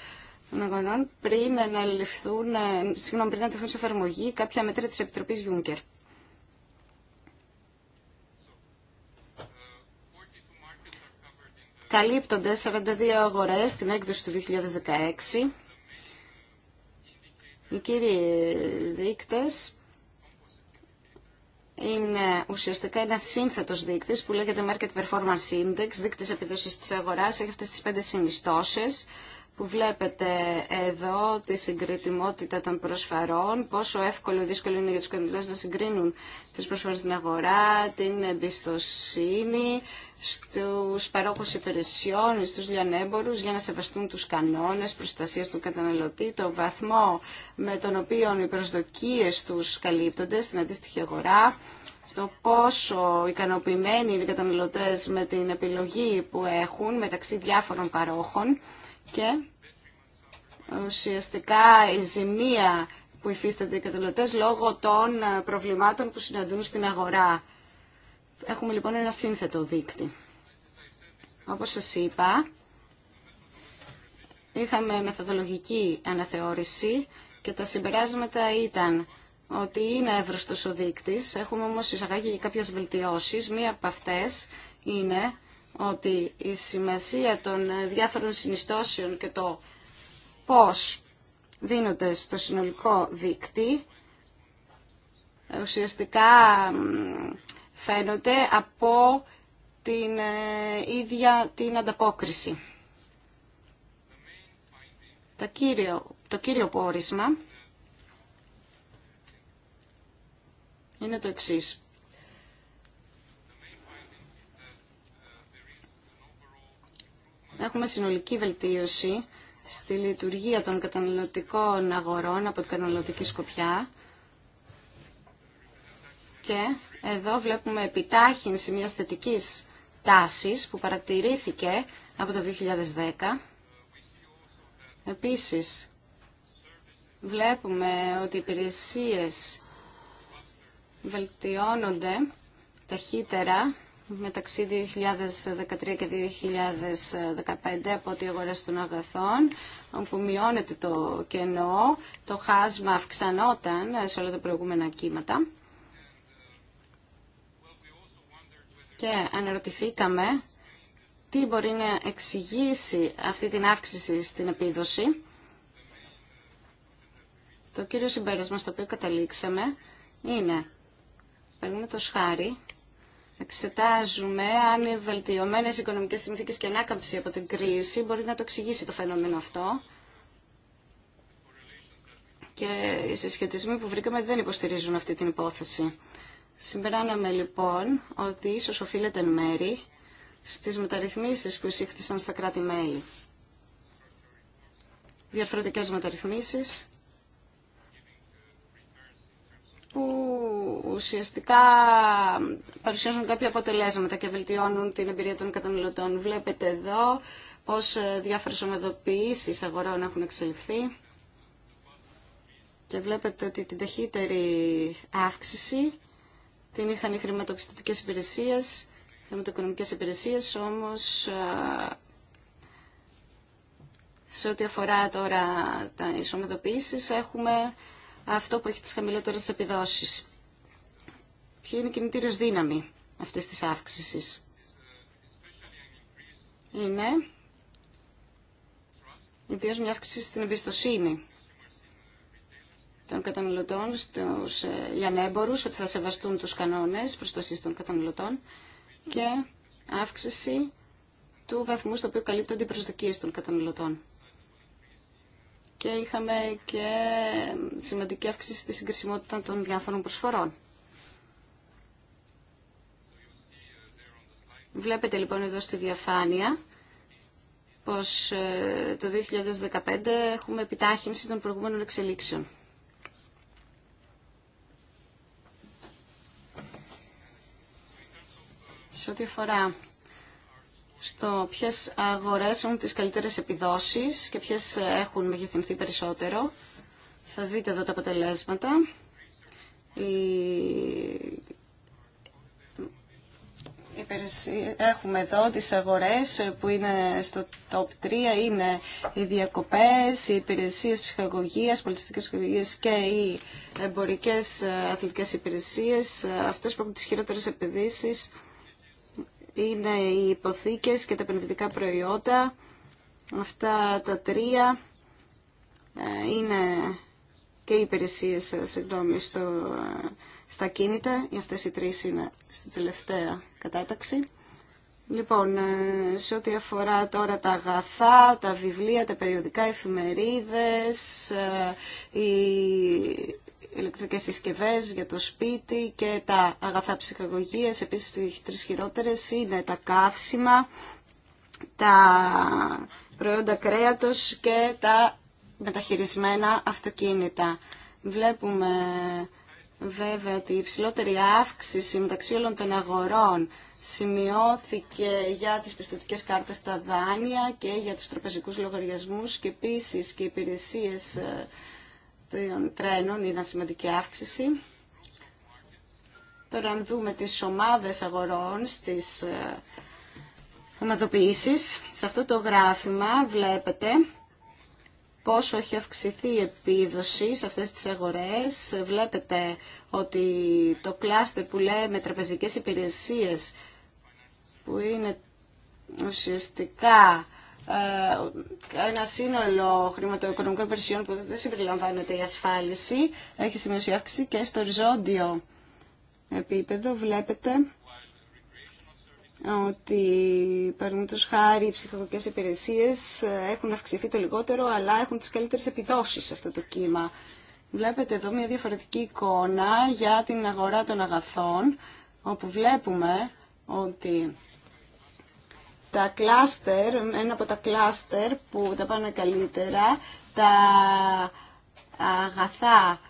των αγορών πριν να ε, συγγνώμη, πριν να τεθούν σε εφαρμογή κάποια μέτρα της Επιτροπής Juncker. Καλύπτονται 42 αγορές στην έκδοση του 2016. Οι κύριοι δείκτες είναι ουσιαστικά ένα σύνθετος δείκτης που λέγεται Market Performance Index, δείκτης επιδόσης της αγοράς, έχει αυτέ τι πέντε συνιστώσει που βλέπετε εδώ τη συγκριτιμότητα των προσφαρών, πόσο εύκολο ή δύσκολο είναι για τους καταναλωτές να συγκρίνουν τις προσφορές στην αγορά, την εμπιστοσύνη στους παρόχους υπηρεσιών, στους λιανέμπορους για να σεβαστούν τους κανόνες προστασίας του καταναλωτή, το βαθμό με τον οποίο οι προσδοκίες τους καλύπτονται στην αντίστοιχη αγορά, το πόσο ικανοποιημένοι είναι οι καταναλωτές με την επιλογή που έχουν μεταξύ διάφορων παρόχων και ουσιαστικά η ζημία που υφίστανται οι λόγω των ε, προβλημάτων που συναντούν στην αγορά. Έχουμε λοιπόν ένα σύνθετο δίκτυ. Όπως σας είπα, είχαμε μεθοδολογική αναθεώρηση και τα συμπεράσματα ήταν ότι είναι εύρωστος ο δείκτης. Έχουμε όμως εισαγάγει κάποιες βελτιώσεις. Μία από αυτές είναι ότι η σημασία των ε, διάφορων συνιστώσεων και το πώς δίνονται στο συνολικό δίκτυ ε, ουσιαστικά φαίνονται από την ε, ίδια την ανταπόκριση. Το κύριο, το κύριο πόρισμα είναι το εξής. έχουμε συνολική βελτίωση στη λειτουργία των καταναλωτικών αγορών από την καταναλωτική σκοπιά. Και εδώ βλέπουμε επιτάχυνση μιας θετική τάσης που παρατηρήθηκε από το 2010. Επίσης, βλέπουμε ότι οι υπηρεσίες βελτιώνονται ταχύτερα μεταξύ 2013 και 2015 από τη αγορά των αγαθών, όπου μειώνεται το κενό, το χάσμα αυξανόταν σε όλα τα προηγούμενα κύματα. Και αναρωτηθήκαμε τι μπορεί να εξηγήσει αυτή την αύξηση στην επίδοση. Το κύριο συμπέρασμα στο οποίο καταλήξαμε είναι, παίρνουμε το σχάρι, εξετάζουμε αν οι βελτιωμένε οικονομικέ συνθήκε και ανάκαμψη από την κρίση μπορεί να το εξηγήσει το φαινόμενο αυτό. Και οι συσχετισμοί που βρήκαμε δεν υποστηρίζουν αυτή την υπόθεση. Συμπεράναμε λοιπόν ότι ίσως οφείλεται εν μέρη στις μεταρρυθμίσεις που εισήχθησαν στα κράτη-μέλη. Διαφορετικέ μεταρρυθμίσεις που ουσιαστικά παρουσιάζουν κάποια αποτελέσματα και βελτιώνουν την εμπειρία των καταναλωτών. Βλέπετε εδώ πώς ε, διάφορες ομαδοποιήσεις αγορών έχουν εξελιχθεί και βλέπετε ότι την ταχύτερη αύξηση την είχαν οι χρηματοπιστωτικές υπηρεσίες, οι χρηματοοικονομικές υπηρεσίες, όμως ε, σε ό,τι αφορά τώρα τα ισομεδοποιήσεις έχουμε αυτό που έχει τις χαμηλότερες επιδόσεις. Ποια είναι η κινητήριος δύναμη αυτής της αύξησης. Είναι ιδίως μια αύξηση στην εμπιστοσύνη των καταναλωτών στους λιανέμπορους, ε, ότι θα σεβαστούν τους κανόνες προστασίας των καταναλωτών και αύξηση του βαθμού στο οποίο καλύπτονται οι προσδοκίες των καταναλωτών και είχαμε και σημαντική αύξηση στη συγκρισιμότητα των διάφορων προσφορών. Βλέπετε λοιπόν εδώ στη διαφάνεια πως ε, το 2015 έχουμε επιτάχυνση των προηγούμενων εξελίξεων. Σε ό,τι αφορά στο ποιε αγορέ έχουν τις καλύτερε επιδόσεις και ποιε έχουν μεγεθυνθεί περισσότερο. Θα δείτε εδώ τα αποτελέσματα. Έχουμε εδώ τις αγορές που είναι στο top 3, είναι οι διακοπές, οι υπηρεσίες ψυχαγωγίας, πολιτιστικές ψυχαγωγίες και οι εμπορικές αθλητικές υπηρεσίες, αυτές που έχουν τις χειρότερες είναι οι υποθήκες και τα επενδυτικά προϊόντα. Αυτά τα τρία ε, είναι και οι υπηρεσίε, ε, συγγνώμη, στο, ε, στα κίνητα. Αυτές οι τρεις είναι στη τελευταία κατάταξη. Λοιπόν, σε ό,τι αφορά τώρα τα αγαθά, τα βιβλία, τα περιοδικά, εφημερίδες, ηλεκτρικές συσκευές για το σπίτι και τα αγαθά ψυχαγωγίας. Επίσης, οι τρεις χειρότερες είναι τα καύσιμα, τα προϊόντα κρέατος και τα μεταχειρισμένα αυτοκίνητα. Βλέπουμε βέβαια ότι η υψηλότερη αύξηση μεταξύ όλων των αγορών σημειώθηκε για τις πιστοτικές κάρτες στα δάνεια και για τους τραπεζικούς λογαριασμούς και επίσης και υπηρεσίες ε, των τρένων είναι σημαντική αύξηση. Τώρα αν δούμε τις ομάδες αγορών στις ε, ομαδοποιήσεις, σε αυτό το γράφημα βλέπετε πόσο έχει αυξηθεί η επίδοση σε αυτές τις αγορές. Βλέπετε ότι το κλάστερ που λέμε τραπεζικές υπηρεσίες, που είναι ουσιαστικά ε, ένα σύνολο χρηματοοικονομικών υπηρεσιών που δεν συμπεριλαμβάνεται η ασφάλιση έχει σημειώσει αύξηση και στο οριζόντιο επίπεδο βλέπετε ότι παραδείγματο χάρη οι ψυχολογικές υπηρεσίες ε, έχουν αυξηθεί το λιγότερο αλλά έχουν τις καλύτερες επιδόσεις σε αυτό το κύμα. Βλέπετε εδώ μια διαφορετική εικόνα για την αγορά των αγαθών όπου βλέπουμε ότι τα κλάστερ, ένα από τα κλάστερ που τα πάνε καλύτερα, τα αγαθά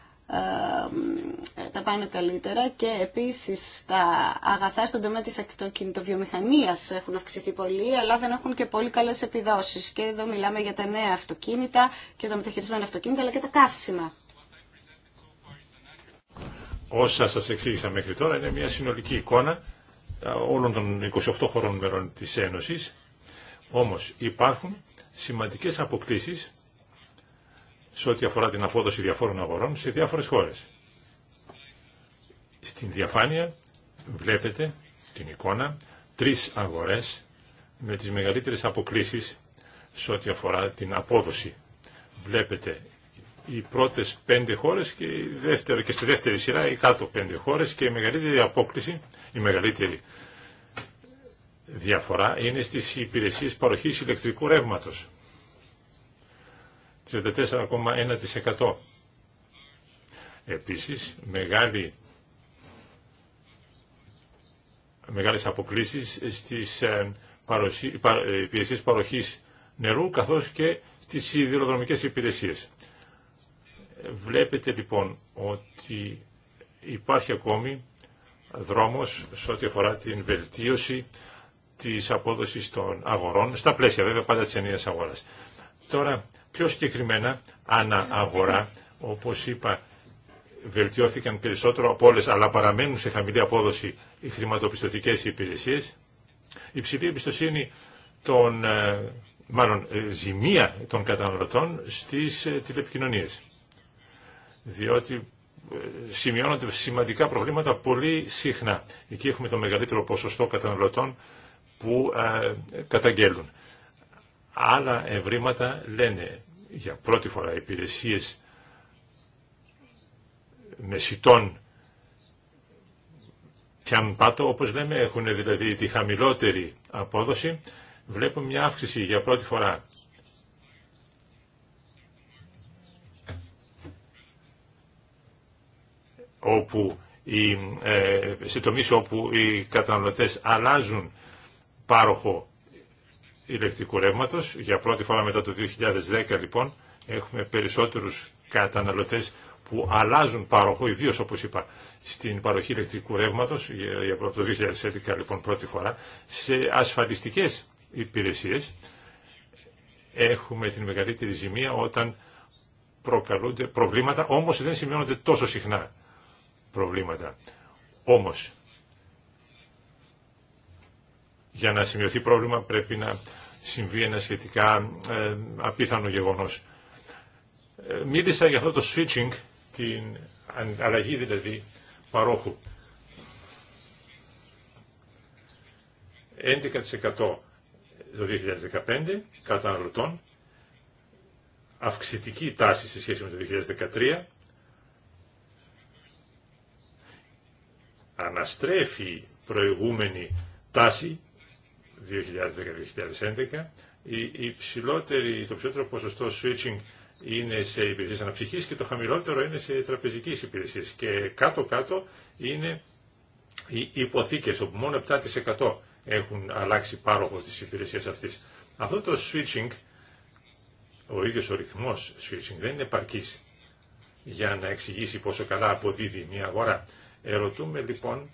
τα πάνε καλύτερα και επίσης τα αγαθά στον τομέα της ακτοκινητοβιομηχανίας έχουν αυξηθεί πολύ αλλά δεν έχουν και πολύ καλές επιδόσεις και εδώ μιλάμε για τα νέα αυτοκίνητα και τα μεταχειρισμένα αυτοκίνητα αλλά και τα καύσιμα. Όσα σας εξήγησα μέχρι τώρα είναι μια συνολική εικόνα όλων των 28 χωρών μερών της Ένωσης, όμως υπάρχουν σημαντικές αποκλήσεις σε ό,τι αφορά την απόδοση διαφόρων αγορών σε διάφορες χώρες. Στην διαφάνεια βλέπετε την εικόνα τρεις αγορές με τις μεγαλύτερες αποκλήσεις σε ό,τι αφορά την απόδοση. Βλέπετε οι πρώτες πέντε χώρες και, η δεύτερη, και στη δεύτερη σειρά οι κάτω πέντε χώρες και η μεγαλύτερη απόκληση, η μεγαλύτερη διαφορά είναι στις υπηρεσίες παροχής ηλεκτρικού ρεύματος. 34,1%. Επίσης, μεγάλη, μεγάλες αποκλήσεις στις ε, ε, υπηρεσίες παροχής νερού καθώς και στις σιδηροδρομικές υπηρεσίες. Βλέπετε λοιπόν ότι υπάρχει ακόμη δρόμος σε ό,τι αφορά την βελτίωση της απόδοσης των αγορών, στα πλαίσια βέβαια πάντα της ενίας αγοράς. Τώρα, πιο συγκεκριμένα, ανά αγορά, όπως είπα, βελτιώθηκαν περισσότερο από όλες, αλλά παραμένουν σε χαμηλή απόδοση οι χρηματοπιστωτικές υπηρεσίες. Η ψηλή εμπιστοσύνη των, ε, μάλλον ε, ζημία των καταναλωτών στις ε, τηλεπικοινωνίες διότι ε, σημειώνονται σημαντικά προβλήματα πολύ συχνά. Εκεί έχουμε το μεγαλύτερο ποσοστό καταναλωτών που ε, καταγγέλουν. Άλλα ευρήματα λένε για πρώτη φορά υπηρεσίες μεσητών αν πάτω όπως λέμε, έχουν δηλαδή τη χαμηλότερη απόδοση. Βλέπουμε μια αύξηση για πρώτη φορά όπου οι, ε, σε τομείς όπου οι καταναλωτές αλλάζουν πάροχο ηλεκτρικού ρεύματος. Για πρώτη φορά μετά το 2010 λοιπόν έχουμε περισσότερους καταναλωτές που αλλάζουν πάροχο, ιδίω όπως είπα στην παροχή ηλεκτρικού ρεύματος για το 2011 λοιπόν πρώτη φορά, σε ασφαλιστικές υπηρεσίες έχουμε την μεγαλύτερη ζημία όταν προκαλούνται προβλήματα, όμως δεν σημειώνονται τόσο συχνά προβλήματα. Όμως, για να σημειωθεί πρόβλημα πρέπει να συμβεί ένα σχετικά ε, απίθανο γεγονός. Ε, μίλησα για αυτό το switching, την αλλαγή δηλαδή παρόχου. 11% το 2015 καταναλωτών, αυξητική τάση σε σχέση με το 2013 αναστρέφει προηγούμενη τάση 2010-2011. Η ψηλότερη, το ψηλότερο ποσοστό switching είναι σε υπηρεσίες αναψυχής και το χαμηλότερο είναι σε τραπεζικές υπηρεσίες. Και κάτω-κάτω είναι οι υποθήκες, όπου μόνο 7% έχουν αλλάξει πάροχο της υπηρεσίας αυτής. Αυτό το switching, ο ίδιος ο ρυθμός switching δεν είναι επαρκής για να εξηγήσει πόσο καλά αποδίδει μια αγορά. Ερωτούμε λοιπόν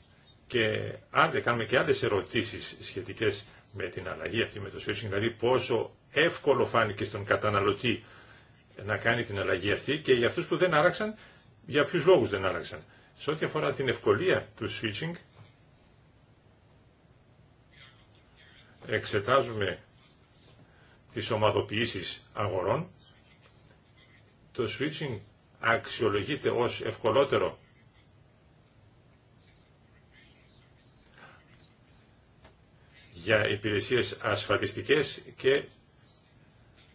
και άλλες, κάνουμε και άλλες ερωτήσεις σχετικές με την αλλαγή αυτή, με το switching, δηλαδή πόσο εύκολο φάνηκε στον καταναλωτή να κάνει την αλλαγή αυτή και για αυτούς που δεν άλλαξαν, για ποιους λόγους δεν άλλαξαν. Σε ό,τι αφορά την ευκολία του switching, εξετάζουμε τις ομαδοποιήσεις αγορών. Το switching αξιολογείται ως ευκολότερο για υπηρεσίες ασφαλιστικές και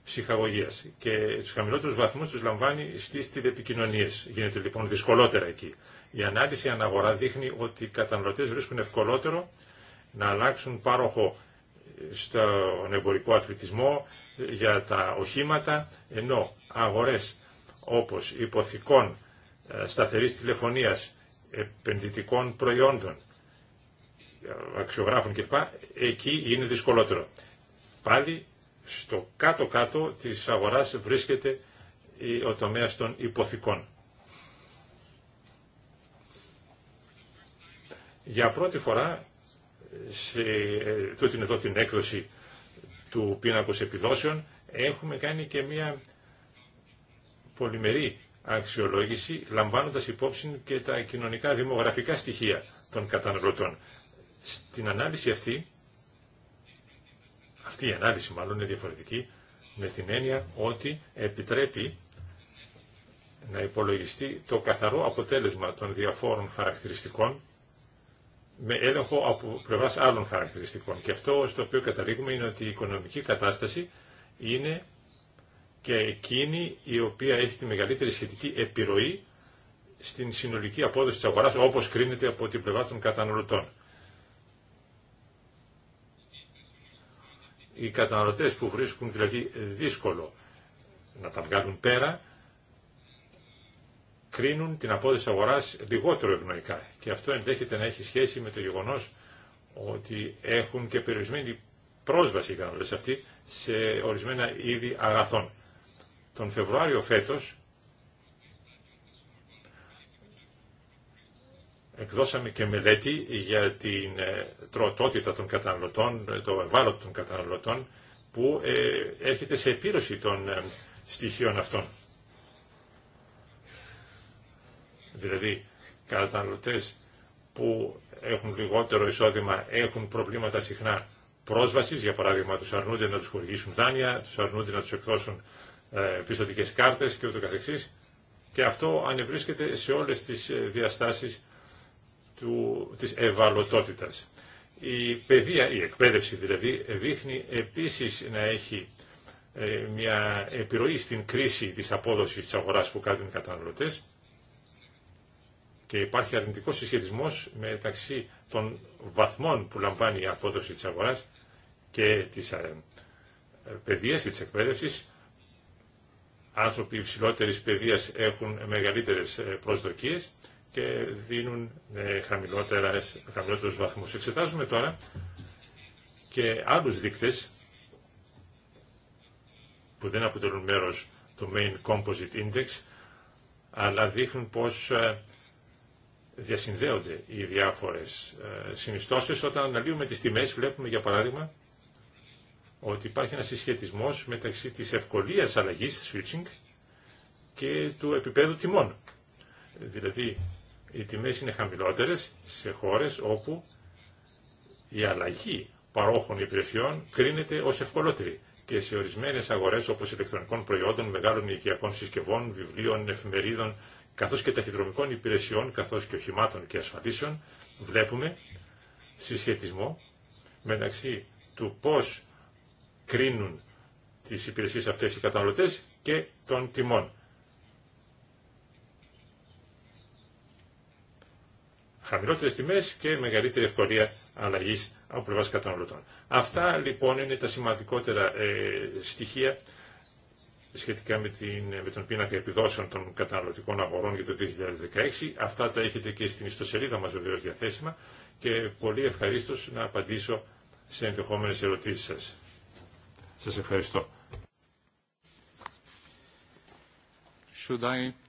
ψυχαγωγίας. Και τους χαμηλότερους βαθμούς τους λαμβάνει στις τηλεπικοινωνίες. Γίνεται λοιπόν δυσκολότερα εκεί. Η ανάλυση αναγορά δείχνει ότι οι καταναλωτές βρίσκουν ευκολότερο να αλλάξουν πάροχο στον εμπορικό αθλητισμό για τα οχήματα, ενώ αγορές όπως υποθηκών ε, σταθερής τηλεφωνίας, επενδυτικών προϊόντων, αξιογράφων κλπ. Εκεί είναι δυσκολότερο. Πάλι στο κάτω-κάτω της αγοράς βρίσκεται ο τομέας των υποθηκών. Για πρώτη φορά, σε τούτην εδώ την έκδοση του πίνακος επιδόσεων, έχουμε κάνει και μια πολυμερή αξιολόγηση, λαμβάνοντας υπόψη και τα κοινωνικά δημογραφικά στοιχεία των καταναλωτών. Στην ανάλυση αυτή, αυτή η ανάλυση μάλλον είναι διαφορετική, με την έννοια ότι επιτρέπει να υπολογιστεί το καθαρό αποτέλεσμα των διαφόρων χαρακτηριστικών με έλεγχο από πλευρά άλλων χαρακτηριστικών. Και αυτό στο οποίο καταλήγουμε είναι ότι η οικονομική κατάσταση είναι και εκείνη η οποία έχει τη μεγαλύτερη σχετική επιρροή στην συνολική απόδοση της αγοράς όπως κρίνεται από την πλευρά των καταναλωτών. οι καταναλωτές που βρίσκουν δηλαδή δύσκολο να τα βγάλουν πέρα, κρίνουν την απόδοση αγοράς λιγότερο ευνοϊκά. Και αυτό ενδέχεται να έχει σχέση με το γεγονός ότι έχουν και περιορισμένη πρόσβαση οι καταναλωτές αυτοί σε ορισμένα είδη αγαθών. Τον Φεβρουάριο φέτος εκδώσαμε και μελέτη για την ε, τροτότητα των καταναλωτών, το ευάλωτο των καταναλωτών, που ε, έρχεται σε επίρρωση των ε, στοιχείων αυτών. Δηλαδή, καταναλωτές που έχουν λιγότερο εισόδημα, έχουν προβλήματα συχνά πρόσβασης, για παράδειγμα τους αρνούνται να τους χορηγήσουν δάνεια, τους αρνούνται να τους εκδώσουν πιστοτικές κάρτες και ούτω καθεξής. Και αυτό ανεβρίσκεται σε όλες τις διαστάσεις του, της ευαλωτότητας. Η παιδεία, η εκπαίδευση δηλαδή, δείχνει επίσης να έχει ε, μια επιρροή στην κρίση της απόδοσης της αγοράς που κάνουν οι καταναλωτές και υπάρχει αρνητικός συσχετισμός μεταξύ των βαθμών που λαμβάνει η απόδοση της αγοράς και της ε, παιδείας και της εκπαίδευσης. Άνθρωποι υψηλότερης παιδείας έχουν μεγαλύτερες ε, προσδοκίες και δίνουν ε, ε, χαμηλότερους βαθμούς. Εξετάζουμε τώρα και άλλους δείκτες που δεν αποτελούν μέρος του Main Composite Index, αλλά δείχνουν πώς ε, διασυνδέονται οι διάφορες ε, συνιστώσεις. Όταν αναλύουμε τις τιμές βλέπουμε για παράδειγμα ότι υπάρχει ένα συσχετισμός μεταξύ της ευκολίας αλλαγής, switching, και του επίπεδου τιμών. Δηλαδή οι τιμές είναι χαμηλότερες σε χώρες όπου η αλλαγή παρόχων υπηρεσιών κρίνεται ως ευκολότερη και σε ορισμένες αγορές όπως ηλεκτρονικών προϊόντων, μεγάλων οικιακών συσκευών, βιβλίων, εφημερίδων, καθώς και ταχυδρομικών υπηρεσιών, καθώς και οχημάτων και ασφαλίσεων, βλέπουμε συσχετισμό μεταξύ του πώς κρίνουν τις υπηρεσίες αυτές οι καταναλωτές και των τιμών. χαμηλότερε τιμέ και μεγαλύτερη ευκολία αλλαγή από πλευρά καταναλωτών. Αυτά λοιπόν είναι τα σημαντικότερα ε, στοιχεία σχετικά με, την, με τον πίνακα επιδόσεων των καταναλωτικών αγορών για το 2016. Αυτά τα έχετε και στην ιστοσελίδα μας βεβαίως διαθέσιμα και πολύ ευχαρίστως να απαντήσω σε ενδεχόμενες ερωτήσεις σας. Σας ευχαριστώ. Should I...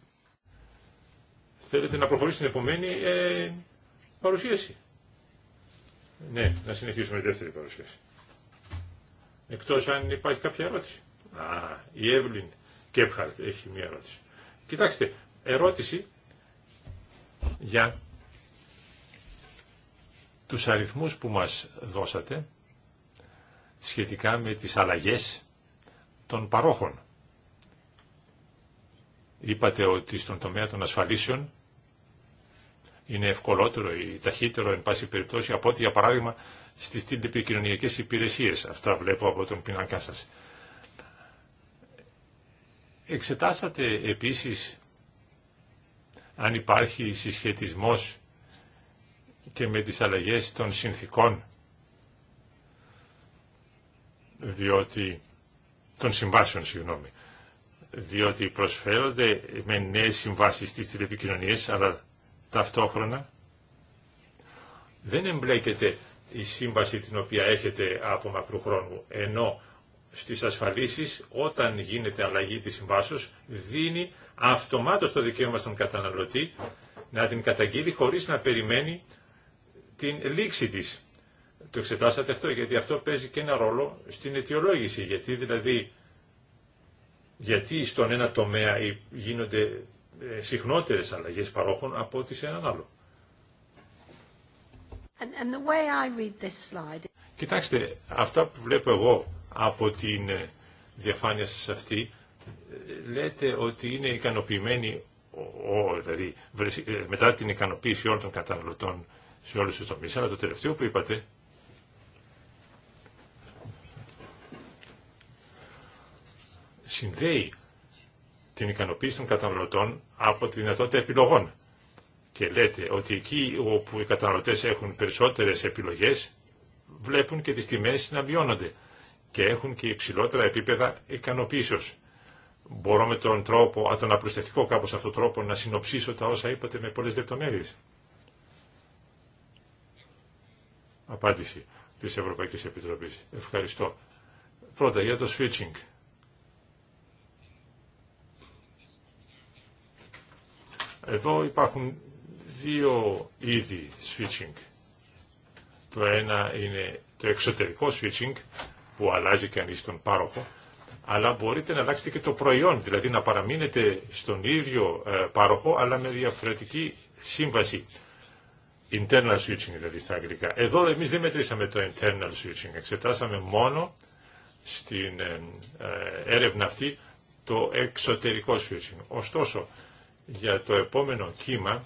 Θέλετε να προχωρήσει την επομένη ε, παρουσίαση. Ναι, να συνεχίσουμε τη δεύτερη παρουσίαση. Εκτός αν υπάρχει κάποια ερώτηση. Α, η Εύλην Κέπχαρτ έχει μια ερώτηση. Κοιτάξτε, ερώτηση για τους αριθμούς που μας δώσατε σχετικά με τις αλλαγές των παρόχων. Είπατε ότι στον τομέα των ασφαλίσεων είναι ευκολότερο ή ταχύτερο, εν πάση περιπτώσει, από ό,τι για παράδειγμα στις τηλεπικοινωνιακές υπηρεσίες. Αυτά βλέπω από τον πίνακά σας. Εξετάσατε επίσης αν υπάρχει συσχετισμός και με τις αλλαγές των συνθήκων διότι των συμβάσεων, συγγνώμη, διότι προσφέρονται με νέες συμβάσεις στις τηλεπικοινωνίες, αλλά Ταυτόχρονα δεν εμπλέκεται η σύμβαση την οποία έχετε από μακρού χρόνου, ενώ στις ασφαλίσεις όταν γίνεται αλλαγή της συμβάσεως δίνει αυτομάτως το δικαίωμα στον καταναλωτή να την καταγγείλει χωρίς να περιμένει την λήξη της. Το εξετάσατε αυτό γιατί αυτό παίζει και ένα ρόλο στην αιτιολόγηση. Γιατί δηλαδή γιατί στον ένα τομέα γίνονται ε, συχνότερες αλλαγές παρόχων από ό,τι σε έναν άλλο. slide... Κοιτάξτε, αυτά που βλέπω εγώ από την ε, διαφάνεια σας αυτή, ε, λέτε ότι είναι ικανοποιημένοι, δηλαδή μετά την ικανοποίηση όλων των καταναλωτών σε όλους τους τομείς, αλλά το τελευταίο που είπατε, συνδέει την ικανοποίηση των καταναλωτών από τη δυνατότητα επιλογών. Και λέτε ότι εκεί όπου οι καταναλωτές έχουν περισσότερες επιλογές, βλέπουν και τις τιμές να μειώνονται και έχουν και υψηλότερα επίπεδα ικανοποίησεως. Μπορώ με τον τρόπο, από τον απλουστευτικό κάπως αυτόν τον τρόπο, να συνοψίσω τα όσα είπατε με πολλές λεπτομέρειες. Απάντηση της Ευρωπαϊκής Επιτροπής. Ευχαριστώ. Πρώτα για το switching. Εδώ υπάρχουν δύο είδη switching. Το ένα είναι το εξωτερικό switching που αλλάζει κανείς τον πάροχο, αλλά μπορείτε να αλλάξετε και το προϊόν, δηλαδή να παραμείνετε στον ίδιο ε, πάροχο, αλλά με διαφορετική σύμβαση. Internal switching δηλαδή στα αγγλικά. Εδώ εμείς δεν μετρήσαμε το internal switching, εξετάσαμε μόνο στην ε, ε, έρευνα αυτή το εξωτερικό switching. Ωστόσο, για το επόμενο κύμα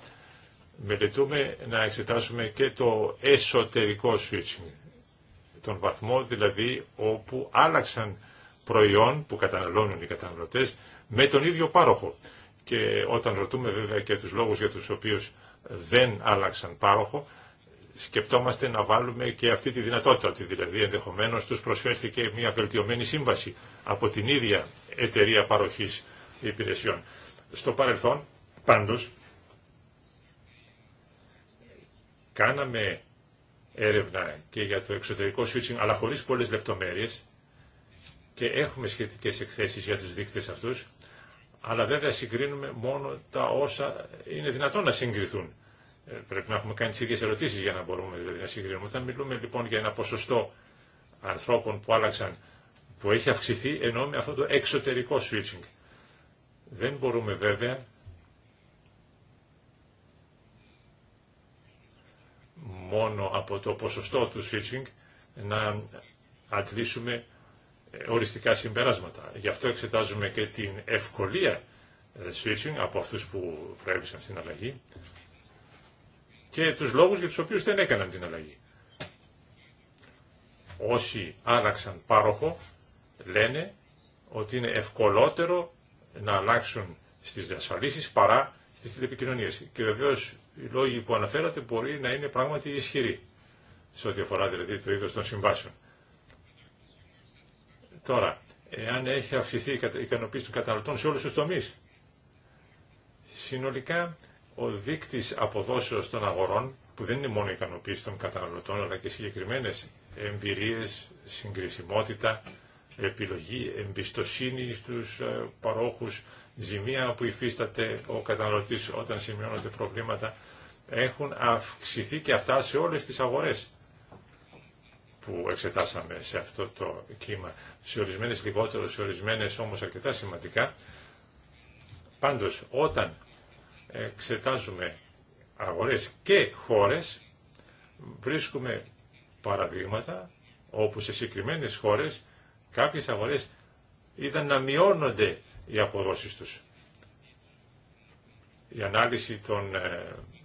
μελετούμε να εξετάσουμε και το εσωτερικό switching, τον βαθμό δηλαδή όπου άλλαξαν προϊόν που καταναλώνουν οι καταναλωτές με τον ίδιο πάροχο. Και όταν ρωτούμε βέβαια και τους λόγους για τους οποίους δεν άλλαξαν πάροχο, σκεπτόμαστε να βάλουμε και αυτή τη δυνατότητα, ότι δηλαδή ενδεχομένως τους προσφέρθηκε μια βελτιωμένη σύμβαση από την ίδια εταιρεία παροχής υπηρεσιών. Στο παρελθόν, πάντως, κάναμε έρευνα και για το εξωτερικό switching, αλλά χωρίς πολλές λεπτομέρειες και έχουμε σχετικές εκθέσεις για τους δείκτες αυτούς, αλλά βέβαια συγκρίνουμε μόνο τα όσα είναι δυνατόν να συγκριθούν. Ε, πρέπει να έχουμε κάνει τις ίδιες ερωτήσεις για να μπορούμε δηλαδή να συγκρίνουμε. Όταν μιλούμε λοιπόν για ένα ποσοστό ανθρώπων που άλλαξαν, που έχει αυξηθεί, εννοούμε αυτό το εξωτερικό switching. Δεν μπορούμε βέβαια μόνο από το ποσοστό του switching να αντλήσουμε ε, οριστικά συμπεράσματα. Γι' αυτό εξετάζουμε και την ευκολία ε, switching από αυτούς που προέβησαν στην αλλαγή και τους λόγους για τους οποίους δεν έκαναν την αλλαγή. Όσοι άλλαξαν πάροχο λένε ότι είναι ευκολότερο να αλλάξουν στις διασφαλίσεις παρά στις τηλεπικοινωνίες. Και βεβαίω οι λόγοι που αναφέρατε μπορεί να είναι πράγματι ισχυροί σε ό,τι αφορά δηλαδή το είδος των συμβάσεων. Τώρα, εάν έχει αυξηθεί η ικανοποίηση των καταναλωτών σε όλους τους τομείς, συνολικά ο δείκτης αποδόσεως των αγορών, που δεν είναι μόνο η ικανοποίηση των καταναλωτών, αλλά και συγκεκριμένες εμπειρίες, συγκρισιμότητα, επιλογή, εμπιστοσύνη στους ε, παρόχους, ζημία που υφίσταται ο καταναλωτής όταν σημειώνονται προβλήματα, έχουν αυξηθεί και αυτά σε όλες τις αγορές που εξετάσαμε σε αυτό το κύμα. Σε ορισμένες λιγότερο, σε ορισμένες όμως αρκετά σημαντικά. Πάντως, όταν εξετάζουμε αγορές και χώρες, βρίσκουμε παραδείγματα όπου σε συγκεκριμένες χώρες Κάποιες αγορές είδαν να μειώνονται οι αποδόσεις τους. Η ανάλυση των ε,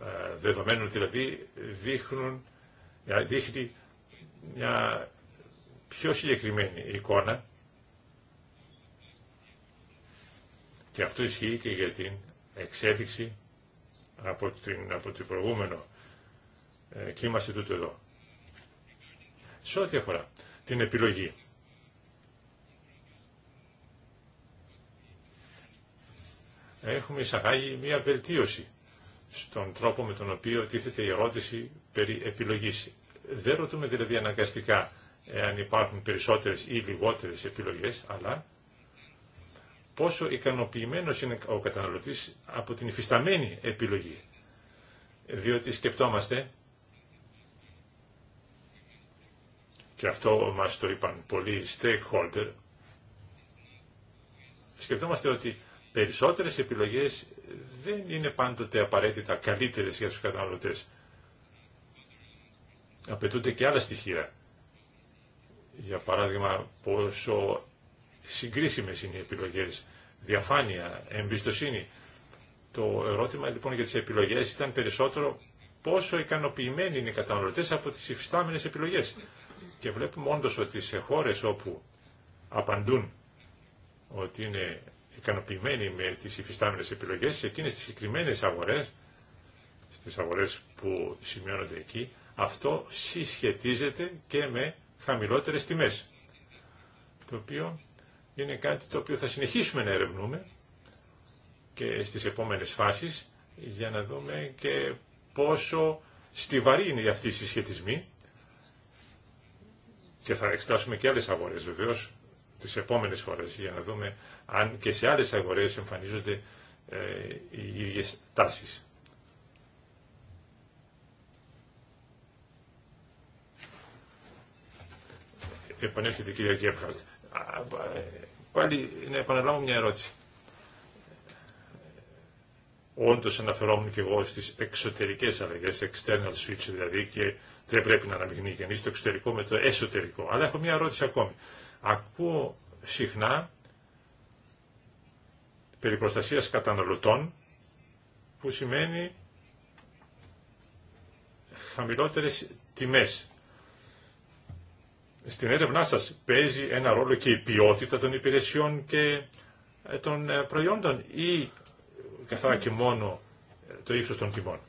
ε, δεδομένων δηλαδή δείχνουν, ε, δείχνει μια πιο συγκεκριμένη εικόνα και αυτό ισχύει και για την εξέλιξη από, την, από το προηγούμενο κύμαση του σε τούτο εδώ. Σε ό,τι αφορά την επιλογή έχουμε εισαγάγει μια βελτίωση στον τρόπο με τον οποίο τίθεται η ερώτηση περί επιλογής. Δεν ρωτούμε δηλαδή αναγκαστικά αν υπάρχουν περισσότερες ή λιγότερες επιλογές, αλλά πόσο ικανοποιημένος είναι ο καταναλωτής από την υφισταμένη επιλογή. Διότι σκεπτόμαστε, και αυτό μας το είπαν πολλοί stakeholder, σκεπτόμαστε ότι περισσότερες επιλογές δεν είναι πάντοτε απαραίτητα καλύτερες για τους καταναλωτές. Απαιτούνται και άλλα στοιχεία. Για παράδειγμα, πόσο συγκρίσιμες είναι οι επιλογές, διαφάνεια, εμπιστοσύνη. Το ερώτημα λοιπόν για τις επιλογές ήταν περισσότερο πόσο ικανοποιημένοι είναι οι καταναλωτές από τις υφιστάμενες επιλογές. Και βλέπουμε όντως ότι σε χώρες όπου απαντούν ότι είναι ικανοποιημένοι με τις υφιστάμενες επιλογές σε εκείνες τις συγκεκριμένες αγορές, στις αγορές που σημειώνονται εκεί, αυτό συσχετίζεται και με χαμηλότερες τιμές. Το οποίο είναι κάτι το οποίο θα συνεχίσουμε να ερευνούμε και στις επόμενες φάσεις για να δούμε και πόσο στιβαρή είναι αυτή η συσχετισμή και θα εξετάσουμε και άλλες αγορές βεβαίως τις επόμενες φορές για να δούμε αν και σε άλλες αγορές εμφανίζονται ε, οι ίδιες τάσεις. Επανέρχεται η κυρία Γκέπχαρτ. Ε, πάλι να επαναλάβω μια ερώτηση. Όντω αναφερόμουν και εγώ στις εξωτερικές αλλαγέ external switch δηλαδή, και δεν πρέπει να αναμειγνύει κανεί το εξωτερικό με το εσωτερικό. Αλλά έχω μια ερώτηση ακόμη. Ακούω συχνά περί προστασίας καταναλωτών που σημαίνει χαμηλότερες τιμές. Στην έρευνά σας παίζει ένα ρόλο και η ποιότητα των υπηρεσιών και ε, των ε, προϊόντων ή καθαρά και μόνο το ύψος των τιμών.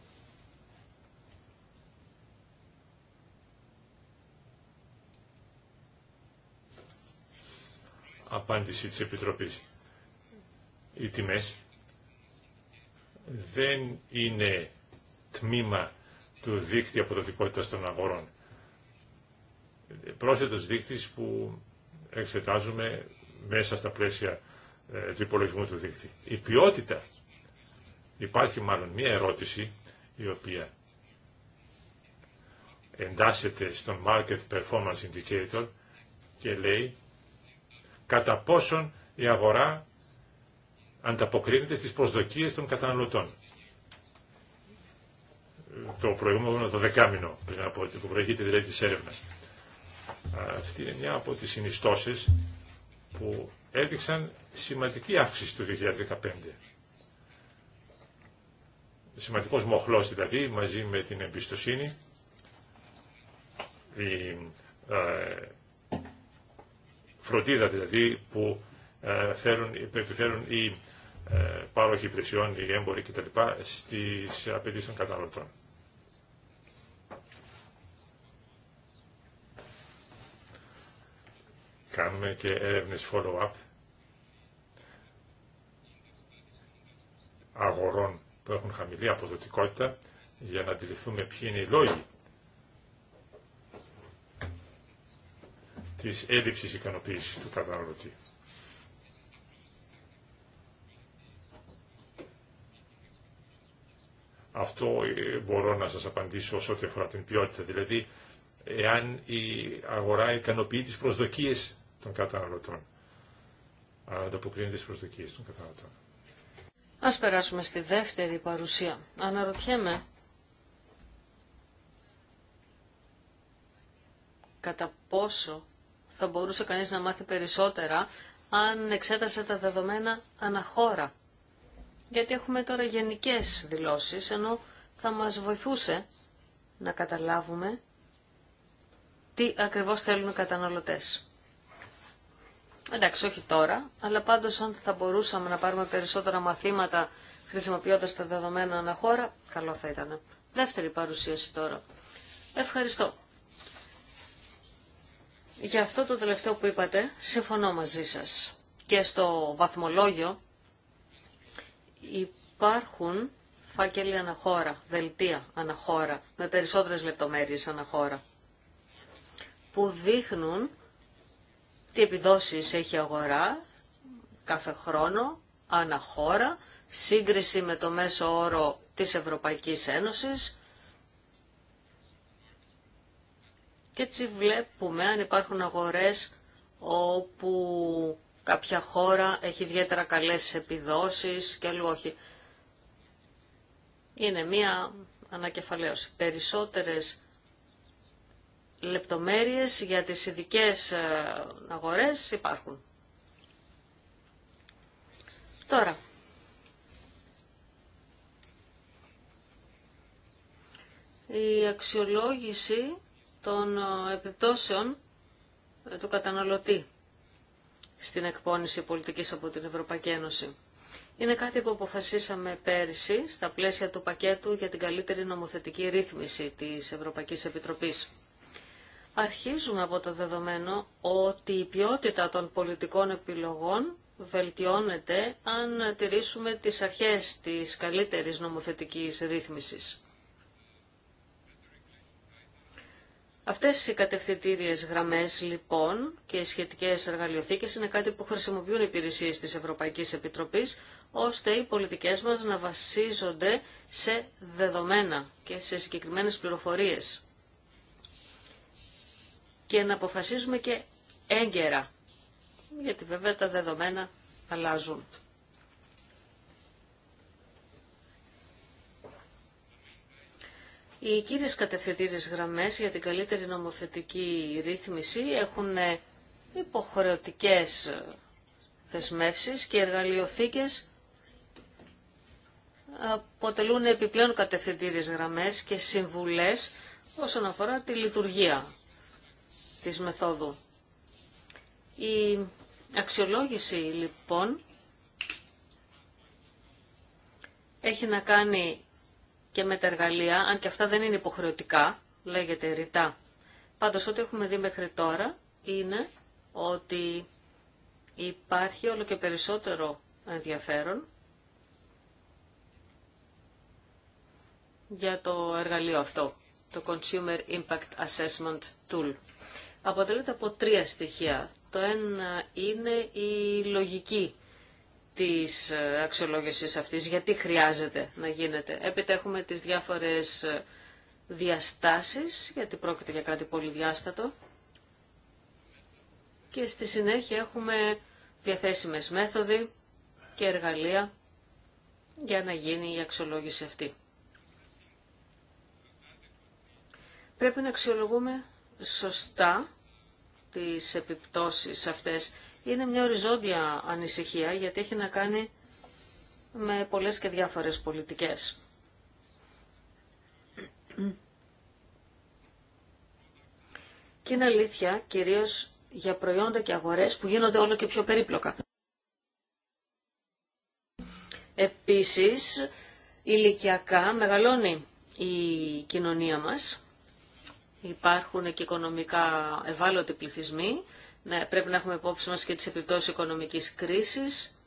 απάντηση της Επιτροπής. Οι τιμές δεν είναι τμήμα του δίκτυα αποδοτικότητας των αγορών. Πρόσθετος δείκτης που εξετάζουμε μέσα στα πλαίσια ε, του υπολογισμού του δίκτυ. Η ποιότητα. Υπάρχει μάλλον μία ερώτηση η οποία εντάσσεται στον Market Performance Indicator και λέει κατά πόσον η αγορά ανταποκρίνεται στις προσδοκίες των καταναλωτών. Το προηγούμενο το δεκάμινο, πριν από που προηγείται δηλαδή της έρευνας. Αυτή είναι μια από τις συνιστώσεις που έδειξαν σημαντική αύξηση του 2015. Σημαντικός μοχλός δηλαδή, μαζί με την εμπιστοσύνη, η ε, φροντίδα δηλαδή που ε, επιφέρουν οι ε, πάροχοι υπηρεσιών, οι έμποροι κτλ. στις απαιτήσεις των καταναλωτών. Κάνουμε και έρευνες follow-up αγορών που έχουν χαμηλή αποδοτικότητα για να αντιληφθούμε ποιοι είναι οι λόγοι της έλλειψης ικανοποίησης του καταναλωτή. Αυτό ε, μπορώ να σας απαντήσω όσο αφορά την ποιότητα. Δηλαδή, εάν η αγορά ικανοποιεί τις προσδοκίες των καταναλωτών. Αν ανταποκρίνεται τις προσδοκίες των καταναλωτών. Ας περάσουμε στη δεύτερη παρουσία. Αναρωτιέμαι κατά πόσο θα μπορούσε κανείς να μάθει περισσότερα αν εξέτασε τα δεδομένα αναχώρα. Γιατί έχουμε τώρα γενικές δηλώσεις, ενώ θα μας βοηθούσε να καταλάβουμε τι ακριβώς θέλουν οι καταναλωτές. Εντάξει, όχι τώρα, αλλά πάντως αν θα μπορούσαμε να πάρουμε περισσότερα μαθήματα χρησιμοποιώντας τα δεδομένα αναχώρα, καλό θα ήταν. Δεύτερη παρουσίαση τώρα. Ευχαριστώ. Για αυτό το τελευταίο που είπατε, συμφωνώ μαζί σας. Και στο βαθμολόγιο υπάρχουν φάκελοι αναχώρα, δελτία αναχώρα, με περισσότερες λεπτομέρειες αναχώρα, που δείχνουν τι επιδόσεις έχει αγορά κάθε χρόνο, αναχώρα, σύγκριση με το μέσο όρο της Ευρωπαϊκής Ένωσης, Και έτσι βλέπουμε αν υπάρχουν αγορές όπου κάποια χώρα έχει ιδιαίτερα καλές επιδόσεις και αλλού όχι. Είναι μία ανακεφαλαίωση. Περισσότερες λεπτομέρειες για τις ειδικέ ε, αγορές υπάρχουν. Τώρα, η αξιολόγηση των ε, επιπτώσεων ε, του καταναλωτή στην εκπόνηση πολιτικής από την Ευρωπαϊκή Ένωση. Είναι κάτι που αποφασίσαμε πέρυσι στα πλαίσια του πακέτου για την καλύτερη νομοθετική ρύθμιση της Ευρωπαϊκής Επιτροπής. Αρχίζουμε από το δεδομένο ότι η ποιότητα των πολιτικών επιλογών βελτιώνεται αν τηρήσουμε τις αρχές της καλύτερης νομοθετικής ρύθμισης. Αυτές οι κατευθυντήριες γραμμές λοιπόν και οι σχετικές εργαλειοθήκες είναι κάτι που χρησιμοποιούν οι υπηρεσίες της Ευρωπαϊκής Επιτροπής ώστε οι πολιτικές μας να βασίζονται σε δεδομένα και σε συγκεκριμένες πληροφορίες και να αποφασίζουμε και έγκαιρα γιατί βέβαια τα δεδομένα αλλάζουν. Οι κύριες κατευθυντήριε γραμμές για την καλύτερη νομοθετική ρύθμιση έχουν ε, υποχρεωτικές ε, δεσμεύσει και εργαλειοθήκες αποτελούν επιπλέον κατευθυντήριε γραμμές και συμβουλές όσον αφορά τη λειτουργία της μεθόδου. Η αξιολόγηση λοιπόν έχει να κάνει και με τα εργαλεία, αν και αυτά δεν είναι υποχρεωτικά, λέγεται ρητά. Πάντως ό,τι έχουμε δει μέχρι τώρα είναι ότι υπάρχει όλο και περισσότερο ενδιαφέρον για το εργαλείο αυτό, το Consumer Impact Assessment Tool. Αποτελείται από τρία στοιχεία. Το ένα είναι η λογική της αξιολόγησης αυτής, γιατί χρειάζεται να γίνεται. Έπειτα έχουμε τις διάφορες διαστάσεις, γιατί πρόκειται για κάτι πολυδιάστατο. Και στη συνέχεια έχουμε διαθέσιμες μέθοδοι και εργαλεία για να γίνει η αξιολόγηση αυτή. Πρέπει να αξιολογούμε σωστά τις επιπτώσεις αυτές είναι μια οριζόντια ανησυχία γιατί έχει να κάνει με πολλές και διάφορες πολιτικές. Και είναι αλήθεια κυρίως για προϊόντα και αγορές που γίνονται όλο και πιο περίπλοκα. Επίσης, ηλικιακά μεγαλώνει η κοινωνία μας. Υπάρχουν και οικονομικά ευάλωτοι πληθυσμοί ναι, πρέπει να έχουμε υπόψη μας και τις επιπτώσεις οικονομικής κρίσης.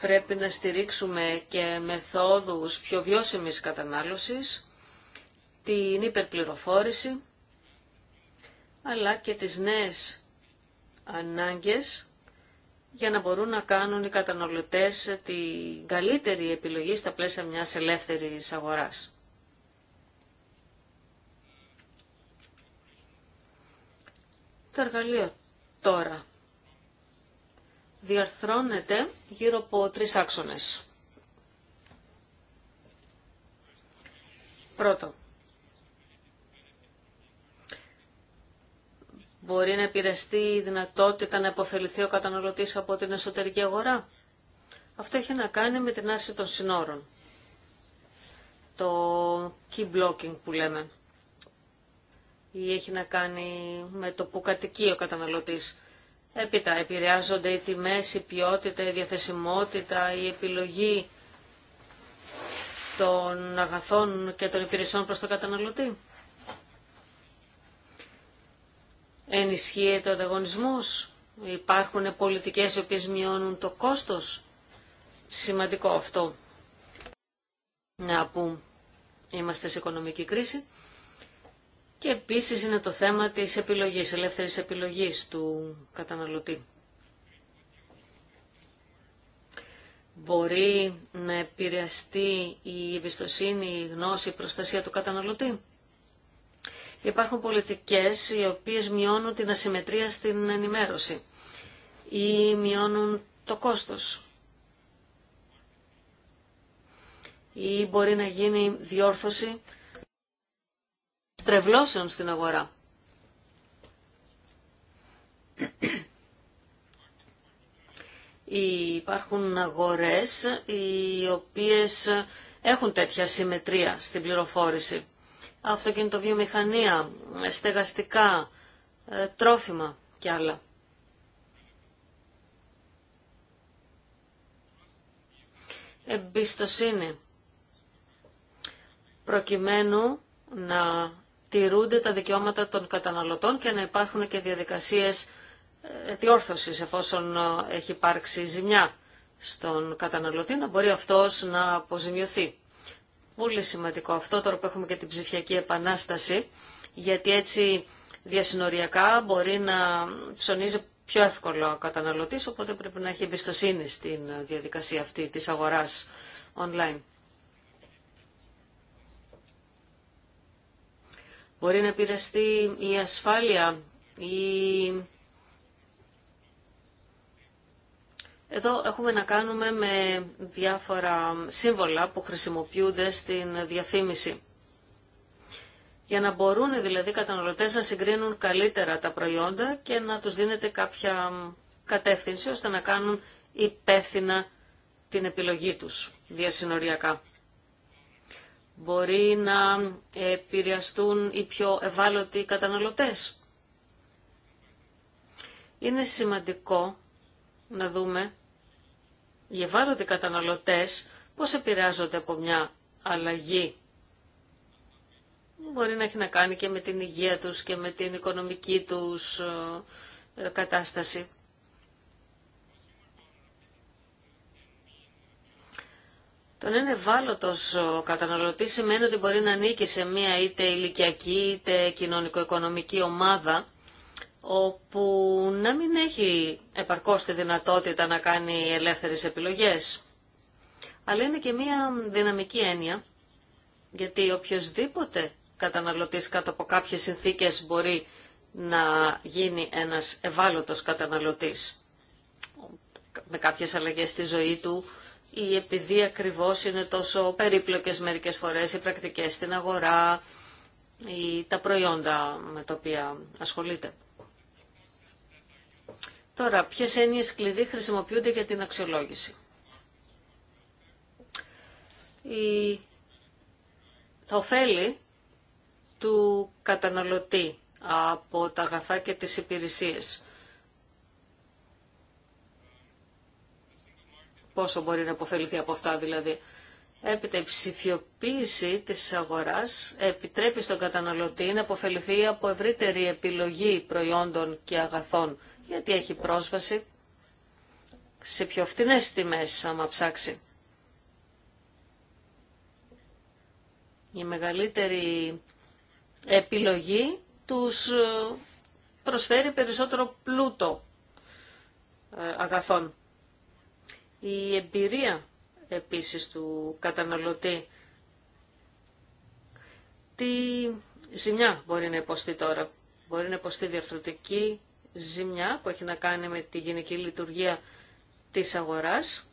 Πρέπει να στηρίξουμε και μεθόδους πιο βιώσιμης κατανάλωσης, την υπερπληροφόρηση, αλλά και τις νέες ανάγκες για να μπορούν να κάνουν οι καταναλωτές την καλύτερη επιλογή στα πλαίσια μιας ελεύθερης αγοράς. Το εργαλείο τώρα διαρθρώνεται γύρω από τρεις άξονες. Πρώτο, μπορεί να επηρεαστεί η δυνατότητα να υποφεληθεί ο καταναλωτής από την εσωτερική αγορά. Αυτό έχει να κάνει με την άρση των συνόρων. Το key blocking που λέμε ή έχει να κάνει με το που κατοικεί ο καταναλωτής. Έπειτα επηρεάζονται οι τιμές, η ποιότητα, η διαθεσιμότητα, η επιλογή των αγαθών και των υπηρεσιών προς τον καταναλωτή. Ενισχύεται ο ανταγωνισμός. Υπάρχουν πολιτικές οι οποίες μειώνουν το κόστος. Σημαντικό αυτό. Να που είμαστε σε οικονομική κρίση. Και επίσης είναι το θέμα της επιλογής, ελεύθερης επιλογής του καταναλωτή. Μπορεί να επηρεαστεί η εμπιστοσύνη, η γνώση, η προστασία του καταναλωτή. Υπάρχουν πολιτικές οι οποίες μειώνουν την ασυμμετρία στην ενημέρωση ή μειώνουν το κόστος. Ή μπορεί να γίνει διόρθωση στρεβλώσεων στην αγορά. Υπάρχουν αγορές οι οποίες έχουν τέτοια συμμετρία στην πληροφόρηση. Αυτοκινητοβιομηχανία, στεγαστικά, ε, τρόφιμα και άλλα. Εμπιστοσύνη. Προκειμένου να τηρούνται τα δικαιώματα των καταναλωτών και να υπάρχουν και διαδικασίες ε, διόρθωσης εφόσον ε, έχει υπάρξει ζημιά στον καταναλωτή, να μπορεί αυτός να αποζημιωθεί. Πολύ σημαντικό αυτό, τώρα που έχουμε και την ψηφιακή επανάσταση, γιατί έτσι διασυνοριακά μπορεί να ψωνίζει πιο εύκολο ο καταναλωτής, οπότε πρέπει να έχει εμπιστοσύνη στην διαδικασία αυτή της αγοράς online. Μπορεί να επηρεαστεί η ασφάλεια, η... Εδώ έχουμε να κάνουμε με διάφορα σύμβολα που χρησιμοποιούνται στην διαφήμιση. Για να μπορούν δηλαδή οι καταναλωτές να συγκρίνουν καλύτερα τα προϊόντα και να τους δίνεται κάποια κατεύθυνση ώστε να κάνουν υπεύθυνα την επιλογή τους διασυνοριακά. Μπορεί να επηρεαστούν οι πιο ευάλωτοι καταναλωτές. Είναι σημαντικό να δούμε οι ευάλωτοι καταναλωτές πώς επηρεάζονται από μια αλλαγή. Μπορεί να έχει να κάνει και με την υγεία τους και με την οικονομική τους ε, κατάσταση. Το να είναι ευάλωτο ο καταναλωτή σημαίνει ότι μπορεί να ανήκει σε μία είτε ηλικιακή είτε κοινωνικο-οικονομική ομάδα όπου να μην έχει επαρκώς τη δυνατότητα να κάνει ελεύθερες επιλογές. Αλλά είναι και μία δυναμική έννοια, γιατί οποιοδήποτε καταναλωτής κάτω από κάποιες συνθήκες μπορεί να γίνει ένας ευάλωτος καταναλωτής με κάποιες αλλαγές στη ζωή του, ή επειδή ακριβώς είναι τόσο περίπλοκες μερικές φορές οι πρακτικές στην αγορά ή τα προϊόντα με τα οποία ασχολείται. Τώρα, ποιες έννοιες κλειδί χρησιμοποιούνται για την αξιολόγηση. Η... Τα ωφέλη του καταναλωτή από τα αγαθά και τις υπηρεσίες. πόσο μπορεί να αποφεληθεί από αυτά δηλαδή. Έπειτα η ψηφιοποίηση της αγοράς επιτρέπει στον καταναλωτή να αποφεληθεί από ευρύτερη επιλογή προϊόντων και αγαθών, γιατί έχει πρόσβαση σε πιο φτηνές τιμές άμα ψάξει. Η μεγαλύτερη επιλογή τους ε, προσφέρει περισσότερο πλούτο ε, αγαθών η εμπειρία επίσης του καταναλωτή. Τι ζημιά μπορεί να υποστεί τώρα. Μπορεί να υποστεί διαρθρωτική ζημιά που έχει να κάνει με τη γενική λειτουργία της αγοράς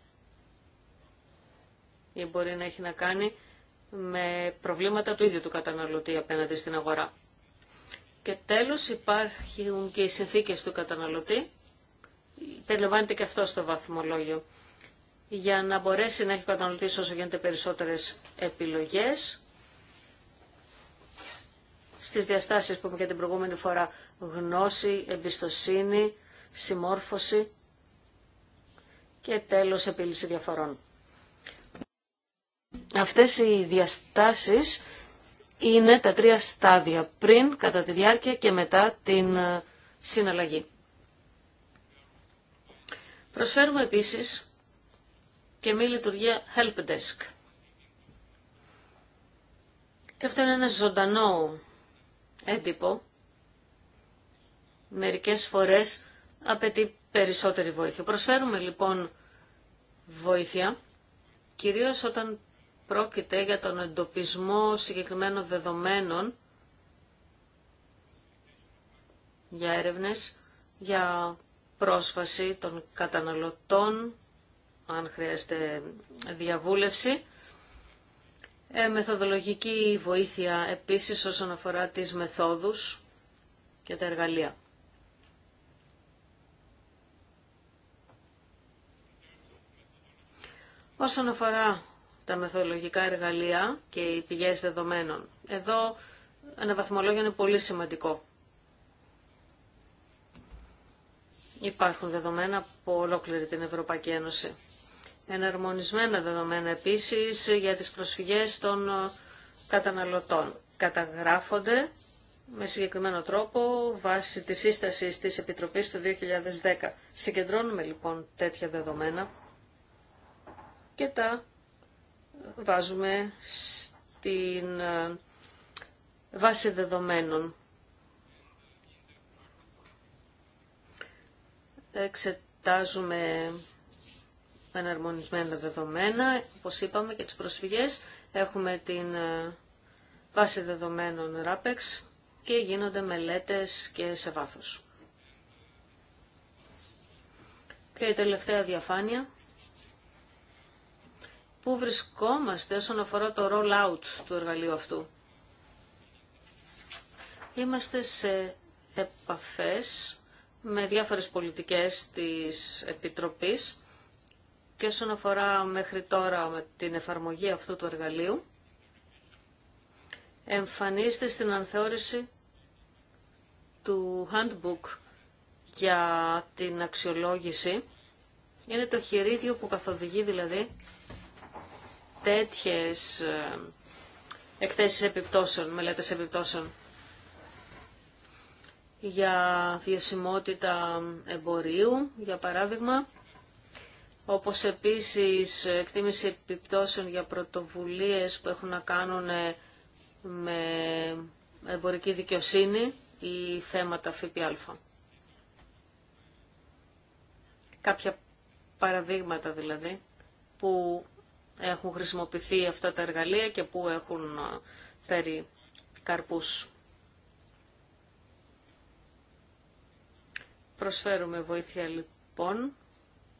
ή μπορεί να έχει να κάνει με προβλήματα του ίδιου του καταναλωτή απέναντι στην αγορά. Και τέλος υπάρχουν και οι συνθήκες του καταναλωτή. Περιλαμβάνεται και αυτό στο βαθμολόγιο για να μπορέσει να έχει κατανοητήσει όσο γίνεται περισσότερες επιλογές στις διαστάσεις που είπαμε και την προηγούμενη φορά γνώση, εμπιστοσύνη, συμμόρφωση και τέλος επίλυση διαφορών. Αυτές οι διαστάσεις είναι τα τρία στάδια πριν, κατά τη διάρκεια και μετά την ε, συναλλαγή. Προσφέρουμε επίσης και μη λειτουργία helpdesk. Και αυτό είναι ένα ζωντανό έντυπο. Μερικές φορές απαιτεί περισσότερη βοήθεια. Προσφέρουμε λοιπόν βοήθεια, κυρίως όταν πρόκειται για τον εντοπισμό συγκεκριμένων δεδομένων για έρευνες, για πρόσφαση των καταναλωτών αν χρειάζεται διαβούλευση. Ε, μεθοδολογική βοήθεια επίσης όσον αφορά τις μεθόδους και τα εργαλεία. Όσον αφορά τα μεθοδολογικά εργαλεία και οι πηγές δεδομένων, εδώ ένα βαθμολόγιο είναι πολύ σημαντικό. Υπάρχουν δεδομένα από ολόκληρη την Ευρωπαϊκή Ένωση εναρμονισμένα δεδομένα επίσης για τις προσφυγές των ε, καταναλωτών. Καταγράφονται με συγκεκριμένο τρόπο βάσει της σύστασης της Επιτροπής του 2010. Συγκεντρώνουμε λοιπόν τέτοια δεδομένα και τα βάζουμε στην ε, βάση δεδομένων. Εξετάζουμε εναρμονισμένα δεδομένα, όπως είπαμε και τις προσφυγές, έχουμε την ε, βάση δεδομένων RAPEX και γίνονται μελέτες και σε βάθος. Και η τελευταία διαφάνεια. Πού βρισκόμαστε όσον αφορά το roll-out του εργαλείου αυτού. Είμαστε σε επαφές με διάφορες πολιτικές της Επιτροπής και όσον αφορά μέχρι τώρα με την εφαρμογή αυτού του εργαλείου, εμφανίστε στην ανθεώρηση του handbook για την αξιολόγηση. Είναι το χειρίδιο που καθοδηγεί δηλαδή τέτοιες ε, εκθέσεις επιπτώσεων, μελέτες επιπτώσεων για βιωσιμότητα εμπορίου, για παράδειγμα, όπως επίσης εκτίμηση επιπτώσεων για πρωτοβουλίες που έχουν να κάνουν ε, με εμπορική δικαιοσύνη ή θέματα ΦΠΑ. Κάποια παραδείγματα δηλαδή που έχουν χρησιμοποιηθεί αυτά τα εργαλεία και που έχουν ε, φέρει καρπούς. Προσφέρουμε βοήθεια λοιπόν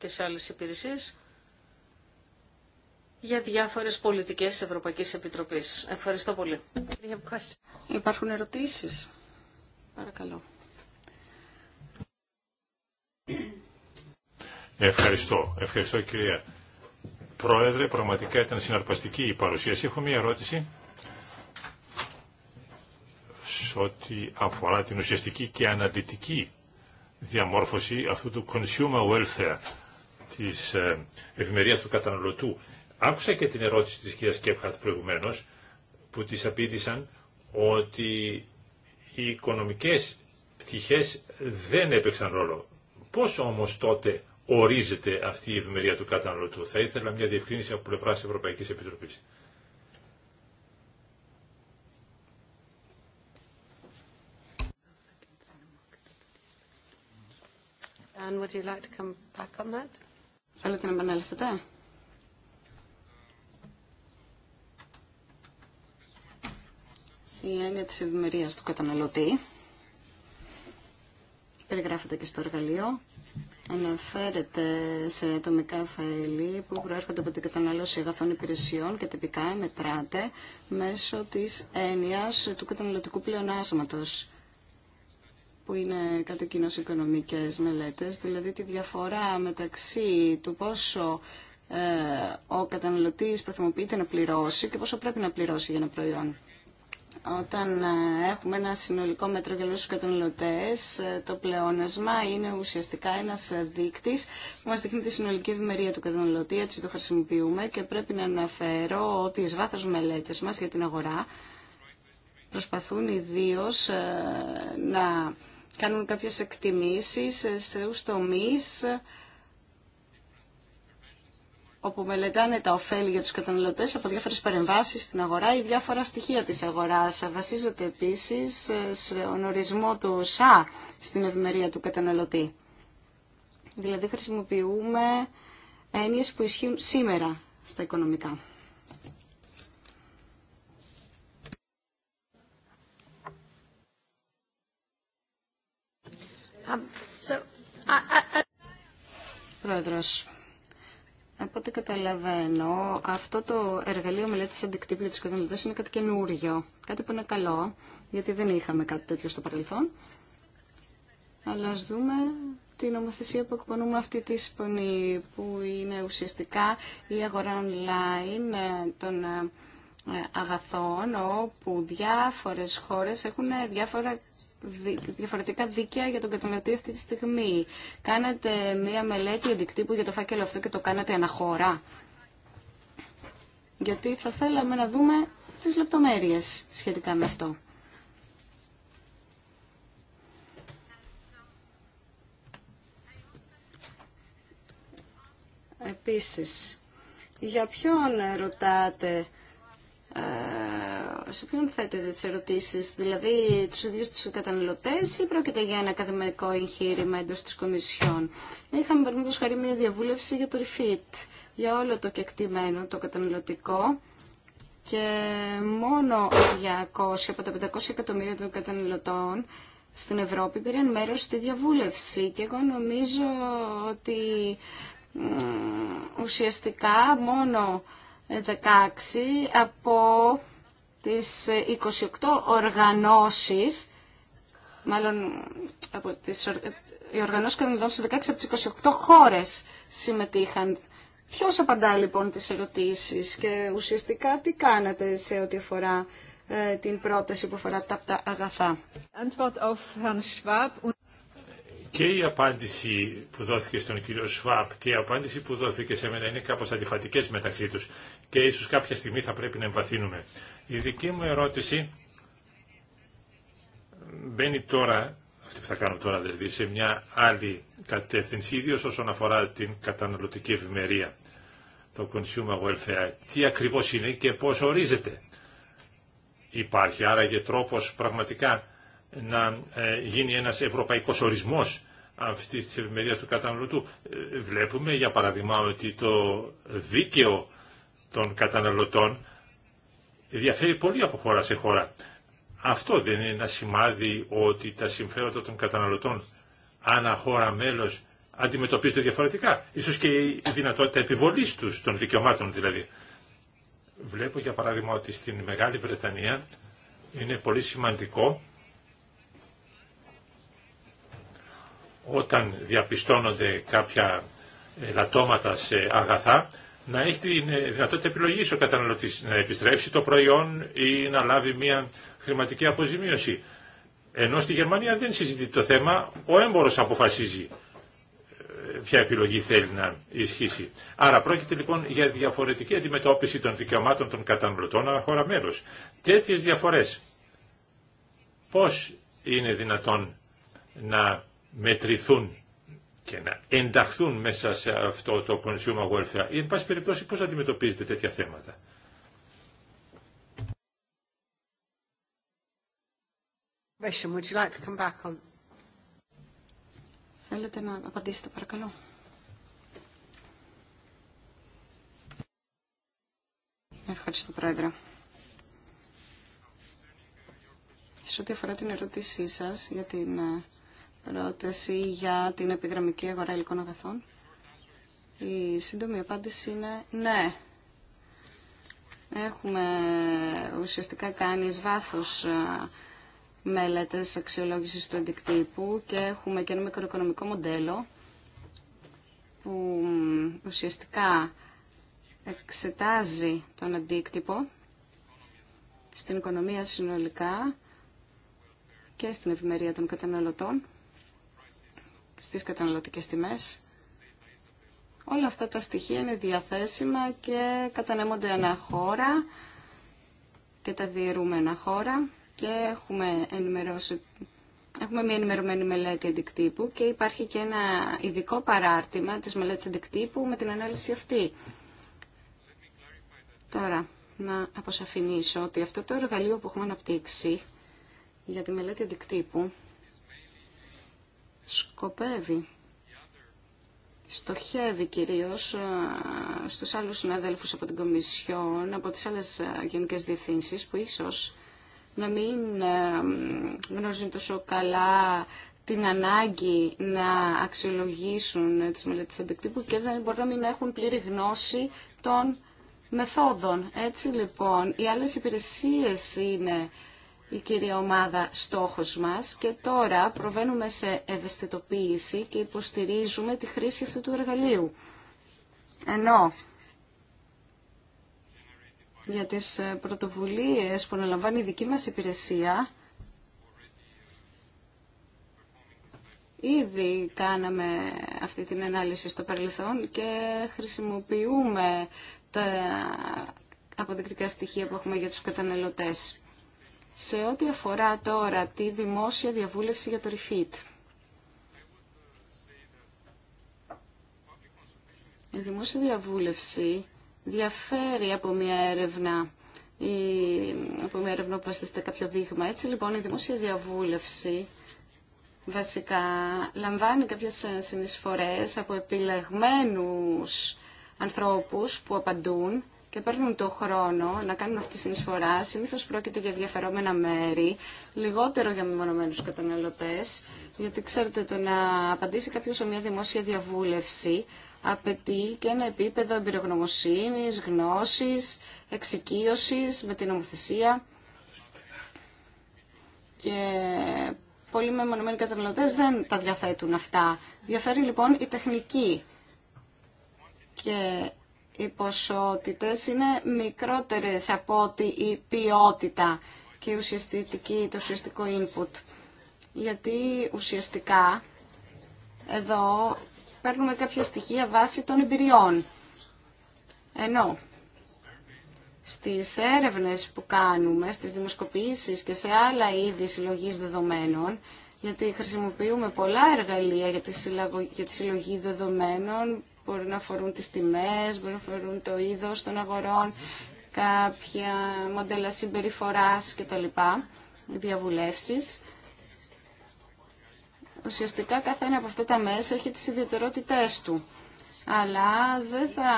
και σε άλλες υπηρεσίες για διάφορες πολιτικές Ευρωπαϊκής Επιτροπής. Ευχαριστώ πολύ. Υπάρχουν ερωτήσεις. Παρακαλώ. Ευχαριστώ. Ευχαριστώ κυρία Πρόεδρε. Πραγματικά ήταν συναρπαστική η παρουσίαση. Έχω μία ερώτηση σε ό,τι αφορά την ουσιαστική και αναλυτική διαμόρφωση αυτού του consumer welfare της ε, ευημερίας του καταναλωτού. Άκουσα και την ερώτηση της κυρίας Κέπχατ προηγουμένως που της απήντησαν ότι οι οικονομικές πτυχές δεν έπαιξαν ρόλο. Πώς όμως τότε ορίζεται αυτή η ευημερία του καταναλωτού. Θα ήθελα μια διευκρίνηση από πλευράς Ευρωπαϊκής Επιτροπής. Θέλετε να επανέλθετε. Η έννοια της ευημερία του καταναλωτή περιγράφεται και στο εργαλείο. Αναφέρεται σε ατομικά φαΐλη που προέρχονται από την κατανάλωση αγαθών υπηρεσιών και τυπικά μετράται μέσω της έννοιας του καταναλωτικού πλεονάσματος που είναι κάτι κοινό οικονομικές μελέτες, δηλαδή τη διαφορά μεταξύ του πόσο ε, ο καταναλωτής προθυμοποιείται να πληρώσει και πόσο πρέπει να πληρώσει για ένα προϊόν. Όταν ε, έχουμε ένα συνολικό μέτρο για τους καταναλωτές, ε, το πλεόνασμα είναι ουσιαστικά ένας δείκτης που μας δείχνει τη συνολική ευημερία του καταναλωτή, έτσι το χρησιμοποιούμε και πρέπει να αναφέρω ότι εις βάθος μελέτες μας για την αγορά προσπαθούν ιδίω ε, να Κάνουν κάποιες εκτιμήσεις σε τομείς όπου μελετάνε τα ωφέλη για τους καταναλωτές από διάφορες παρεμβάσεις στην αγορά ή διάφορα στοιχεία της αγοράς. Βασίζονται επίσης στον ονορισμό του ΣΑ στην ευημερία του καταναλωτή. Δηλαδή χρησιμοποιούμε έννοιες που ισχύουν σήμερα στα οικονομικά. Πρόεδρος, από ό,τι καταλαβαίνω, αυτό το εργαλείο μελέτης αντικτύπου για τους είναι κάτι καινούριο. Κάτι που είναι καλό, γιατί δεν είχαμε κάτι τέτοιο στο παρελθόν. Αλλά ας δούμε την νομοθεσία που εκπονούμε αυτή τη σπονή, που είναι ουσιαστικά η αγορά online ε, των ε, αγαθών, όπου διάφορες χώρες έχουν ε, διάφορα διαφορετικά δίκαια για τον καταναλωτή αυτή τη στιγμή. Κάνατε μία μελέτη αντικτύπου για το φάκελο αυτό και το κάνατε αναχώρα. Γιατί θα θέλαμε να δούμε τις λεπτομέρειες σχετικά με αυτό. Επίσης, για ποιον ρωτάτε ε, σε ποιον θέτετε τις ερωτήσεις, δηλαδή τους ίδιους τους καταναλωτές ή πρόκειται για ένα ακαδημαϊκό εγχείρημα εντός της Κομισιόν. Είχαμε παραδείγματος χαρή μια διαβούλευση για το refit, για όλο το κεκτημένο, το καταναλωτικό και μόνο 200 από τα 500 εκατομμύρια των καταναλωτών στην Ευρώπη πήραν μέρος στη διαβούλευση και εγώ νομίζω ότι ουσιαστικά μόνο 16 από τις 28 οργανώσεις, μάλλον από τις, οι οργανώσεις 16 από τις 28 χώρες συμμετείχαν. Ποιος απαντά λοιπόν τις ερωτήσεις και ουσιαστικά τι κάνατε σε ό,τι αφορά ε, την πρόταση που αφορά τα αγαθά και η απάντηση που δόθηκε στον κύριο Σφάπ και η απάντηση που δόθηκε σε μένα είναι κάπως αντιφατικές μεταξύ τους και ίσως κάποια στιγμή θα πρέπει να εμβαθύνουμε. Η δική μου ερώτηση μπαίνει τώρα, αυτή που θα κάνω τώρα δηλαδή, σε μια άλλη κατεύθυνση, ιδίω όσον αφορά την καταναλωτική ευημερία, το consumer welfare. Τι ακριβώς είναι και πώς ορίζεται. Υπάρχει άραγε τρόπος πραγματικά να ε, γίνει ένας ευρωπαϊκός ορισμός αυτής της ευημερίας του καταναλωτού. Ε, βλέπουμε για παράδειγμα ότι το δίκαιο των καταναλωτών διαφέρει πολύ από χώρα σε χώρα. Αυτό δεν είναι ένα σημάδι ότι τα συμφέροντα των καταναλωτών ανά χώρα μέλος αντιμετωπίζονται διαφορετικά. Ίσως και η δυνατότητα επιβολής τους των δικαιωμάτων δηλαδή. Βλέπω για παράδειγμα ότι στην Μεγάλη Βρετανία είναι πολύ σημαντικό όταν διαπιστώνονται κάποια λατώματα σε αγαθά, να έχει τη δυνατότητα επιλογής ο καταναλωτής να επιστρέψει το προϊόν ή να λάβει μια χρηματική αποζημίωση. Ενώ στη Γερμανία δεν συζητεί το θέμα, ο έμπορος αποφασίζει ε, ποια επιλογή θέλει να ισχύσει. Άρα πρόκειται λοιπόν για διαφορετική αντιμετώπιση των δικαιωμάτων των καταναλωτών ανά χώρα μέλος. Τέτοιες διαφορές πώς είναι δυνατόν να μετρηθούν και να ενταχθούν μέσα σε αυτό το consumer welfare. Εν πάση περιπτώσει πώς αντιμετωπίζετε τέτοια θέματα. Θέλετε να απαντήσετε παρακαλώ. Ευχαριστώ Πρόεδρε. Σε ό,τι αφορά την ερώτησή σας για την ε, πρόταση για την επιγραμμική αγορά υλικών αγαθών. Η σύντομη απάντηση είναι ναι. Έχουμε ουσιαστικά κάνει εις βάθος μελέτες αξιολόγησης του αντικτύπου και έχουμε και ένα μικροοικονομικό μοντέλο που ουσιαστικά εξετάζει τον αντίκτυπο στην οικονομία συνολικά και στην ευημερία των καταναλωτών στις καταναλωτικές τιμές. Όλα αυτά τα στοιχεία είναι διαθέσιμα και κατανέμονται ανά χώρα και τα διαιρούμε ένα χώρα και έχουμε, ενημερώσει, έχουμε μια ενημερωμένη μελέτη αντικτύπου και υπάρχει και ένα ειδικό παράρτημα της μελέτης αντικτύπου με την ανάλυση αυτή. Τώρα, να αποσαφηνίσω ότι αυτό το εργαλείο που έχουμε αναπτύξει για τη μελέτη αντικτύπου σκοπεύει στοχεύει κυρίως ε, στους άλλους συναδέλφους από την Κομισιόν, από τις άλλες ε, γενικές διευθύνσεις που ίσως να μην ε, γνωρίζουν τόσο καλά την ανάγκη να αξιολογήσουν τις μελέτες αντικτύπου και δεν μπορούν να μην έχουν πλήρη γνώση των μεθόδων. Έτσι λοιπόν, οι άλλες υπηρεσίες είναι η κυρία ομάδα στόχος μας και τώρα προβαίνουμε σε ευαισθητοποίηση και υποστηρίζουμε τη χρήση αυτού του εργαλείου. Ενώ για τις ε, πρωτοβουλίες που αναλαμβάνει η δική μας υπηρεσία Ήδη κάναμε αυτή την ανάλυση στο παρελθόν και χρησιμοποιούμε τα αποδεικτικά στοιχεία που έχουμε για τους καταναλωτές. Σε ό,τι αφορά τώρα τη δημόσια διαβούλευση για το refit. Η δημόσια διαβούλευση διαφέρει από μια έρευνα ή από μια έρευνα που βασίζεται κάποιο δείγμα. Έτσι λοιπόν δημόσια διαβούλευση βασικά λαμβάνει κάποιες συνεισφορές από επιλεγμένους ανθρώπους που απαντούν και παίρνουν το χρόνο να κάνουν αυτή τη συνεισφορά, συνήθω πρόκειται για ενδιαφερόμενα μέρη, λιγότερο για μεμονωμένου καταναλωτέ, γιατί ξέρετε το να απαντήσει κάποιο σε μια δημόσια διαβούλευση απαιτεί και ένα επίπεδο εμπειρογνωμοσύνη, γνώση, εξοικείωση με την νομοθεσία. Και πολλοί μεμονωμένοι καταναλωτέ δεν τα διαθέτουν αυτά. Διαφέρει λοιπόν η τεχνική. Και οι ποσότητες είναι μικρότερες από ότι η ποιότητα και η ουσιαστική, το ουσιαστικό input. Γιατί ουσιαστικά εδώ παίρνουμε κάποια στοιχεία βάσει των εμπειριών. Ενώ στις έρευνες που κάνουμε, στις δημοσκοπήσεις και σε άλλα είδη συλλογή δεδομένων, γιατί χρησιμοποιούμε πολλά εργαλεία για τη συλλογή δεδομένων Μπορεί να αφορούν τις τιμές, μπορεί να αφορούν το είδος των αγορών, κάποια μοντέλα συμπεριφοράς κτλ. Διαβουλεύσεις. Ουσιαστικά κάθε ένα από αυτά τα μέσα έχει τις ιδιαιτερότητές του αλλά δεν θα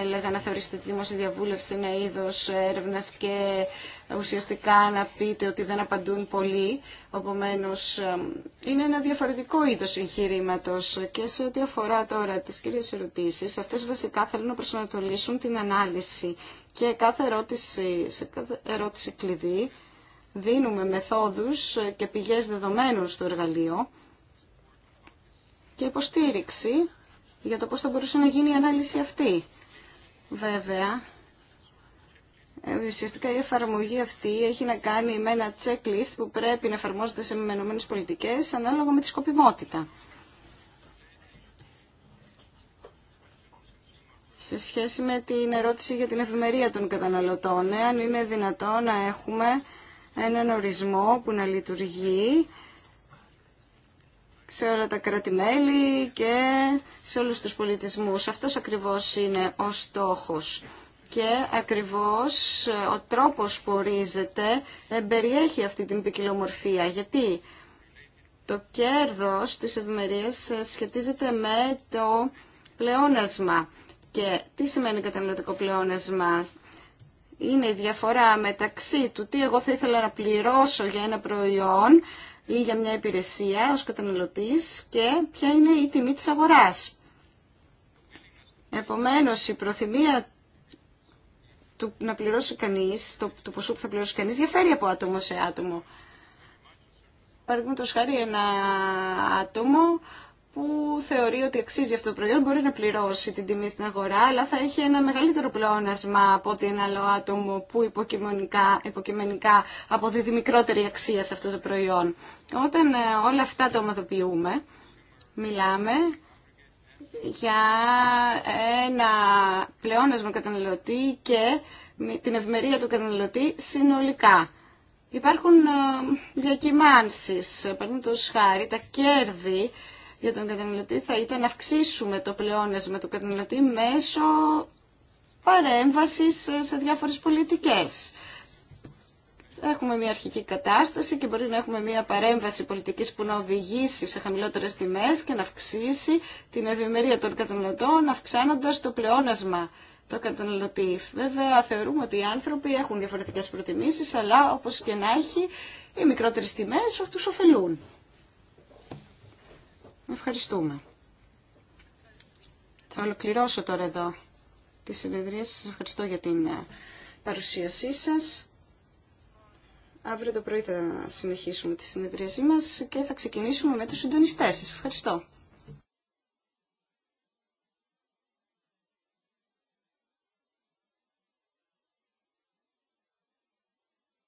έλεγα να θεωρήσετε τη δημόσια διαβούλευση ένα είδος έρευνας και ουσιαστικά να πείτε ότι δεν απαντούν πολλοί. Οπομένως, είναι ένα διαφορετικό είδος εγχειρήματο και σε ό,τι αφορά τώρα τι κύριε ερωτήσει, αυτές βασικά θέλουν να προσανατολίσουν την ανάλυση και κάθε ερώτηση, σε κάθε ερώτηση κλειδί δίνουμε μεθόδους και πηγές δεδομένων στο εργαλείο και υποστήριξη για το πώς θα μπορούσε να γίνει η ανάλυση αυτή. Βέβαια, ε, ουσιαστικά η εφαρμογή αυτή έχει να κάνει με ένα checklist που πρέπει να εφαρμόζεται σε μεμενωμένες πολιτικές ανάλογα με τη σκοπιμότητα. σε σχέση με την ερώτηση για την ευημερία των καταναλωτών. Εάν είναι δυνατό να έχουμε έναν ορισμό που να λειτουργεί σε όλα τα κρατη και σε όλους τους πολιτισμούς. Αυτός ακριβώς είναι ο στόχος. Και ακριβώς ε, ο τρόπος που ορίζεται περιέχει αυτή την ποικιλομορφία. Γιατί το κέρδος της ευημερίας ε, σχετίζεται με το πλεόνασμα. Και τι σημαίνει καταναλωτικό πλεόνασμα. Είναι η διαφορά μεταξύ του τι εγώ θα ήθελα να πληρώσω για ένα προϊόν ή για μια υπηρεσία ως καταναλωτής και ποια είναι η τιμή της αγοράς. Επομένως, η προθυμία του να πληρώσει κανείς, το, το ποσό που θα πληρώσει κανείς, διαφέρει από άτομο σε άτομο. Παραδείγματο χάρη ένα άτομο που θεωρεί ότι αξίζει αυτό το προϊόν μπορεί να πληρώσει την τιμή στην αγορά, αλλά θα έχει ένα μεγαλύτερο πλεόνασμα από ότι ένα άλλο άτομο που υποκειμενικά, υποκειμενικά αποδίδει μικρότερη αξία σε αυτό το προϊόν. Όταν ε, όλα αυτά τα ομαδοποιούμε, μιλάμε για ένα πλεόνασμα καταναλωτή και την ευημερία του καταναλωτή συνολικά. Υπάρχουν ε, διακυμάνσεις, παραδείγματος χάρη, τα κέρδη για τον καταναλωτή θα ήταν να αυξήσουμε το πλεόνασμα του καταναλωτή μέσω παρέμβασης σε διάφορες πολιτικές. Έχουμε μια αρχική κατάσταση και μπορεί να έχουμε μια παρέμβαση πολιτικής που να οδηγήσει σε χαμηλότερες τιμές και να αυξήσει την ευημερία των καταναλωτών, αυξάνοντας το πλεόνασμα του καταναλωτή. Βέβαια, θεωρούμε ότι οι άνθρωποι έχουν διαφορετικές προτιμήσεις, αλλά όπως και να έχει, οι μικρότερες τιμές αυτούς ωφελούν. Ευχαριστούμε. Θα ολοκληρώσω τώρα εδώ τη συνεδρία σας. Ευχαριστώ για την ε, παρουσίασή σας. Αύριο το πρωί θα συνεχίσουμε τη συνεδρίασή μας και θα ξεκινήσουμε με τους συντονιστές σας. Ευχαριστώ.